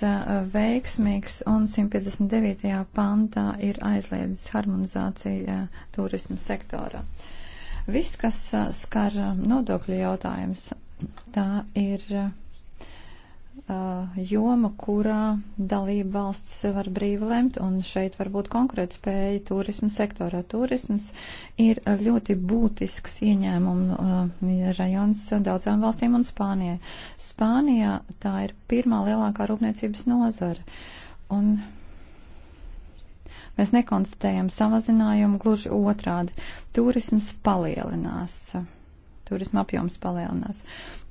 veiksmīgs un 159. pantā ir aizliedzis harmonizācija turismu sektorā. Viss, kas skar nodokļu jautājums, tā ir uh, joma, kurā dalība valsts var brīvi lemt, un šeit var būt konkrēta spēja turismu sektorā. Turisms ir ļoti būtisks ieņēmumu uh, rajons daudzām valstīm un Spānijai. Spānijā tā ir pirmā lielākā rūpniecības nozara. Un Mēs nekonstatējam samazinājumu, gluži otrādi. Turisms palielinās. Turisma apjoms palielinās.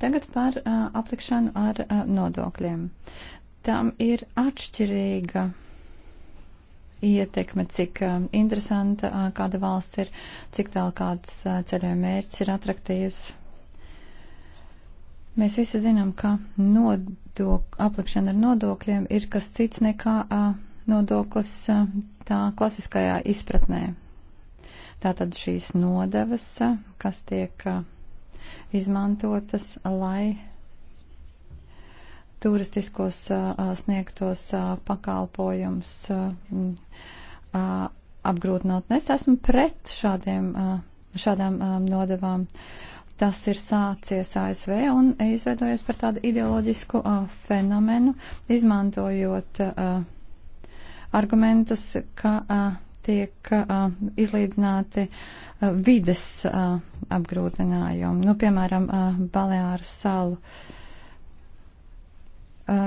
Tagad par uh, aplikšanu ar uh, nodokļiem. Tam ir atšķirīga ietekme, cik uh, interesanta uh, kāda valsts ir, cik tālu kāds uh, ceļojuma mērķis ir atraktīvs. Mēs visi zinām, ka nodok, aplikšana ar nodokļiem ir kas cits nekā uh, nodoklis tā klasiskajā izpratnē. Tātad šīs nodevas, kas tiek izmantotas, lai turistiskos sniegtos pakalpojums apgrūtinot. Nu, es esmu pret šādiem, šādām nodevām. Tas ir sācies ASV un izveidojies par tādu ideoloģisku fenomenu, izmantojot uh, argumentus, ka uh, tiek uh, izlīdzināti uh, vides uh, apgrūtinājumi. Nu, piemēram, uh, Baleāru salu uh,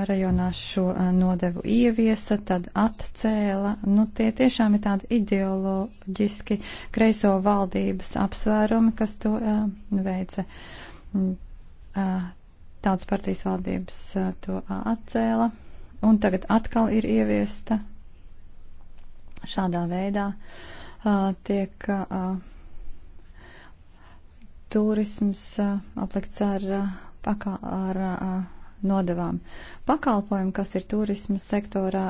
rajonā šo uh, nodevu ieviesa, tad atcēla. Nu, tie tiešām ir tādi ideoloģiski kreiso valdības apsvērumi, kas to uh, veica. Uh, Tautas partijas valdības uh, to uh, atcēla. Un tagad atkal ir ieviesta Šādā veidā uh, tiek uh, turisms uh, aplikts ar, uh, pakā, ar uh, nodevām. Pakalpojumi, kas ir turisma sektorā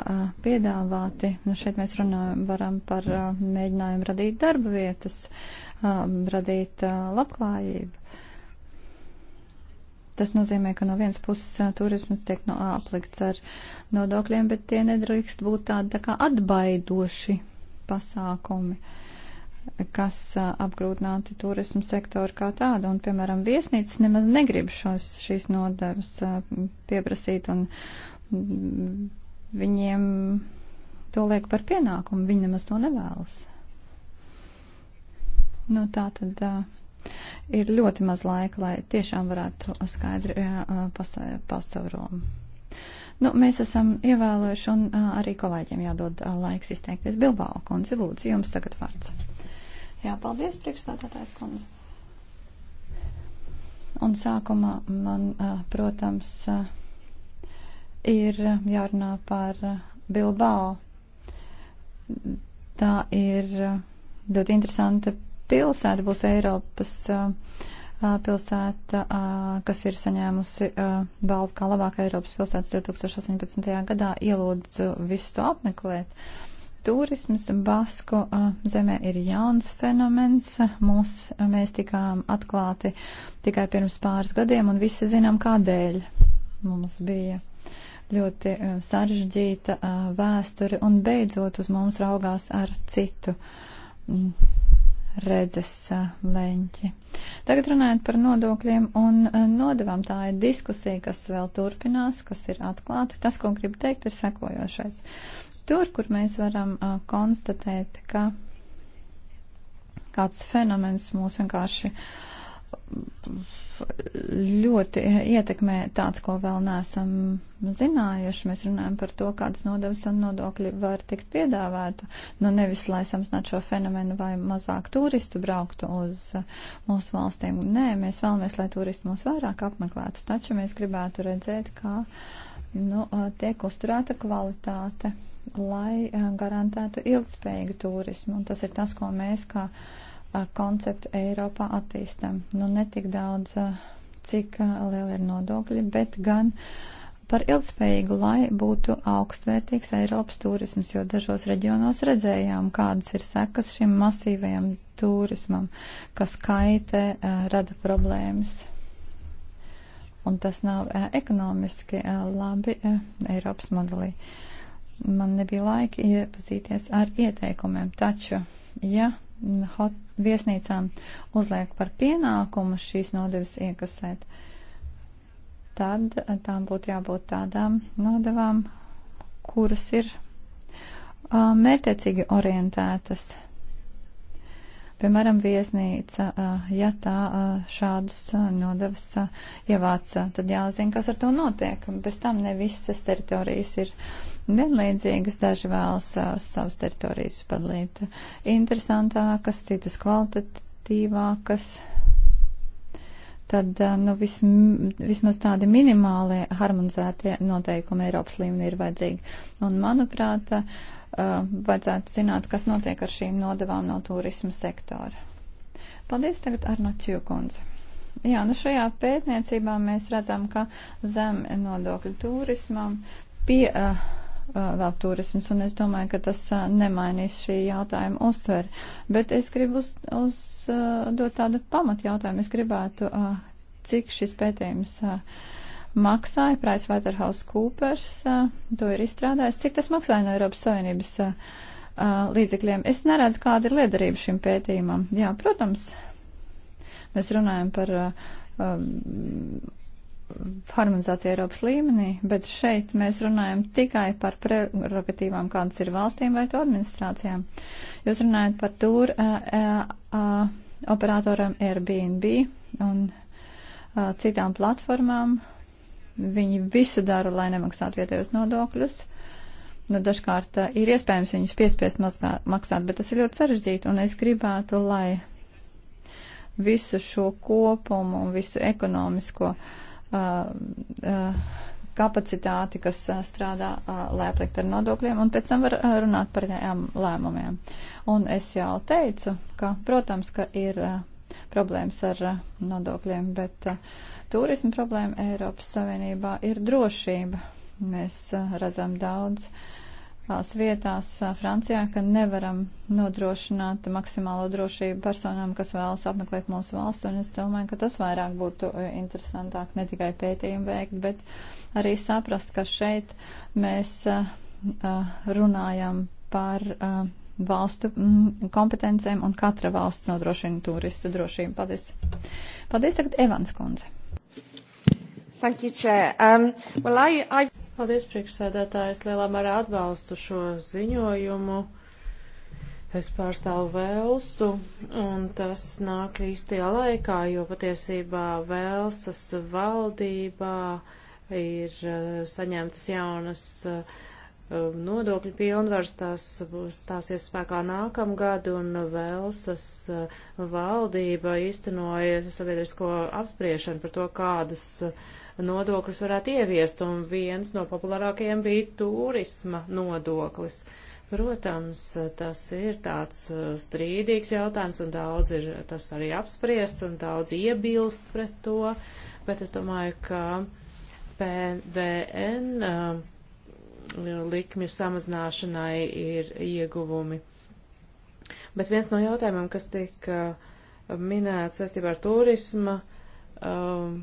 piedāvāti, nu šeit mēs runājam, varam par mēģinājumu radīt darba vietas, radīt labklājību. Tas nozīmē, ka no vienas puses turismas tiek no aplikts ar nodokļiem, bet tie nedrīkst būt tādi tā kā atbaidoši pasākumi, kas apgrūtināti turismu sektoru kā tādu. Un, piemēram, viesnīcas nemaz negrib šos, šīs nodevas pieprasīt, un mm, viņiem to liek par pienākumu, viņi nemaz to nevēlas. Nu, tā tad. Uh, Ir ļoti maz laika, lai tiešām varētu skaidri paust savu Romu. Nu, mēs esam ievēlējuši un arī kolēģiem jādod laiks izteikties. Bilbao kundze, lūdzu, jums tagad vārds. Jā, paldies, priekšstādātājs kundze. Un sākumā man, protams, ir jārunā par Bilbao. Tā ir ļoti interesanta pilsēta būs Eiropas uh, uh, pilsēta, uh, kas ir saņēmusi balvu kā labākā Eiropas pilsētas 2018. gadā. Ielūdzu visu to apmeklēt. Turisms Basku zemē ir jauns fenomens. Mūs, mēs tikām atklāti tikai pirms pāris gadiem un visi zinām kādēļ mums bija ļoti sarežģīta vēsture un beidzot uz mums raugās ar citu mm, redzes leņķi. Tagad runājot par nodokļiem un nodevām, tā ir diskusija, kas vēl turpinās, kas ir atklāta. Tas, ko gribu teikt, ir sekojošais. Tur, kur mēs varam uh, konstatēt, ka kāds fenomens mūs vienkārši uh, ļoti ietekmē tāds, ko vēl neesam zinājuši. Mēs runājam par to, kādas nodevas un nodokļi var tikt piedāvātu. Nu, nevis, lai samsnāt šo fenomenu vai mazāk turistu brauktu uz mūsu valstīm. Nē, mēs vēlamies, lai turisti mūs vairāk apmeklētu, taču mēs gribētu redzēt, kā nu, tiek uzturēta kvalitāte, lai eh, garantētu ilgspējīgu turismu. Un tas ir tas, ko mēs kā. Ka konceptu Eiropā attīstam. Nu, netik daudz, cik liela ir nodokļi, bet gan par ilgspējīgu, lai būtu augstvērtīgs Eiropas turisms, jo dažos reģionos redzējām, kādas ir sekas šim masīvajam turismam, kas kaitē, rada problēmas. Un tas nav ekonomiski labi Eiropas modelī man nebija laika iepazīties ar ieteikumiem, taču, ja hot, viesnīcām uzliek par pienākumu šīs nodevas iekasēt, tad eh, tām būtu jābūt tādām nodevām, kuras ir eh, mērķiecīgi orientētas Piemēram, viesnīca, ja tā šādus nodevas ievāc, tad jāzina, kas ar to notiek. Bez tam ne visas teritorijas ir vienlīdzīgas, daži vēlas savas teritorijas padalīt interesantākas, citas kvalitatīvākas. Tad nu, vismaz tādi minimālie harmonizētie noteikumi Eiropas līmenī ir vajadzīgi. Un, manuprāt, uh, Uh, vajadzētu zināt, kas notiek ar šīm nodevām no turisma sektora. Paldies tagad Arnoķu kundze. Jā, nu šajā pētniecībā mēs redzam, ka zem nodokļu turismam pie uh, uh, vēl turisms, un es domāju, ka tas uh, nemainīs šī jautājuma uztveri. Bet es gribu uz, uz uh, dot tādu pamat jautājumu. Es gribētu, uh, cik šis pētījums. Uh, maksāja PricewaterhouseCoopers, eh, to ir izstrādājis, cik tas maksāja no Eiropas Savienības eh, eh, līdzekļiem. Es neredzu, kāda ir liederība šim pētījumam. Jā, protams, mēs runājam par harmonizācija Eiropas līmenī, bet šeit mēs runājam tikai par prerogatīvām, kādas ir valstīm vai to administrācijām. Jūs runājat par tur uh, uh, operatoram Airbnb un uh, citām platformām, Viņi visu dara, lai nemaksātu vietējos nodokļus. Nu, dažkārt eh, ir iespējams viņus piespiest maksāt, bet tas ir ļoti sarežģīti, un es gribētu, lai visu šo kopumu un visu ekonomisko uh, uh, kapacitāti, kas strādā lēplikt ar nodokļiem, un pēc tam var runāt par jām lēmumiem. Un es jau teicu, ka, protams, ka ir problēmas ar nodokļiem, bet uh, Turisma problēma Eiropas Savienībā ir drošība. Mēs redzam daudz vietās Francijā, ka nevaram nodrošināt maksimālo drošību personām, kas vēlas apmeklēt mūsu valstu, un es domāju, ka tas vairāk būtu interesantāk ne tikai pētījumu veikt, bet arī saprast, ka šeit mēs runājam par valstu kompetencēm, un katra valsts nodrošina turistu drošību. Paldies! Paldies tagad Evans kundze! Thank you, Chair. Um, well, I, I... Paldies, priekšsēdētājs. Lielā mērā atbalstu šo ziņojumu. Es pārstāvu Velsu, un tas nāk īstajā laikā, jo patiesībā Velsas valdībā ir uh, saņemtas jaunas uh, nodokļu pilnvaras, tās stāsies spēkā nākamgad, un Velsas uh, valdība īstenoja sabiedrisko apspriešanu par to, kādus uh, nodoklis varētu ieviest, un viens no populārākajiem bija turisma nodoklis. Protams, tas ir tāds uh, strīdīgs jautājums, un daudz ir tas arī apspriests, un daudz iebilst pret to, bet es domāju, ka PVN uh, likmju samazināšanai ir ieguvumi. Bet viens no jautājumiem, kas tika uh, minēts saistībā ar turisma, um,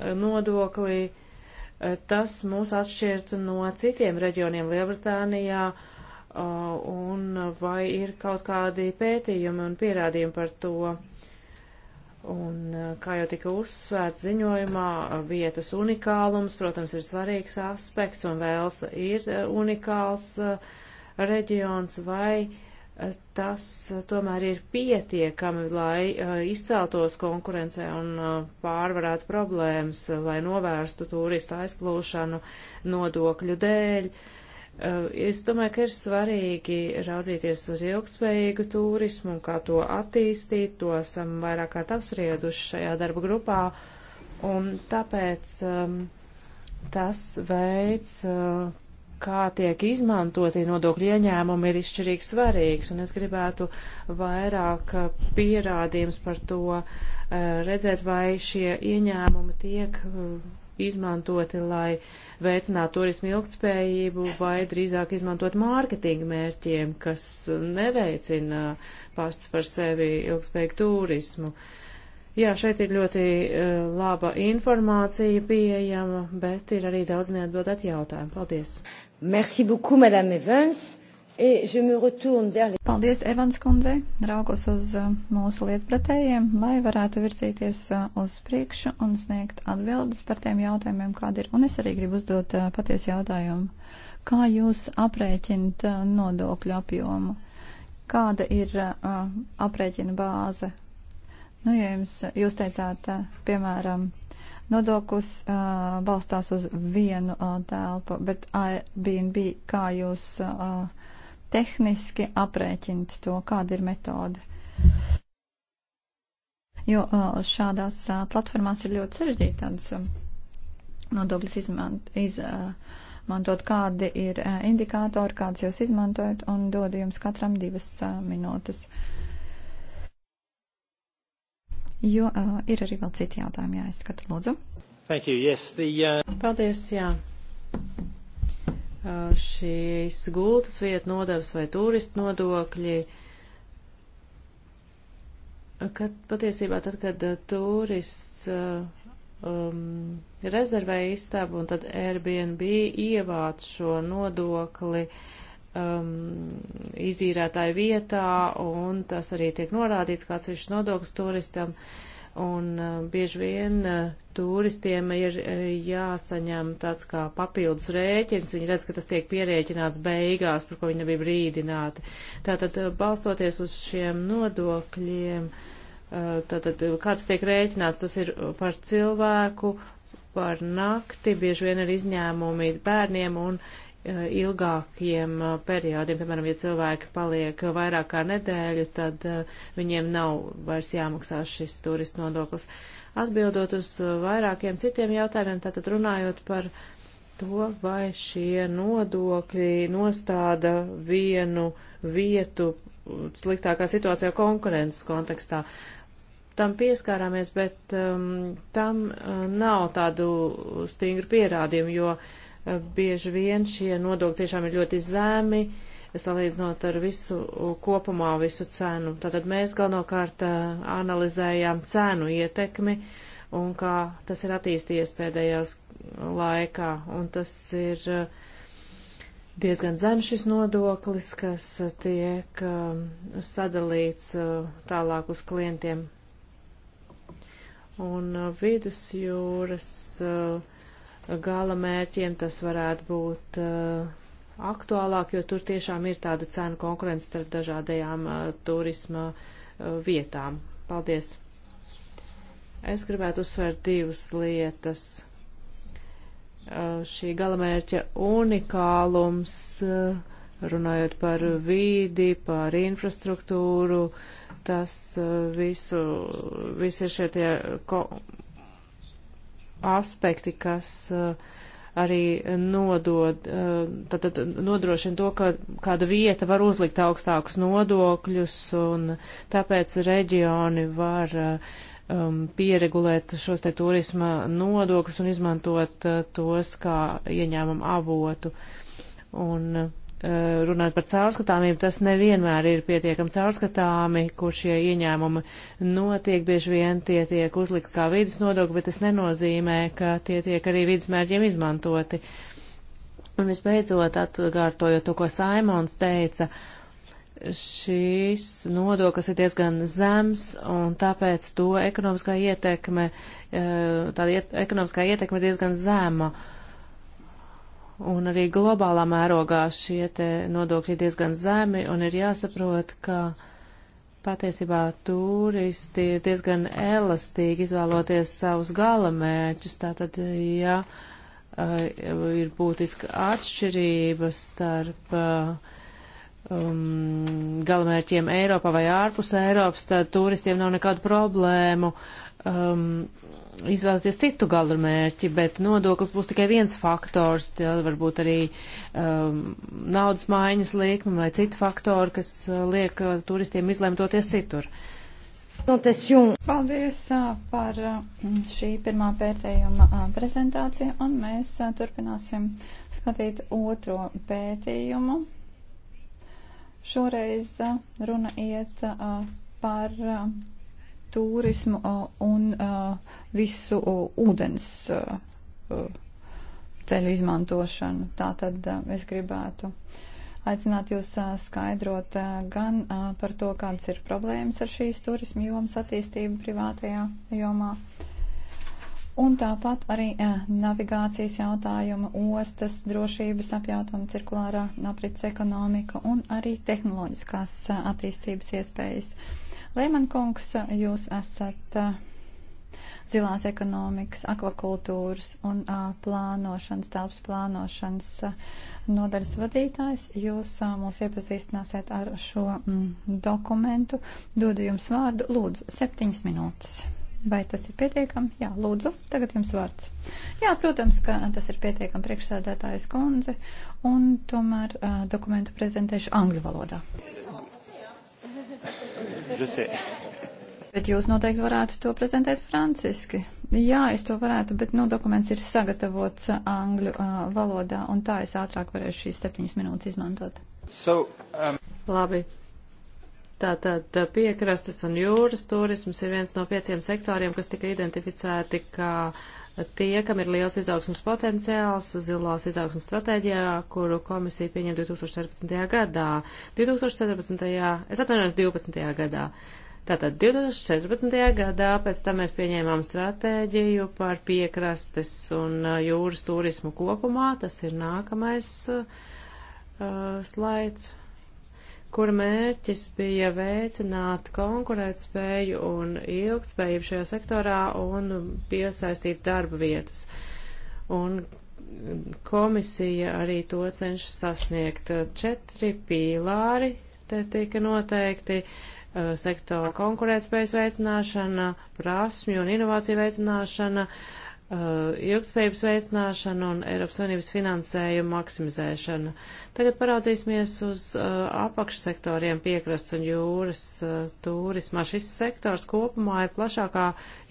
nodoklī, eh, tas mūs atšķirtu no citiem reģioniem Lielbritānijā, eh, un vai ir kaut kādi pētījumi un pierādījumi par to. Un, eh, kā jau tika uzsvērts ziņojumā, vietas unikālums, protams, ir svarīgs aspekts, un vēls ir unikāls reģions, vai tas eh, tomēr ir pietiekami, lai eh, izceltos konkurencē un eh, pārvarētu problēmas, lai novērstu turistu aizplūšanu nodokļu dēļ. Es domāju, ka ir svarīgi raudzīties uz ilgspējīgu turismu un kā to attīstīt. To esam vairāk kārt apsprieduši šajā darba grupā. Un tāpēc um, tas veids, uh, kā tiek izmantoti nodokļu ieņēmumi, ir izšķirīgi svarīgs, un es gribētu vairāk uh, pierādījums par to uh, redzēt, vai šie ieņēmumi tiek uh, izmantoti, lai veicinātu turismu ilgtspējību, vai drīzāk izmantot mārketinga mērķiem, kas neveicina pašs par sevi ilgtspējīgu turismu. Jā, šeit ir ļoti uh, laba informācija pieejama, bet ir arī daudz neatbildēt jautājumu. Paldies! Merci beaucoup, Madame Evans. Et je me retourne vers les... Paldies, Evans kundze, raugos uz uh, mūsu lietpratējiem, lai varētu virzīties uh, uz priekšu un sniegt atbildes par tiem jautājumiem, kāda ir. Un es arī gribu uzdot uh, patiesu jautājumu. Kā jūs aprēķinat nodokļu apjomu? Kāda ir uh, aprēķina bāze? Nu, ja jums, jūs teicāt, piemēram, uh, Nodoklis uh, balstās uz vienu uh, telpu, bet Airbnb, kā jūs uh, tehniski aprēķinat to, kāda ir metode? Jo uh, šādās uh, platformās ir ļoti sarežģīti tādas uh, nodoklis izmantot. Iz, uh, mantot, kādi ir indikātori, kādas jūs izmantojat, un dodu jums katram divas minūtes. Uh, jo uh, ir arī vēl citi jautājumi jāizskata. Lūdzu. Thank you. Yes, the, uh... Paldies, jā. Uh, šīs gultas vietu nodevs vai turistu nodokļi. Kad patiesībā tad, kad uh, turists uh, um, rezervēja istabu un tad Airbnb ievāc šo nodokli, uh, um, izīrētāju vietā, un tas arī tiek norādīts, kāds ir šis nodoklis turistam. Un uh, bieži vien uh, turistiem ir uh, jāsaņem tāds kā papildus rēķins. Viņi redz, ka tas tiek pierēķināts beigās, par ko viņi nebija brīdināti. Tātad, uh, balstoties uz šiem nodokļiem, uh, tātad, uh, kāds tiek rēķināts, tas ir par cilvēku, par nakti, bieži vien ir izņēmumi bērniem un Eh, ilgākiem eh, periodiem, piemēram, ja cilvēki paliek vairāk kā nedēļu, tad eh, viņiem nav vairs jāmaksā šis turistu nodoklis. Atbildot uz vairākiem citiem jautājumiem, tātad runājot par to, vai šie nodokļi nostāda vienu vietu sliktākā situācijā konkurences kontekstā. Tam pieskārāmies, bet um, tam uh, nav tādu stingru pierādījumu, jo uh, bieži vien šie nodokļi tiešām ir ļoti zemi, salīdzinot ar visu kopumā, visu cenu. Tātad mēs galvenokārt analizējām cenu ietekmi un kā tas ir attīstījies pēdējās laikā. Un tas ir diezgan zem šis nodoklis, kas tiek sadalīts tālāk uz klientiem. Un vidusjūras uh, gala mērķiem, tas varētu būt uh, aktuālāk, jo tur tiešām ir tāda cena konkurence starp dažādajām uh, turisma uh, vietām. Paldies! Es gribētu uzsvērt divas lietas. Uh, šī galamērķa unikālums, uh, runājot par vīdi, par infrastruktūru, tas uh, visu, visi šie tie ko, aspekti, kas eh, arī nodod, eh, tad, tad nodrošina to, ka kāda vieta var uzlikt augstākus nodokļus, un tāpēc reģioni var eh, um, pieregulēt šos te turisma nodokļus un izmantot uh, tos kā ieņēmumu avotu. Un, uh, Eh, runāt par caurskatāmību, tas nevienmēr ir pietiekami caurskatāmi, kur šie ieņēmumi notiek. Bieži vien tie tiek uzlikt kā vidas nodokļi, bet tas nenozīmē, ka tie tiek arī vidas mērķiem izmantoti. Un visbeidzot, atkārtojot to, ko Saimons teica, šīs nodoklis ir diezgan zems, un tāpēc to ekonomiskā ietekme, eh, tā ekonomiskā ietekme ir diezgan zema. Uh, Un arī globālā mērogā šie te nodokļi ir diezgan zemi un ir jāsaprot, ka patiesībā turisti ir diezgan elastīgi izvēloties savus galamērķus. Tātad, ja eh, ir būtiska atšķirība starp eh, um, galamērķiem Eiropā vai ārpus Eiropas, tad turistiem nav nekādu problēmu um, izvēlēties citu galu mērķi, bet nodoklis būs tikai viens faktors, tad varbūt arī um, naudas mājiņas liekme vai citi faktori, kas uh, liek uh, turistiem izlemt doties citur. Paldies uh, par šī pirmā pētījuma prezentāciju, un mēs turpināsim skatīt otro pētījumu. Šoreiz runa iet par turismu un visu ūdens ceļu izmantošanu. Tātad es gribētu aicināt jūs skaidrot gan par to, kādas ir problēmas ar šīs turismu jomas attīstību privātajā jomā. Un tāpat arī navigācijas jautājuma, ostas, drošības apjautājuma, cirkulārā aprits ekonomika un arī tehnoloģiskās attīstības iespējas. Uh, Lēmankungs, jūs esat uh, zilās ekonomikas, akvakultūras un uh, plānošanas, telpas plānošanas uh, nodaļas vadītājs. Jūs mūs iepazīstināsiet ar šo mm, dokumentu. Dodu jums vārdu. Lūdzu, septiņas minūtes. Vai tas ir pietiekami? Jā, lūdzu, tagad jums vārds. Jā, protams, ka tas ir pietiekami priekšsēdētājas kundze, un tomēr uh, dokumentu prezentēšu angļu valodā. Je sais. Bet jūs noteikti varētu to prezentēt franciski. Jā, es to varētu, bet nu, dokuments ir sagatavots angļu uh, valodā, un tā es ātrāk varēšu šīs septiņas minūtes izmantot. So, um... Labi. Tātad piekrastes un jūras turisms ir viens no pieciem sektoriem, kas tika identificēti kā. Ka tie, kam ir liels izaugsmas potenciāls zilās izaugsmas stratēģijā, kuru komisija pieņem 2014. gadā. 2014. es atvainojos 12. gadā. Tātad 2014. gadā pēc tam mēs pieņēmām stratēģiju par piekrastes un uh, jūras turismu kopumā. Tas ir nākamais uh, uh slaids kura mērķis bija veicināt konkurētspēju un ilgtspējību šajā sektorā un piesaistīt darba vietas. Un komisija arī to cenšas sasniegt. Četri pīlāri te tika noteikti eh, sektora konkurētspējas veicināšana, prasmju un inovāciju veicināšana, uh, Uh, ilgspējības veicināšana un Eiropas Savienības finansējuma maksimizēšana. Tagad paraudzīsimies uz uh, apakšsektoriem piekrasts un jūras uh, turismā. Šis sektors kopumā ir plašākā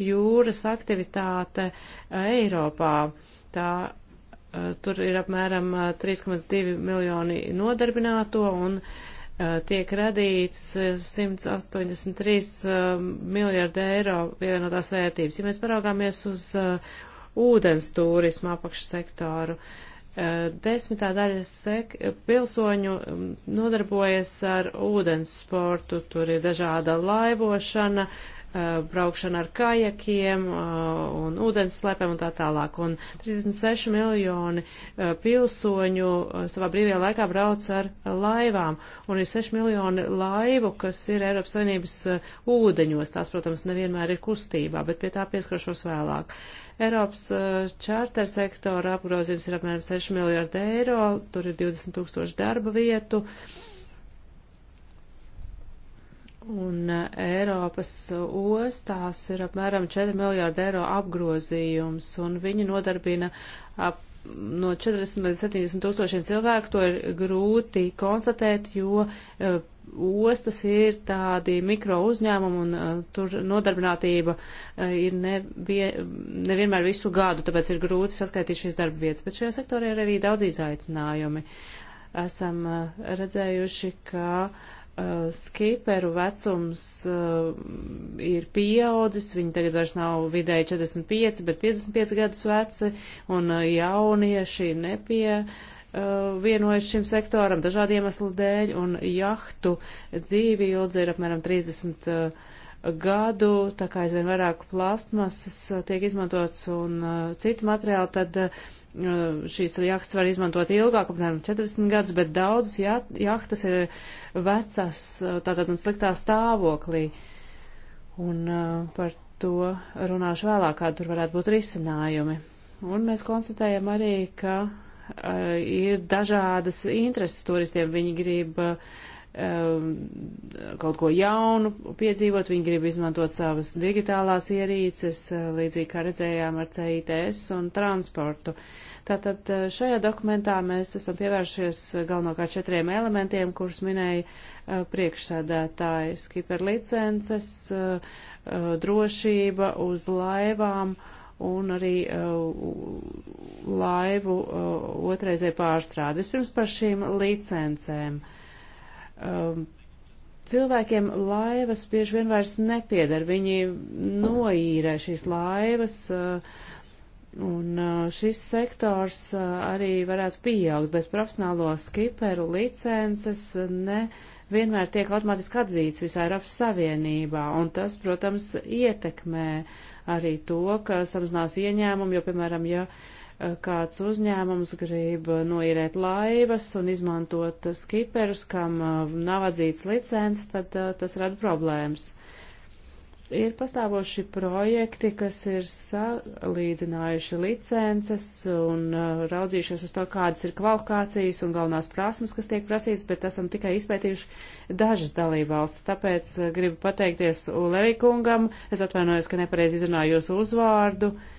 jūras aktivitāte uh, Eiropā. Tā, uh, tur ir apmēram 3,2 uh, miljoni nodarbināto un uh, Eh, tiek radīts 183 eh, eh, miljārdu eiro pievienotās vērtības. Ja mēs paraugāmies uz ūdens turismu apakšsektoru, desmitā daļa sek, pilsoņu mm, nodarbojas ar ūdens sportu, tur ir dažāda laivošana, Uh, braukšana ar kajakiem uh, un ūdens slēpēm un tā tālāk. Un 36 miljoni uh, pilsoņu savā brīvajā laikā brauc ar laivām. Un ir 6 miljoni laivu, kas ir Eiropas Savienības ūdeņos. Tās, protams, nevienmēr ir kustībā, bet pie tā pieskaršos vēlāk. Eiropas čārter sektora apgrozījums ir apmēram 6 miljardi eiro, tur ir 20 tūkstoši darba vietu. Uh, Un e, Eiropas ostās ir apmēram 4 miljārdi eiro apgrozījums, un viņi nodarbina ap no 40 līdz 70 tūkstošiem cilvēku. To ir grūti konstatēt, jo uh, ostas ir tādi mikro uzņēmumi, un uh, tur nodarbinātība uh, ir nevie, nevienmēr visu gadu, tāpēc ir grūti saskaitīt šīs darba vietas. Bet šajā sektorā ir arī daudz izaicinājumi. Esam redzējuši, ka uh, Uh, skiperu vecums uh, ir pieaudzis, viņi tagad vairs nav vidēji 45, bet 55 gadus veci, un uh, jaunieši nepie uh, vienojas šim sektoram dažādu iemeslu dēļ, un jahtu dzīvi ilgi ir apmēram 30 uh, gadu, tā kā aizvien vairāk plastmasas uh, tiek izmantots un uh, citu materiālu, tad uh, Eh, šīs jahtas var izmantot ilgāk, apmēram 40 gadus, bet daudzas jā, jahtas ir vecas, eh, tātad un sliktā stāvoklī. Un eh, par to runāšu vēlāk, kāda tur varētu būt risinājumi. Un mēs konstatējam arī, ka ir dažādas intereses turistiem. Viņi grib uh, Um, kaut ko jaunu piedzīvot, viņi grib izmantot savas digitālās ierīces, uh, līdzīgi kā redzējām ar CITS un transportu. Tātad uh, šajā dokumentā mēs esam pievēršies uh, galvenokārt četriem elementiem, kurus minēja priekšsēdētāji - skiperlicences, drošība uz laivām un arī laivu otraizē pārstrādi. Vispirms par šīm licencēm um, cilvēkiem laivas bieži vien vairs nepiedar. Viņi noīrē šīs laivas, uh, un uh, šis sektors uh, arī varētu pieaugt, bet profesionālo skiperu licences ne vienmēr tiek automātiski atzīts visā Eiropas Savienībā, un tas, protams, ietekmē arī to, ka samazinās ieņēmumi, jo, piemēram, ja uh, kāds uzņēmums grib noīrēt laivas un izmantot skiperus, kam uh, nav atzīts licences, tad uh, tas rada problēmas. Ir pastāvoši projekti, kas ir salīdzinājuši licences un uh, raudzījušies uz to, kādas ir kvalifikācijas un galvenās prasmes, kas tiek prasītas, bet esam tikai izpētījuši dažas dalībvalstis. Tāpēc gribu pateikties Ulevī kungam, es atvainojos, ka nepareiz izrunāju jūsu uzvārdu. Uh,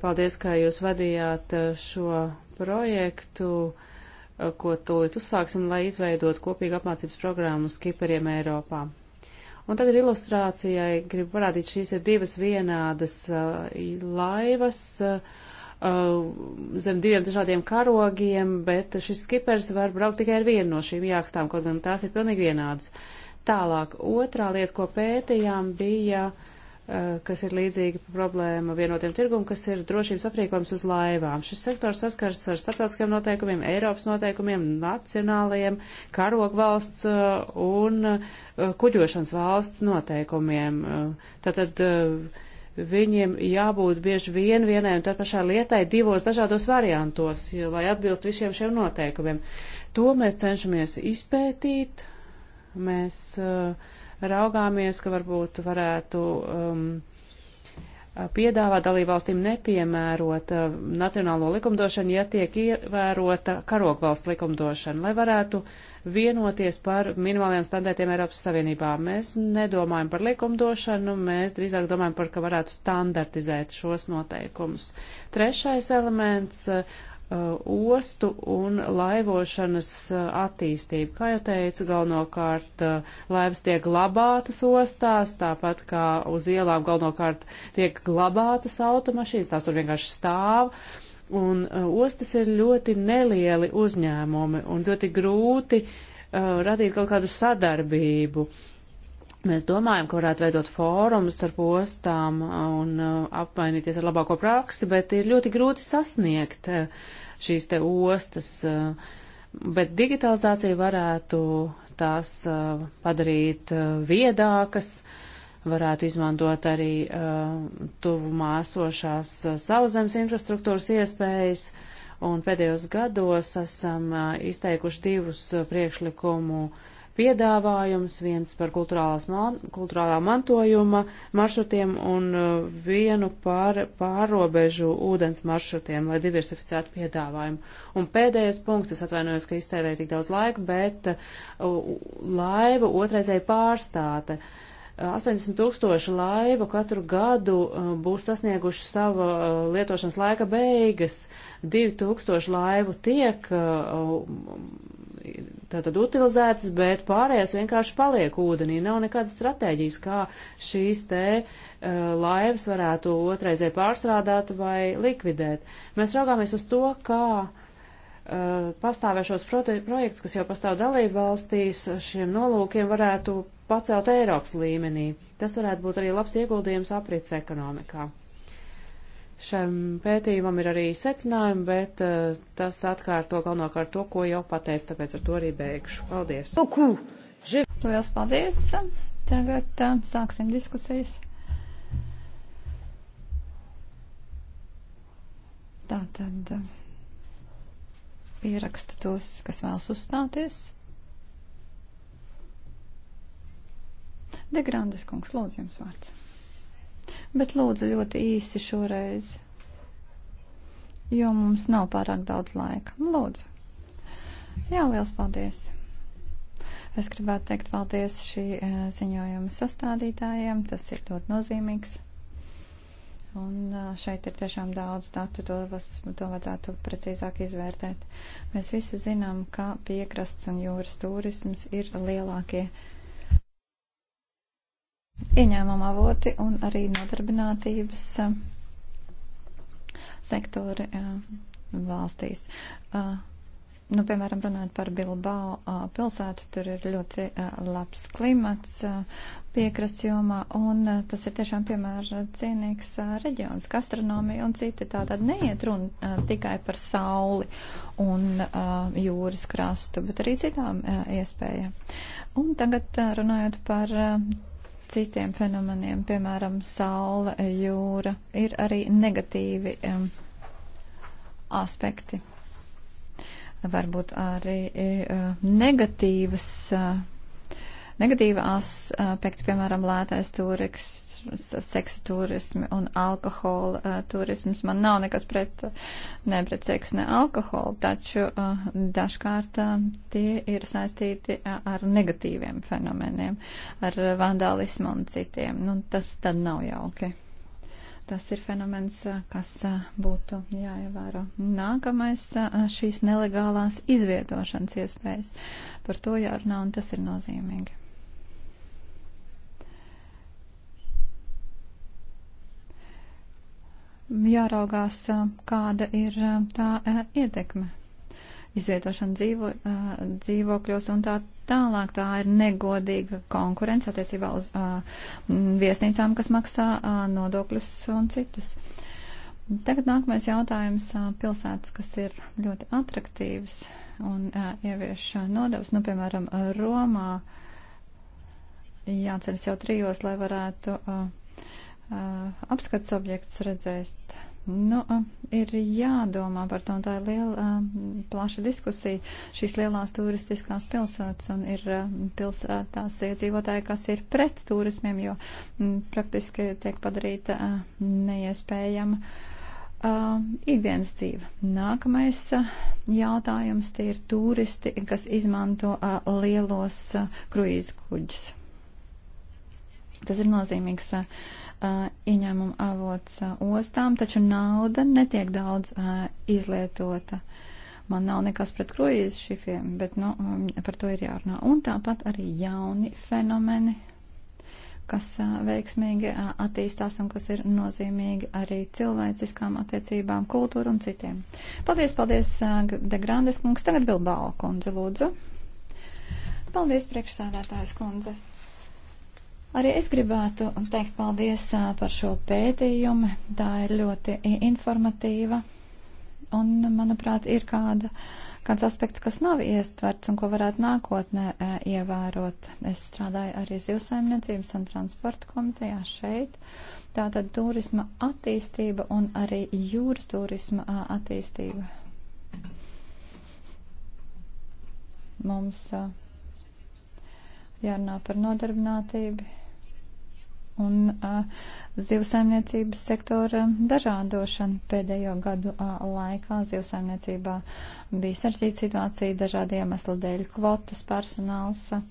Paldies, kā jūs vadījāt eh, šo projektu, eh, ko tūlīt uzsāksim, lai izveidot kopīgu apmācības programmu skiperiem Eiropā. Un tagad ilustrācijai gribu parādīt, šīs ir divas vienādas eh, laivas zem diviem dažādiem karogiem, bet šis skipers var braukt tikai ar vienu no šīm jahtām, kaut gan tās ir pilnīgi vienādas. Tālāk, otrā lieta, ko pētījām, bija uh, Eh, kas ir līdzīga problēma vienotiem tirgum, kas ir drošības aprīkojums uz laivām. Šis sektors saskars ar starptautiskiem noteikumiem, Eiropas noteikumiem, nacionālajiem, karogvalsts eh, un eh, kuģošanas valsts noteikumiem. Tātad viņiem jābūt bieži vien vienai un tā pašā lietai divos dažādos variantos, lai atbilst visiem šiem noteikumiem. To mēs cenšamies izpētīt. Mēs uh, raugāmies, ka varbūt varētu um, piedāvāt dalībvalstīm nepiemērot uh, nacionālo likumdošanu, ja tiek ievērota karogvalsts likumdošana, lai varētu vienoties par minimāliem standartiem Eiropas Savienībā. Mēs nedomājam par likumdošanu, mēs drīzāk domājam par, ka varētu standartizēt šos noteikumus. Trešais elements uh, Uh, ostu un laivošanas uh, attīstību. Kā jau teicu, galvenokārt uh, laivas tiek glabātas ostās, tāpat kā uz ielām galvenokārt tiek glabātas automašīnas, tās tur vienkārši stāv. Un ostas ir ļoti nelieli uzņēmumi un ļoti grūti uh, radīt kaut kādu sadarbību. Uh, Mēs domājam, ka varētu veidot fórumu starp ostām un uh, apmainīties ar labāko praksi, bet ir ļoti grūti sasniegt uh, šīs te ostas. Uh, bet digitalizācija varētu tās padarīt viedākas, varētu izmantot arī tuvumā esošās sauszemes infrastruktūras iespējas. Un pēdējos gados esam izteikuši divus priekšlikumu uh, piedāvājums, viens par man, kultūrālā mantojuma maršrutiem un uh, vienu par pārrobežu ūdens maršrutiem, lai diversificētu piedāvājumu. Un pēdējais punkts, es atvainojos, ka iztērēju tik daudz laika, bet uh, laiva otraizēja pārstāte. 80 uh, tūkstoši laivu katru gadu būs sasnieguši savu lietošanas laika beigas. 2000 laivu tiek tātad utilizētas, bet pārējās vienkārši paliek ūdenī. Nav nekādas stratēģijas, kā šīs te uh, laivas varētu otraizē pārstrādāt vai likvidēt. Mēs raugāmies uz to, kā uh, pastāvēšos projekts, kas jau pastāv dalību valstīs, šiem nolūkiem varētu pacelt Eiropas līmenī. Tas varētu būt arī labs ieguldījums aprits ekonomikā. Šiem pētījumam ir arī secinājumi, bet uh, tas atkārto galvenokārt to, ko jau pateicu, tāpēc ar to arī beigšu. Paldies! Lielas paldies! Tagad uh, sāksim diskusijas. Tā tad pierakstu eh, tos, kas vēlas uzstāties. Degrandes kungs, lūdzu jums vārds bet lūdzu ļoti īsi šoreiz, jo mums nav pārāk daudz laika. Nu, lūdzu. Jā, liels paldies. Es gribētu teikt paldies šī eh, ziņojuma sastādītājiem, tas ir ļoti nozīmīgs. Un eh, šeit ir tiešām daudz datu, to, vas, to vajadzētu precīzāk izvērtēt. Mēs visi zinām, ka piekrasts un jūras turisms ir lielākie Ieņēmuma avoti un arī nodarbinātības eh, sektori eh, valstīs. Eh, nu, piemēram, runājot par Bilbao pilsētu, tur ir ļoti labs klimats piekrasts jomā, un tas ir tiešām piemēra cienīgs reģions, gastronomija un citi. Tātad neiet runa tikai par sauli un jūras krastu, bet arī citām iespējām. Un tagad runājot par citiem fenomeniem, piemēram, saule, jūra, ir arī negatīvi um, aspekti. Varbūt arī uh, negatīvas, uh, negatīva aspekti, piemēram, lētais turiks, seksa turismi un alkohola uh, turisms. Man nav nekas pret, eh, ne pret seksu, ne alkoholu, taču uh, dažkārt uh, tie ir saistīti uh, ar negatīviem fenomeniem, ar uh, vandālismu un citiem. Nu, tas tad nav jauki. Tas ir fenomens, uh, kas uh, būtu jāievēro. Nākamais uh, šīs nelegālās izvietošanas iespējas. Par to jārunā un tas ir nozīmīgi. jāraugās, kāda ir tā ietekme. Izvietošana dzīvo, dzīvokļos un tā tālāk tā ir negodīga konkurence attiecībā uz viesnīcām, kas maksā nodokļus un citus. Tagad nākamais jautājums - pilsētas, kas ir ļoti atraktīvas un ievieš nodevs, nu, piemēram, Romā jāceļas jau trijos, lai varētu uh, Uh, apskats objekts redzēst. Nu, uh, ir jādomā par to, un tā ir liela, uh, plaša diskusija šīs lielās turistiskās pilsētas, un ir pilsētās iedzīvotāji, kas ir pret turismiem, jo m, mm, praktiski tiek padarīta neiespējama uh, ikdienas dzīve. Nākamais uh, jautājums tie ir turisti, kas izmanto uh, lielos kruīzkuģus. Tas ir nozīmīgs. Uh, ieņēmuma avots ostām, taču nauda netiek daudz izlietota. Man nav nekas pret kruīzes šifiem, bet nu, par to ir jārunā. Un tāpat arī jauni fenomeni, kas veiksmīgi attīstās un kas ir nozīmīgi arī cilvēciskām attiecībām, kultūru un citiem. Paldies, paldies, De Grandes kungs. Tagad Bilbao kundze, lūdzu. Paldies, priekšsādātājs kundze. Arī es gribētu teikt paldies par šo pētījumu. Tā ir ļoti informatīva un, manuprāt, ir kāda, kāds aspekts, kas nav iestverts un ko varētu nākotnē ievērot. Es strādāju arī zivsaimniecības un transporta komitejā šeit. Tātad turisma attīstība un arī jūras turisma attīstība. Mums uh, jārunā par nodarbinātību un uh, zivsaimniecības sektora dažādošanu. Pēdējo gadu uh, laikā zivsaimniecībā bija saržģīta situācija dažādi iemesli dēļ kvotas personāls. Uh,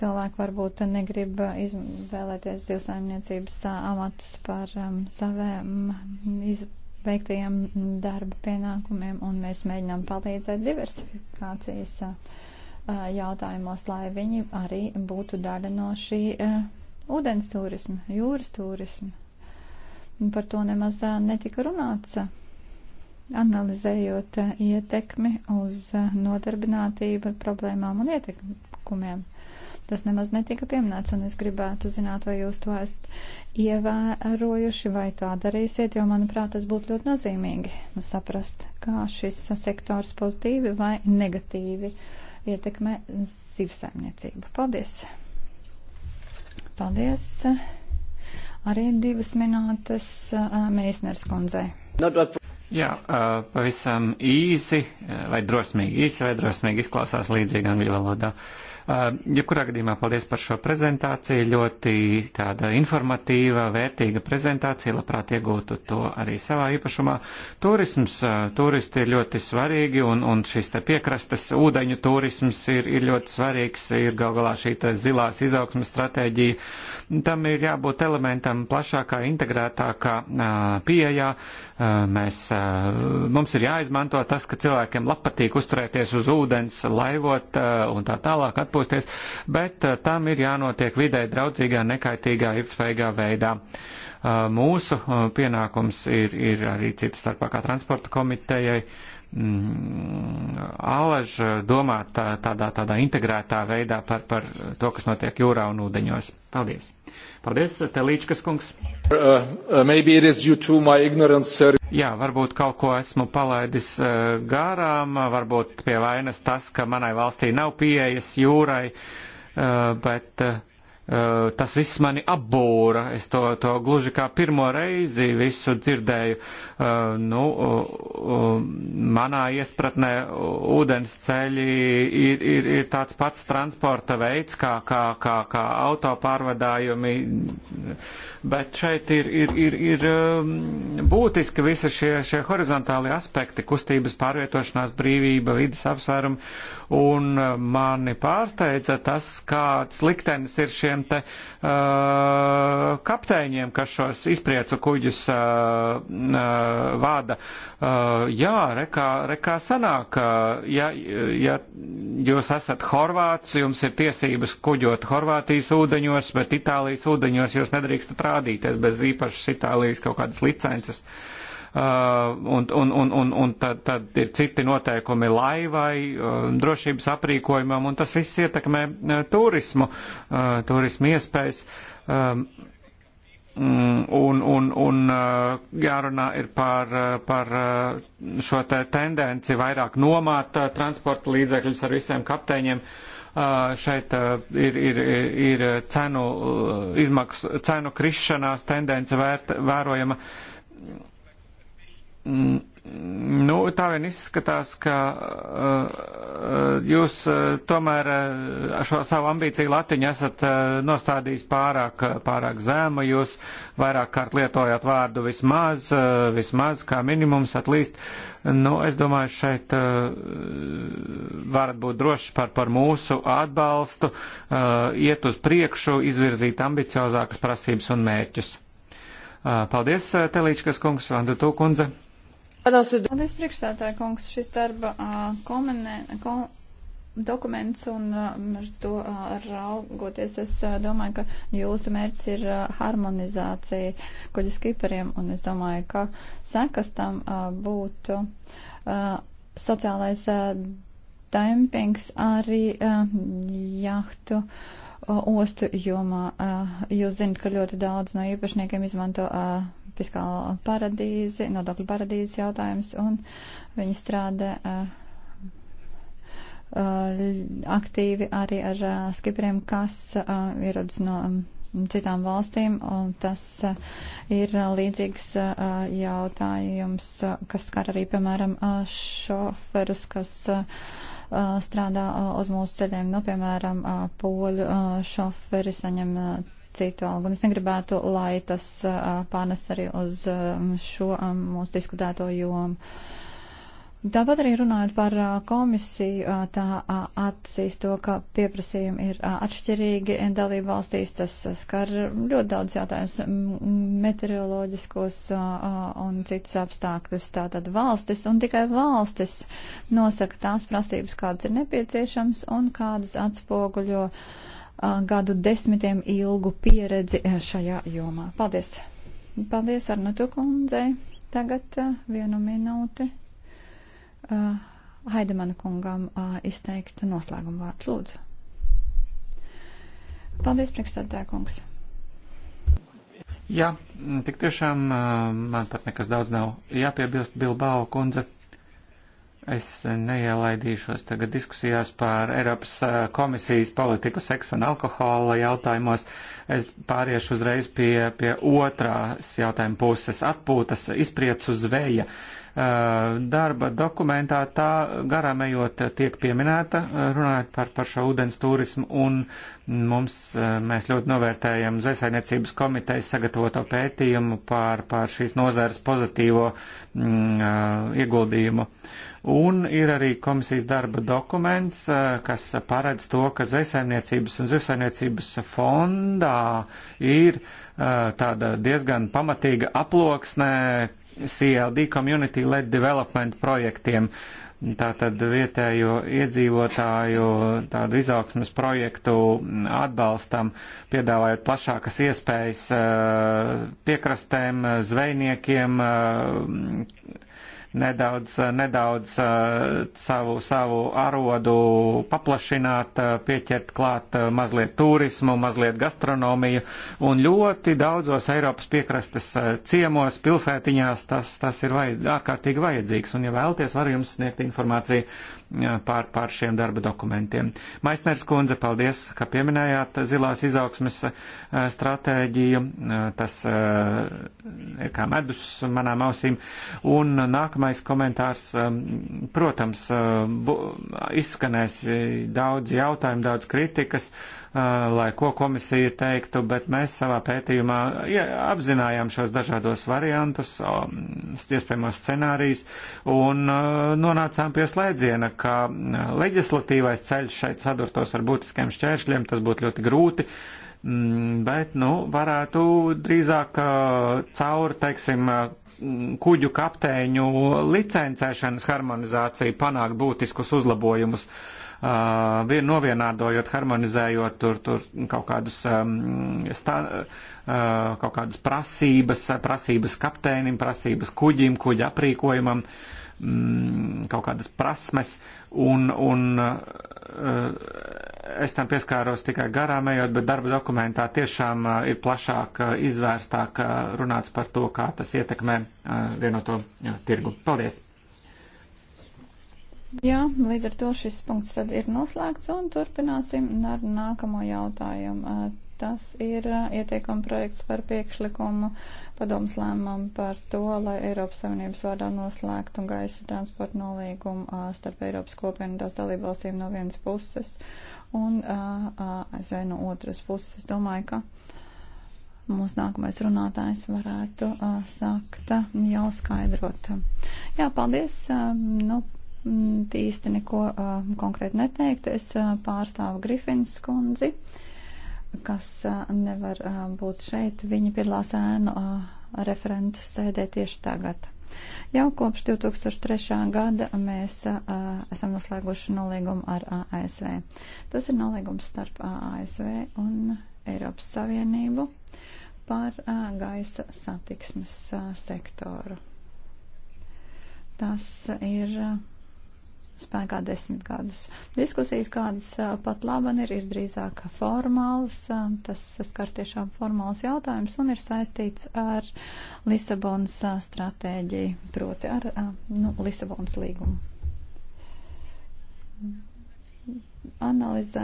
cilvēki varbūt negrib izvēlēties divsaimniecības amatus par um, saviem izveiktajiem darba pienākumiem, un mēs mēģinām palīdzēt diversifikācijas. Uh, Uh, jautājumos, lai viņi arī būtu daļa no šī uh, ūdens turisma, jūras turisma. Par to nemaz uh, netika runāts, analizējot ietekmi uz nodarbinātību problēmām un ietekmiem. Tas nemaz netika pieminēts, un es gribētu zināt, vai jūs to esat ievērojuši, vai to darīsiet, jo, manuprāt, tas būtu ļoti nozīmīgi saprast, kā šis sektors pozitīvi vai negatīvi uh, ietekmē zivsaimniecību. Paldies! Paldies! Arī divas minūtes uh, Meisners kundzei. Jā, uh, pavisam īsi uh, vai drosmīgi, īsi vai drosmīgi izklausās līdzīgi angļu valodā. Uh, Jebkurā gadījumā paldies par šo prezentāciju. Ļoti tāda informatīva, vērtīga prezentācija. Labprāt iegūtu to arī savā īpašumā. Turisms, turisti ir ļoti svarīgi un, un šis te piekrastes ūdeņu turisms ir, ir ļoti svarīgs. Ir gal galā šī zilās izaugsmas stratēģija. Tam ir jābūt elementam plašākā, integrētākā pieejā. Mēs, mums ir jāizmanto tas, ka cilvēkiem labpatīk uzturēties uz ūdens, laivot un tā tālāk atpūsties atpūsties, bet eh, tam ir jānotiek vidē draudzīgā, nekaitīgā, ilgspējīgā veidā. Eh, mūsu eh, pienākums ir, ir arī citas starpā kā transporta komitejai mm, alaž domāt tādā, tādā integrētā veidā par, par to, kas notiek jūrā un ūdeņos. Paldies! Paldies, Telīčkas kungs. Uh, uh, Jā, varbūt kaut ko esmu palaidis uh, garām, varbūt pie vainas tas, ka manai valstī nav pieejas jūrai, uh, bet. Uh, Eh, tas viss mani apbūra. Es to, to gluži kā pirmo reizi visu dzirdēju. Eh, nu, manā iespratnē ūdens ceļi ir, ir, ir tāds pats transporta veids kā, kā, kā, kā autopārvadājumi, bet šeit ir, ir, ir, ir eh, būtiski visi šie, šie horizontāli aspekti - kustības pārvietošanās brīvība, vidas apsvērumi, un mani pārsteidza tas, kāds liktenis ir šiem šiem te uh, kapteiņiem, kas šos izpriecu kuģus uh, uh, vada. Uh, jā, rekā, rekā sanāk, uh, ja, ja jūs esat Horvāts, jums ir tiesības kuģot Horvātijas ūdeņos, bet Itālijas ūdeņos jūs nedrīkstat rādīties bez īpašas Itālijas kaut kādas licences. Uh, un, un, un, un, un tad, tad ir citi noteikumi laivai, drošības aprīkojumam, un tas viss ietekmē turismu, turismu iespējas. Un, un, un jārunā ir par, par šo te tendenci vairāk nomāt transporta līdzekļus ar visiem kapteiņiem šeit ir, ir, ir cenu, izmaksu, cenu krišanās tendence vērt, vērojama. Mm, nu, tā vien izskatās, ka uh, uh jūs uh, tomēr uh, šo savu ambīciju latiņu esat uh, nostādījis pārāk, uh, pārāk zēma, jūs vairāk kārt lietojat vārdu vismaz, uh, vismaz kā minimums atlīst. Nu, es domāju, šeit uh, varat būt droši par, par mūsu atbalstu, uh, iet uz priekšu, izvirzīt ambiciozākas prasības un mērķus. Uh, paldies, Telīčkas kungs, Vandu Tūkundze. Paldies, priekšsētāja kungs. Šis darba komenē, kom, dokuments un ar to raugoties, es domāju, ka jūsu mērķis ir harmonizācija kuģu skipariem, un es domāju, ka sekas tam būtu sociālais dumpings arī jahtu ostu jomā. Jūs zinat, ka ļoti daudz no īpašniekiem izmanto uh, fiskāla paradīze, nodokļu paradīzes jautājums, un viņi strādā aktīvi arī ar skipriem, kas ierodas no citām valstīm, un tas ir līdzīgs jautājums, kas skar arī, piemēram, šoferus, kas strādā uz mūsu ceļiem, nu, piemēram, poļu šoferi saņem citu algu. Un es negribētu, lai tas pārnes arī uz šo mūsu diskutēto jomu. Tāpat arī runājot par komisiju, tā atzīst to, ka pieprasījumi ir atšķirīgi dalību valstīs. Tas skar ļoti daudz jautājumus meteoroloģiskos un citus apstākļus. Tātad valstis un tikai valstis nosaka tās prasības, kādas ir nepieciešams un kādas atspoguļo. Uh, gadu desmitiem ilgu pieredzi šajā jomā. Paldies! Paldies, Arnatu kundzei! Tagad vienu minūti Haidemana kungam izteikt noslēgumu vārds lūdzu. Paldies, priekšstādātā kungs! Jā, tik tiešām man pat nekas daudz nav jāpiebilst Bilbao kundze Es neielaidīšos tagad diskusijās par Eiropas komisijas politiku seksu un alkohola jautājumos. Es pāriešu uzreiz pie, pie otrās jautājuma puses - atpūtas, izpriec uz zveja. Darba dokumentā tā garām ejot tiek pieminēta, runājot par, par šo ūdens turismu, un mums, mēs ļoti novērtējam Zvesainiecības komitejas sagatavoto pētījumu par, par šīs nozares pozitīvo mm, ieguldījumu. Uh, Un ir arī komisijas darba dokuments, eh, kas paredz to, ka zvejsaimniecības un zvejsaimniecības fondā ir eh, tāda diezgan pamatīga aploksnē CLD Community Led Development projektiem. Tātad vietējo iedzīvotāju tādu izaugsmas projektu atbalstam, piedāvājot plašākas iespējas eh, piekrastēm, zvejniekiem, nedaudz, eh, nedaudz eh, savu, savu arodu paplašināt, eh, pieķert klāt mazliet turismu, mazliet gastronomiju, un ļoti daudzos Eiropas piekrastes ciemos, pilsētiņās tas, tas ir vajad, ārkārtīgi vajadzīgs, un ja vēlties, varu jums sniegt informāciju pār, pār šiem darba dokumentiem. Maisners kundze, paldies, ka pieminējāt zilās izaugsmes eh, stratēģiju. Eh, tas eh, ir kā medus manām ausīm. Un nākamais komentārs, protams, izskanēs daudz jautājumu, daudz kritikas. Uh, Uh, lai ko komisija teiktu, bet mēs savā pētījumā ja, apzinājām šos dažādos variantus, um, iespējamos scenārijus un uh, nonācām pie slēdziena, ka uh, leģislatīvais ceļš šeit sadurtos ar būtiskiem šķēršļiem, tas būtu ļoti grūti mm, bet nu, varētu drīzāk caur, teiksim, kuģu kapteiņu licencēšanas harmonizāciju panākt būtiskus uzlabojumus. Uh, vien, novienādojot, harmonizējot tur, tur kaut kādus, stā, kaut kādus prasības, prasības kapteinim, prasības kuģim, kuģa aprīkojumam, mm, kaut kādas prasmes, un, un es tam pieskāros tikai garām ejot, bet darba dokumentā tiešām ir plašāk, izvērstāk runāts par to, kā tas ietekmē vienoto tirgu. Paldies! Jā, līdz ar to šis punkts tad ir noslēgts un turpināsim ar nākamo jautājumu. Tas ir ieteikuma projekts par priekšlikumu padomus lēmumu par to, lai Eiropas Savienības vārdā noslēgtu un gaisa transporta nolīgumu starp Eiropas kopienu un tās dalību valstīm no vienas puses un ASV no otras puses. Es domāju, ka mūsu nākamais runātājs varētu uh, sākt uh, jau skaidrot. Jā, paldies. Uh, nu, īsti neko uh, konkrēti neteiktu. Es uh, pārstāvu Grifins kundzi, kas uh, nevar uh, būt šeit. Viņa piedalās ēnu uh, referentu sēdē tieši tagad. Jau kopš 2003. gada mēs uh, esam noslēguši nolīgumu ar ASV. Tas ir nolīgums starp ASV un Eiropas Savienību par uh, gaisa satiksmes uh, sektoru. Tas ir. Uh, spēkā desmit gadus. Diskusijas, kādas pat laban ir, ir drīzāk formāls, tas skar tiešām formāls jautājums un ir saistīts ar Lisabonas stratēģiju, proti ar nu, Lisabonas līgumu. Analizē,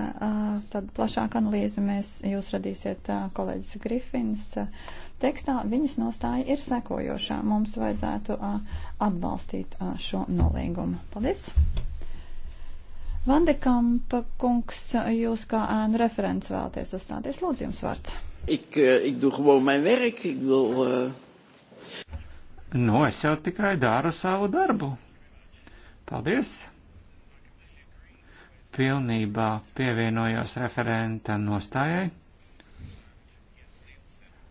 tad plašāk analīzi mēs jūs radīsiet kolēģis Grifins tekstā, viņas nostāja ir sekojošā. Mums vajadzētu atbalstīt šo nolīgumu. Paldies! Vandekampa kungs, jūs kā ēnu referents vēlaties uzstāties. Lūdzu, jums vārds. Ik, ik doe gewoon mijn werk, ik wil... Uh... Nu, es jau tikai daru savu darbu. Paldies! Pilnībā pievienojos referenta nostājai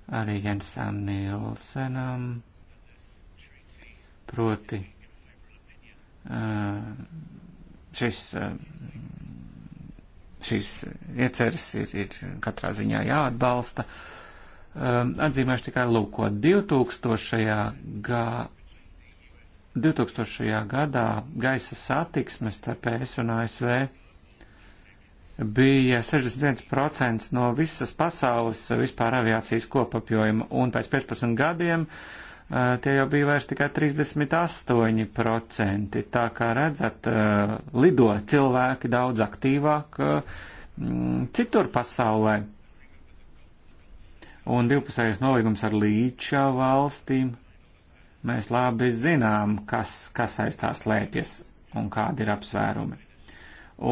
arī Jensam Nilsenam, proti eh, šis, eh, šis ieceres ir, ir katrā ziņā jāatbalsta. Eh, atzīmēšu tikai lūko 2000. gadā. 2000. gadā gaisa satiksmes starp ES un ASV bija 61% no visas pasaules vispār aviācijas kopapjojuma, un pēc 15 gadiem tie jau bija vairs tikai 38%. Tā kā redzat, lido cilvēki daudz aktīvāk citur pasaulē. Un divpusējais nolīgums ar līča valstīm. Mēs labi zinām, kas, kas aiz tā slēpjas un kādi ir apsvērumi.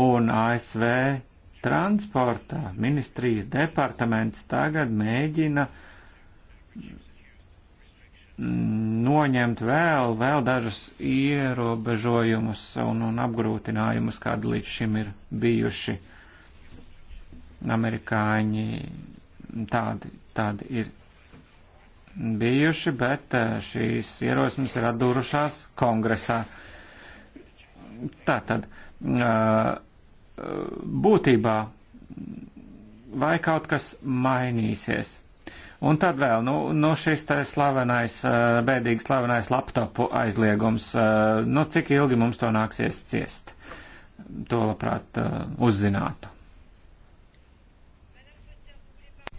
Un ASV Transporta ministrijas departaments tagad mēģina noņemt vēl, vēl dažus ierobežojumus un, un apgrūtinājumus, kādi līdz šim ir bijuši. Amerikāņi tādi, tādi ir bijuši, bet eh, šīs ierosmes ir atdūrušās kongresā. Tātad. Uh, būtībā vai kaut kas mainīsies. Un tad vēl, nu, nu šis tā slavenais, eh, bēdīgi slavenais laptopu aizliegums, eh, nu, cik ilgi mums to nāksies ciest? To labprāt eh, uzzinātu.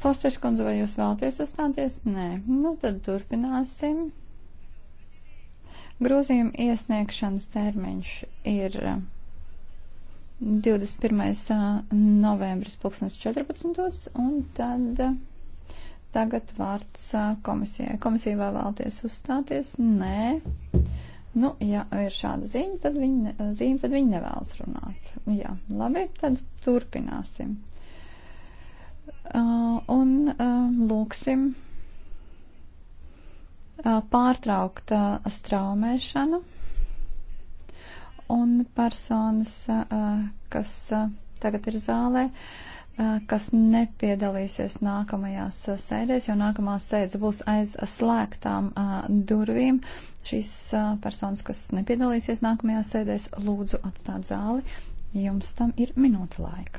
Fosters kundze, vai jūs vēlaties uzstāties? Nē. Nu, tad turpināsim. Grozījuma iesniegšanas termiņš ir 21. novembris 2014. un tad tagad vārds komisijai. Komisija vēl vēlties uzstāties? Nē. Nu, ja ir šāda zīme, tad viņi, zīme, tad viņi nevēlas runāt. Jā, labi, tad turpināsim. Uh, un uh, lūksim uh, pārtraukt uh, straumēšanu un personas, kas tagad ir zālē, kas nepiedalīsies nākamajās sēdēs, jo nākamās sēdes būs aiz slēgtām durvīm. Šīs personas, kas nepiedalīsies nākamajās sēdēs, lūdzu atstāt zāli. Jums tam ir minūte laika.